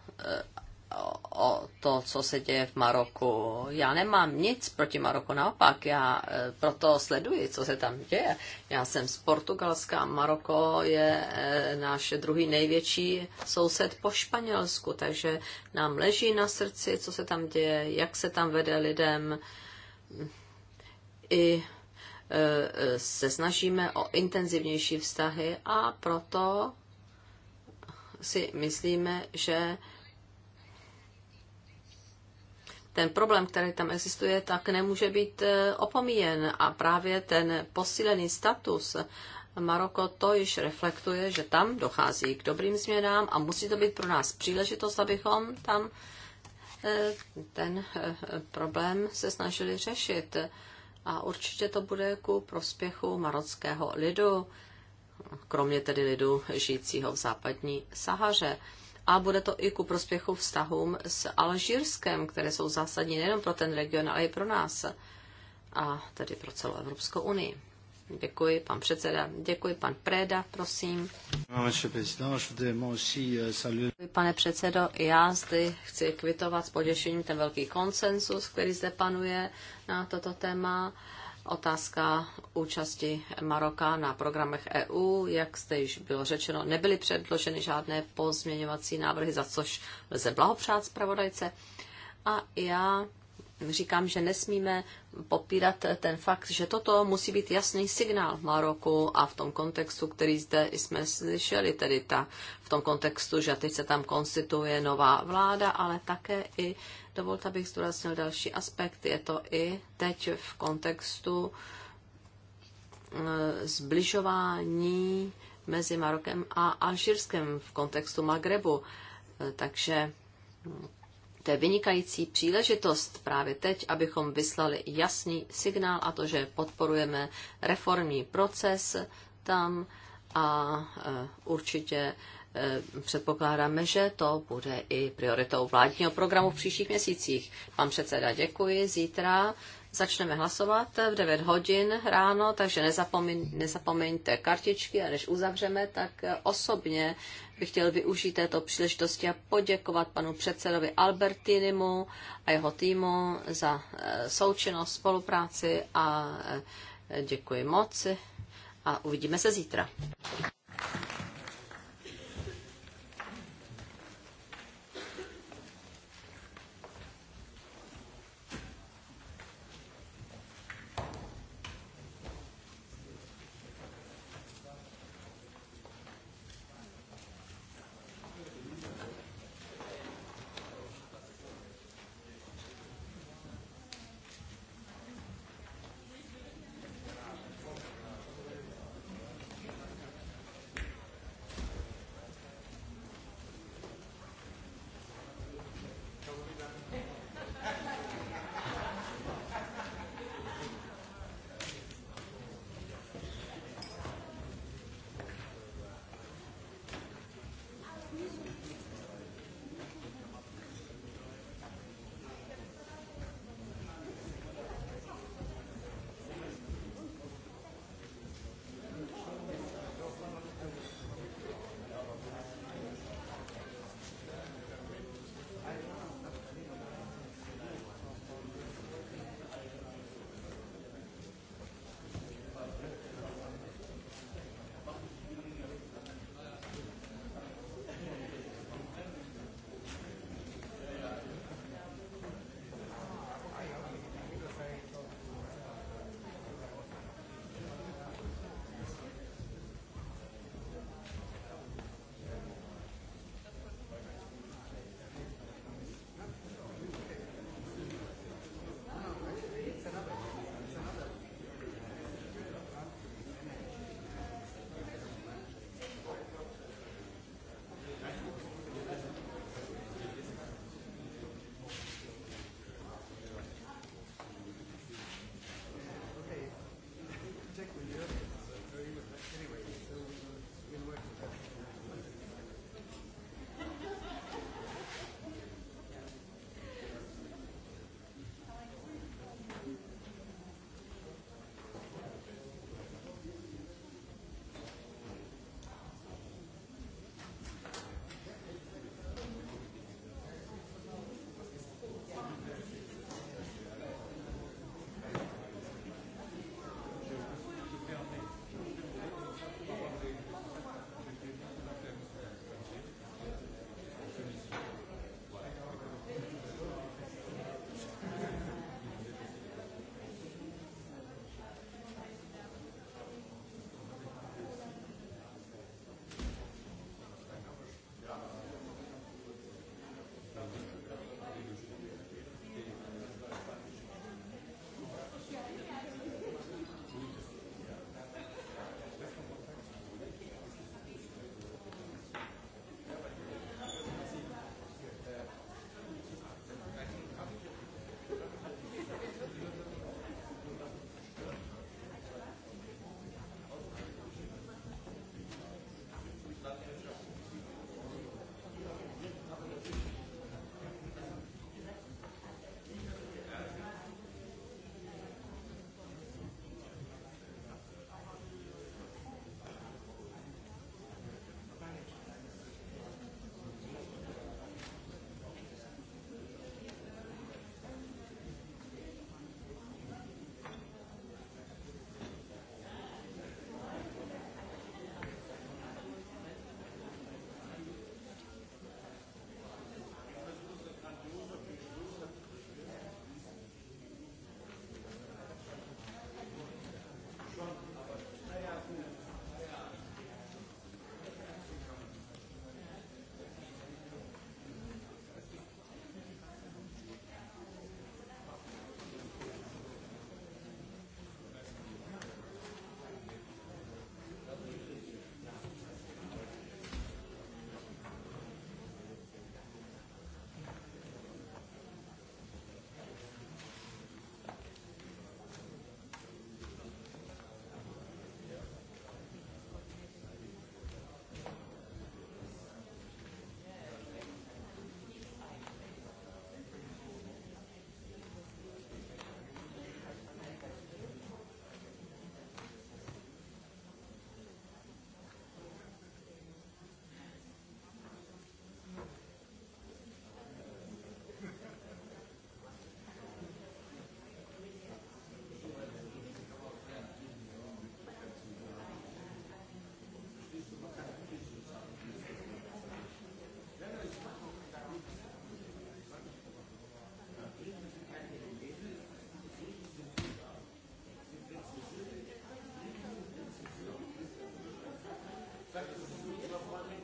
o to, co se děje v Maroku. Já nemám nic proti Maroku, naopak, já eh, proto sleduji, co se tam děje. Já jsem z Portugalska, Maroko je eh, náš druhý největší soused po Španělsku, takže nám leží na srdci, co se tam děje, jak se tam vede lidem. I se snažíme o intenzivnější vztahy a proto si myslíme, že ten problém, který tam existuje, tak nemůže být e, opomíjen. A právě ten posílený status Maroko to již reflektuje, že tam dochází k dobrým změnám a musí to být pro nás příležitost, abychom tam e, ten e, problém se snažili řešit a určitě to bude ku prospěchu marockého lidu, kromě tedy lidu žijícího v západní Sahaře. A bude to i ku prospěchu vztahům s Alžírskem, které jsou zásadní nejen pro ten region, ale i pro nás a tedy pro celou Evropskou unii. Děkuji, pan předseda. Děkuji, pan Preda, prosím. Euh, Děkuji, pane předsedo, já zde chci kvitovat s poděšením ten velký konsensus, který zde panuje na toto téma. Otázka účasti Maroka na programech EU, jak jste již bylo řečeno, nebyly předloženy žádné pozměňovací návrhy, za což lze blahopřát zpravodajce. A já říkám, že nesmíme popírat ten fakt, že toto musí být jasný signál v Maroku a v tom kontextu, který zde jsme slyšeli, tedy ta, v tom kontextu, že teď se tam konstituje nová vláda, ale také i, dovolte abych zdůraznil další aspekt, je to i teď v kontextu eh, zbližování mezi Marokem a Alžírskem v kontextu Magrebu. Eh, takže hm, to je vynikající příležitost právě teď, abychom vyslali jasný signál a to, že podporujeme reformní proces tam a eh, určitě eh, předpokládáme, že to bude i prioritou vládního programu v příštích měsících. Pan předseda, děkuji. Zítra začneme hlasovat v 9 hodin ráno, takže nezapomeň, nezapomeňte kartičky a než uzavřeme, tak eh, osobně bych chtěl využít této příležitosti a poděkovat panu předsedovi Albertinimu a jeho týmu za eh, součinnost, spolupráci a eh, děkuji moc a uvidíme se zítra.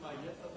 a je to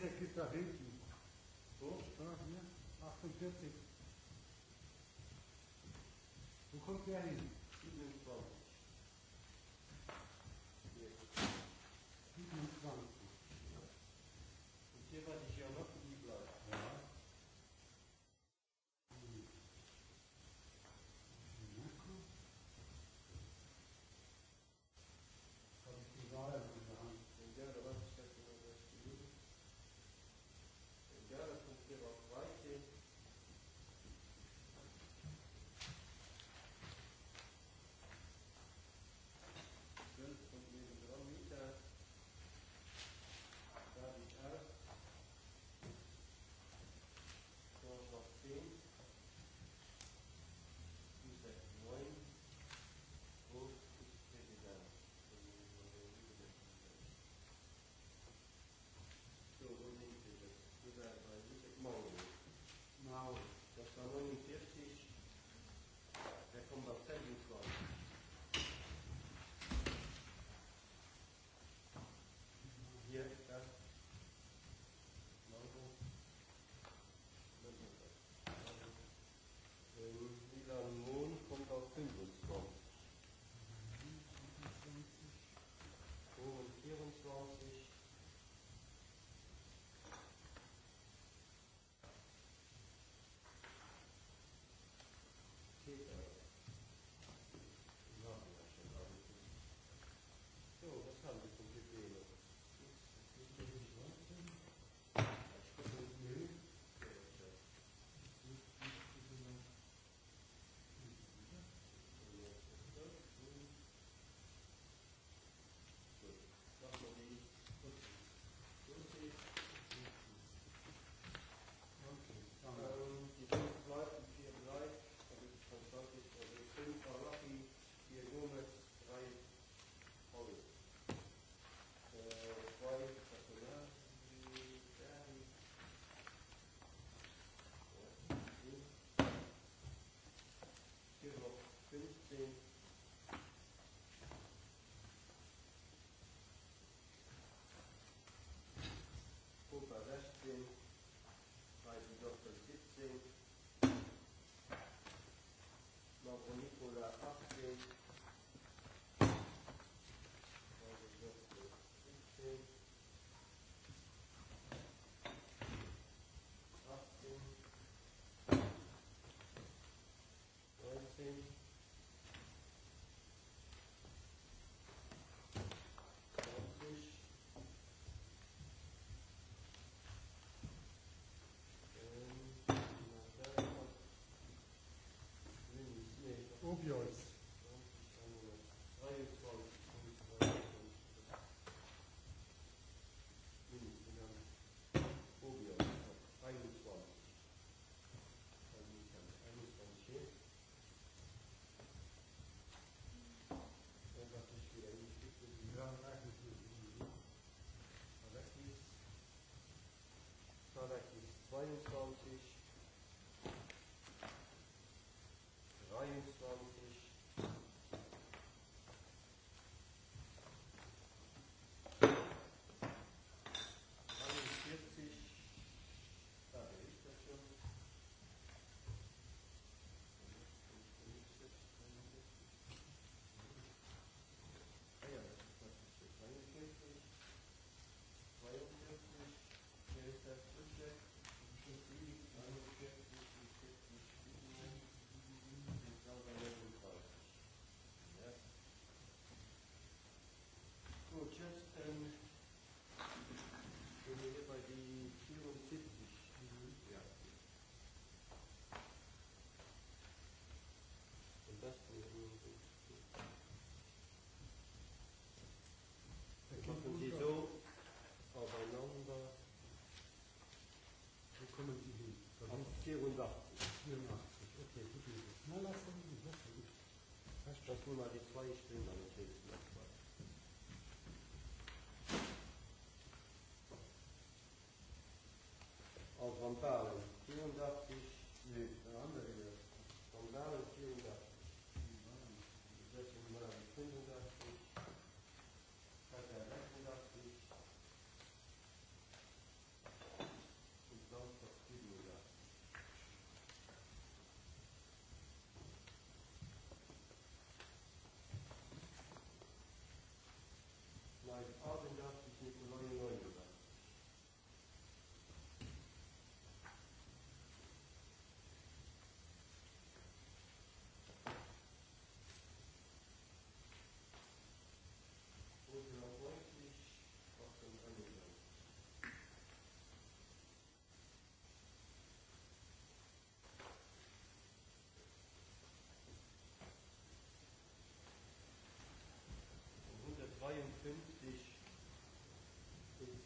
Meter geht da hinten. So, da hier, 48. Wo kommt der hin? 47. Vojenkou kuna de só extrema, não sei se não like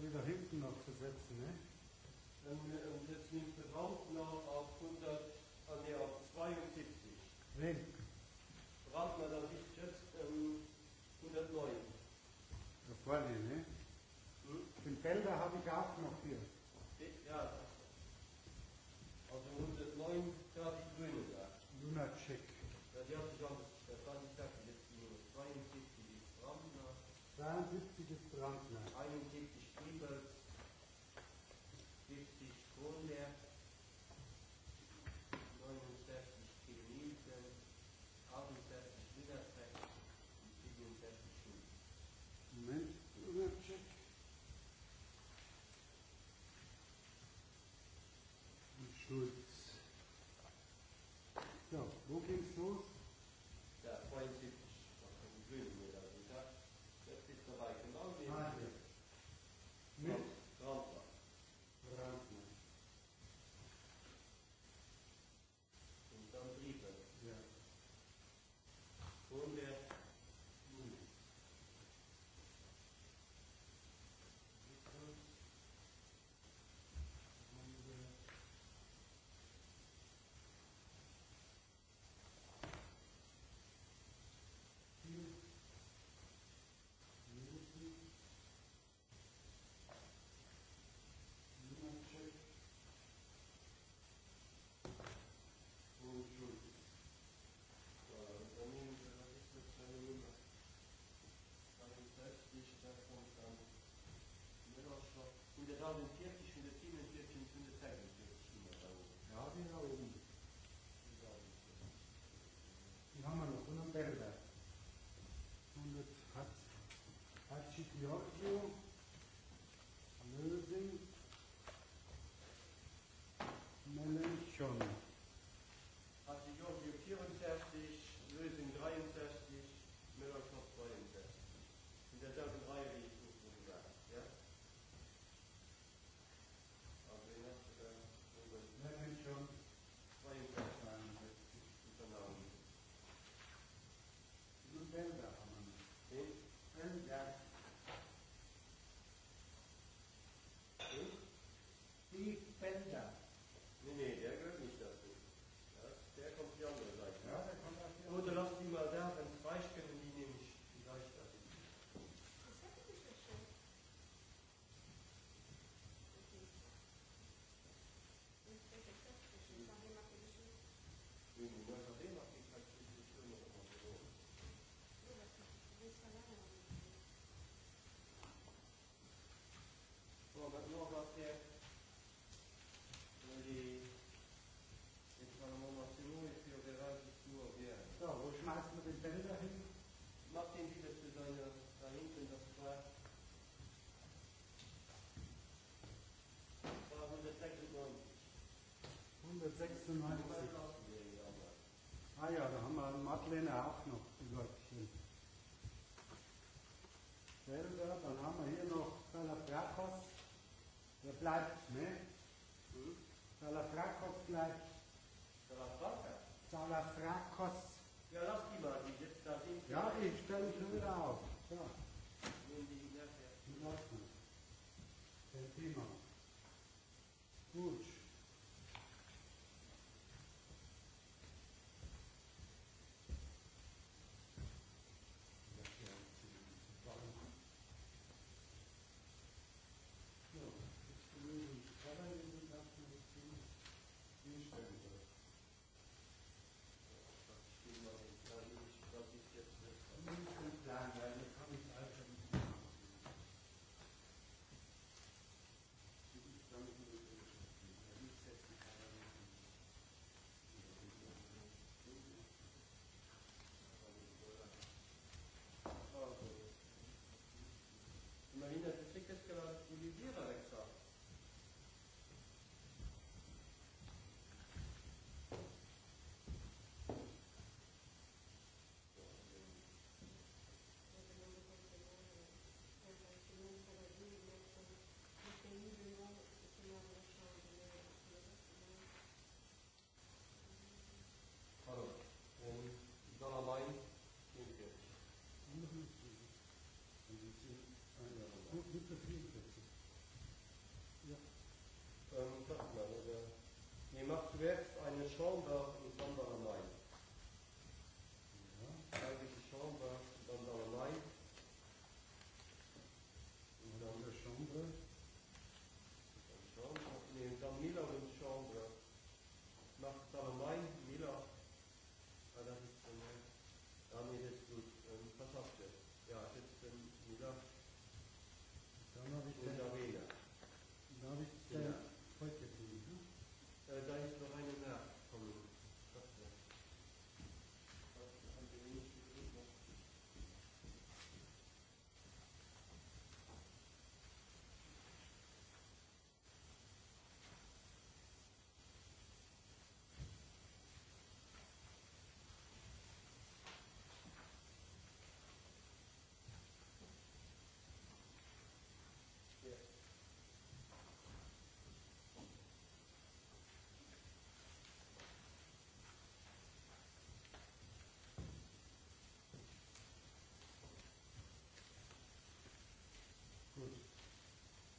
für da hinten noch zu setzen. Ne? setzen wir nimmt der noch auf 100, an der auf 72. Wen? Braucht man da nicht jetzt ähm, 109. Da vorne, ne? Hm? Den Felder habe ich auch noch hier. Ja. Also 109, da die Grüne da. Lunacek. Ja, die hat sich auch, das war nicht jetzt die 72 ist Brandner. 72 ist Brandner. 71. Good. Georgii Ablehnung auch noch die Wörtchen. Selber, dann haben wir hier noch Salafrakos, der bleibt, ne? Salafrakos bleibt. Salafrakos? Salafrakos. Ja, lass die mal, die sitzt da hinten. Ja, ich stelle wieder auf. Nehmen die Die Den Thema.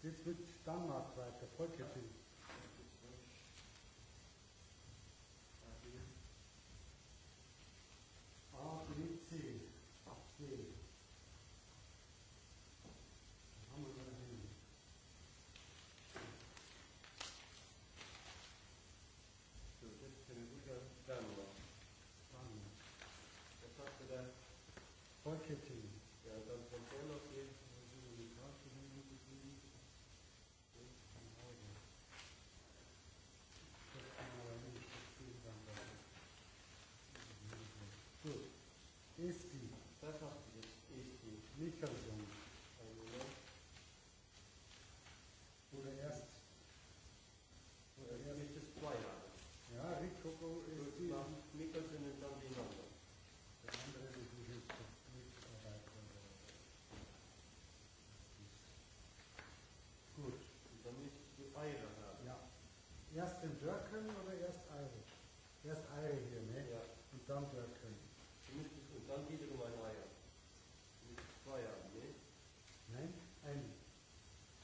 dit wordt Danmark kwijt, de folketing. Aflitie, aflitie. Folketing. Tam bırakın. Şimdi sıkıntıdan gelir o manaya. Bayağı ne? Nein, ein.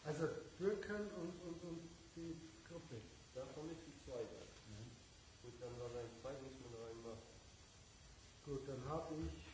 Also Türken und, und, und die Gruppe. Da komme ich die zweite. Mhm. Gut, dann war ein zweites Mal reinmachen. Gut, dann habe ich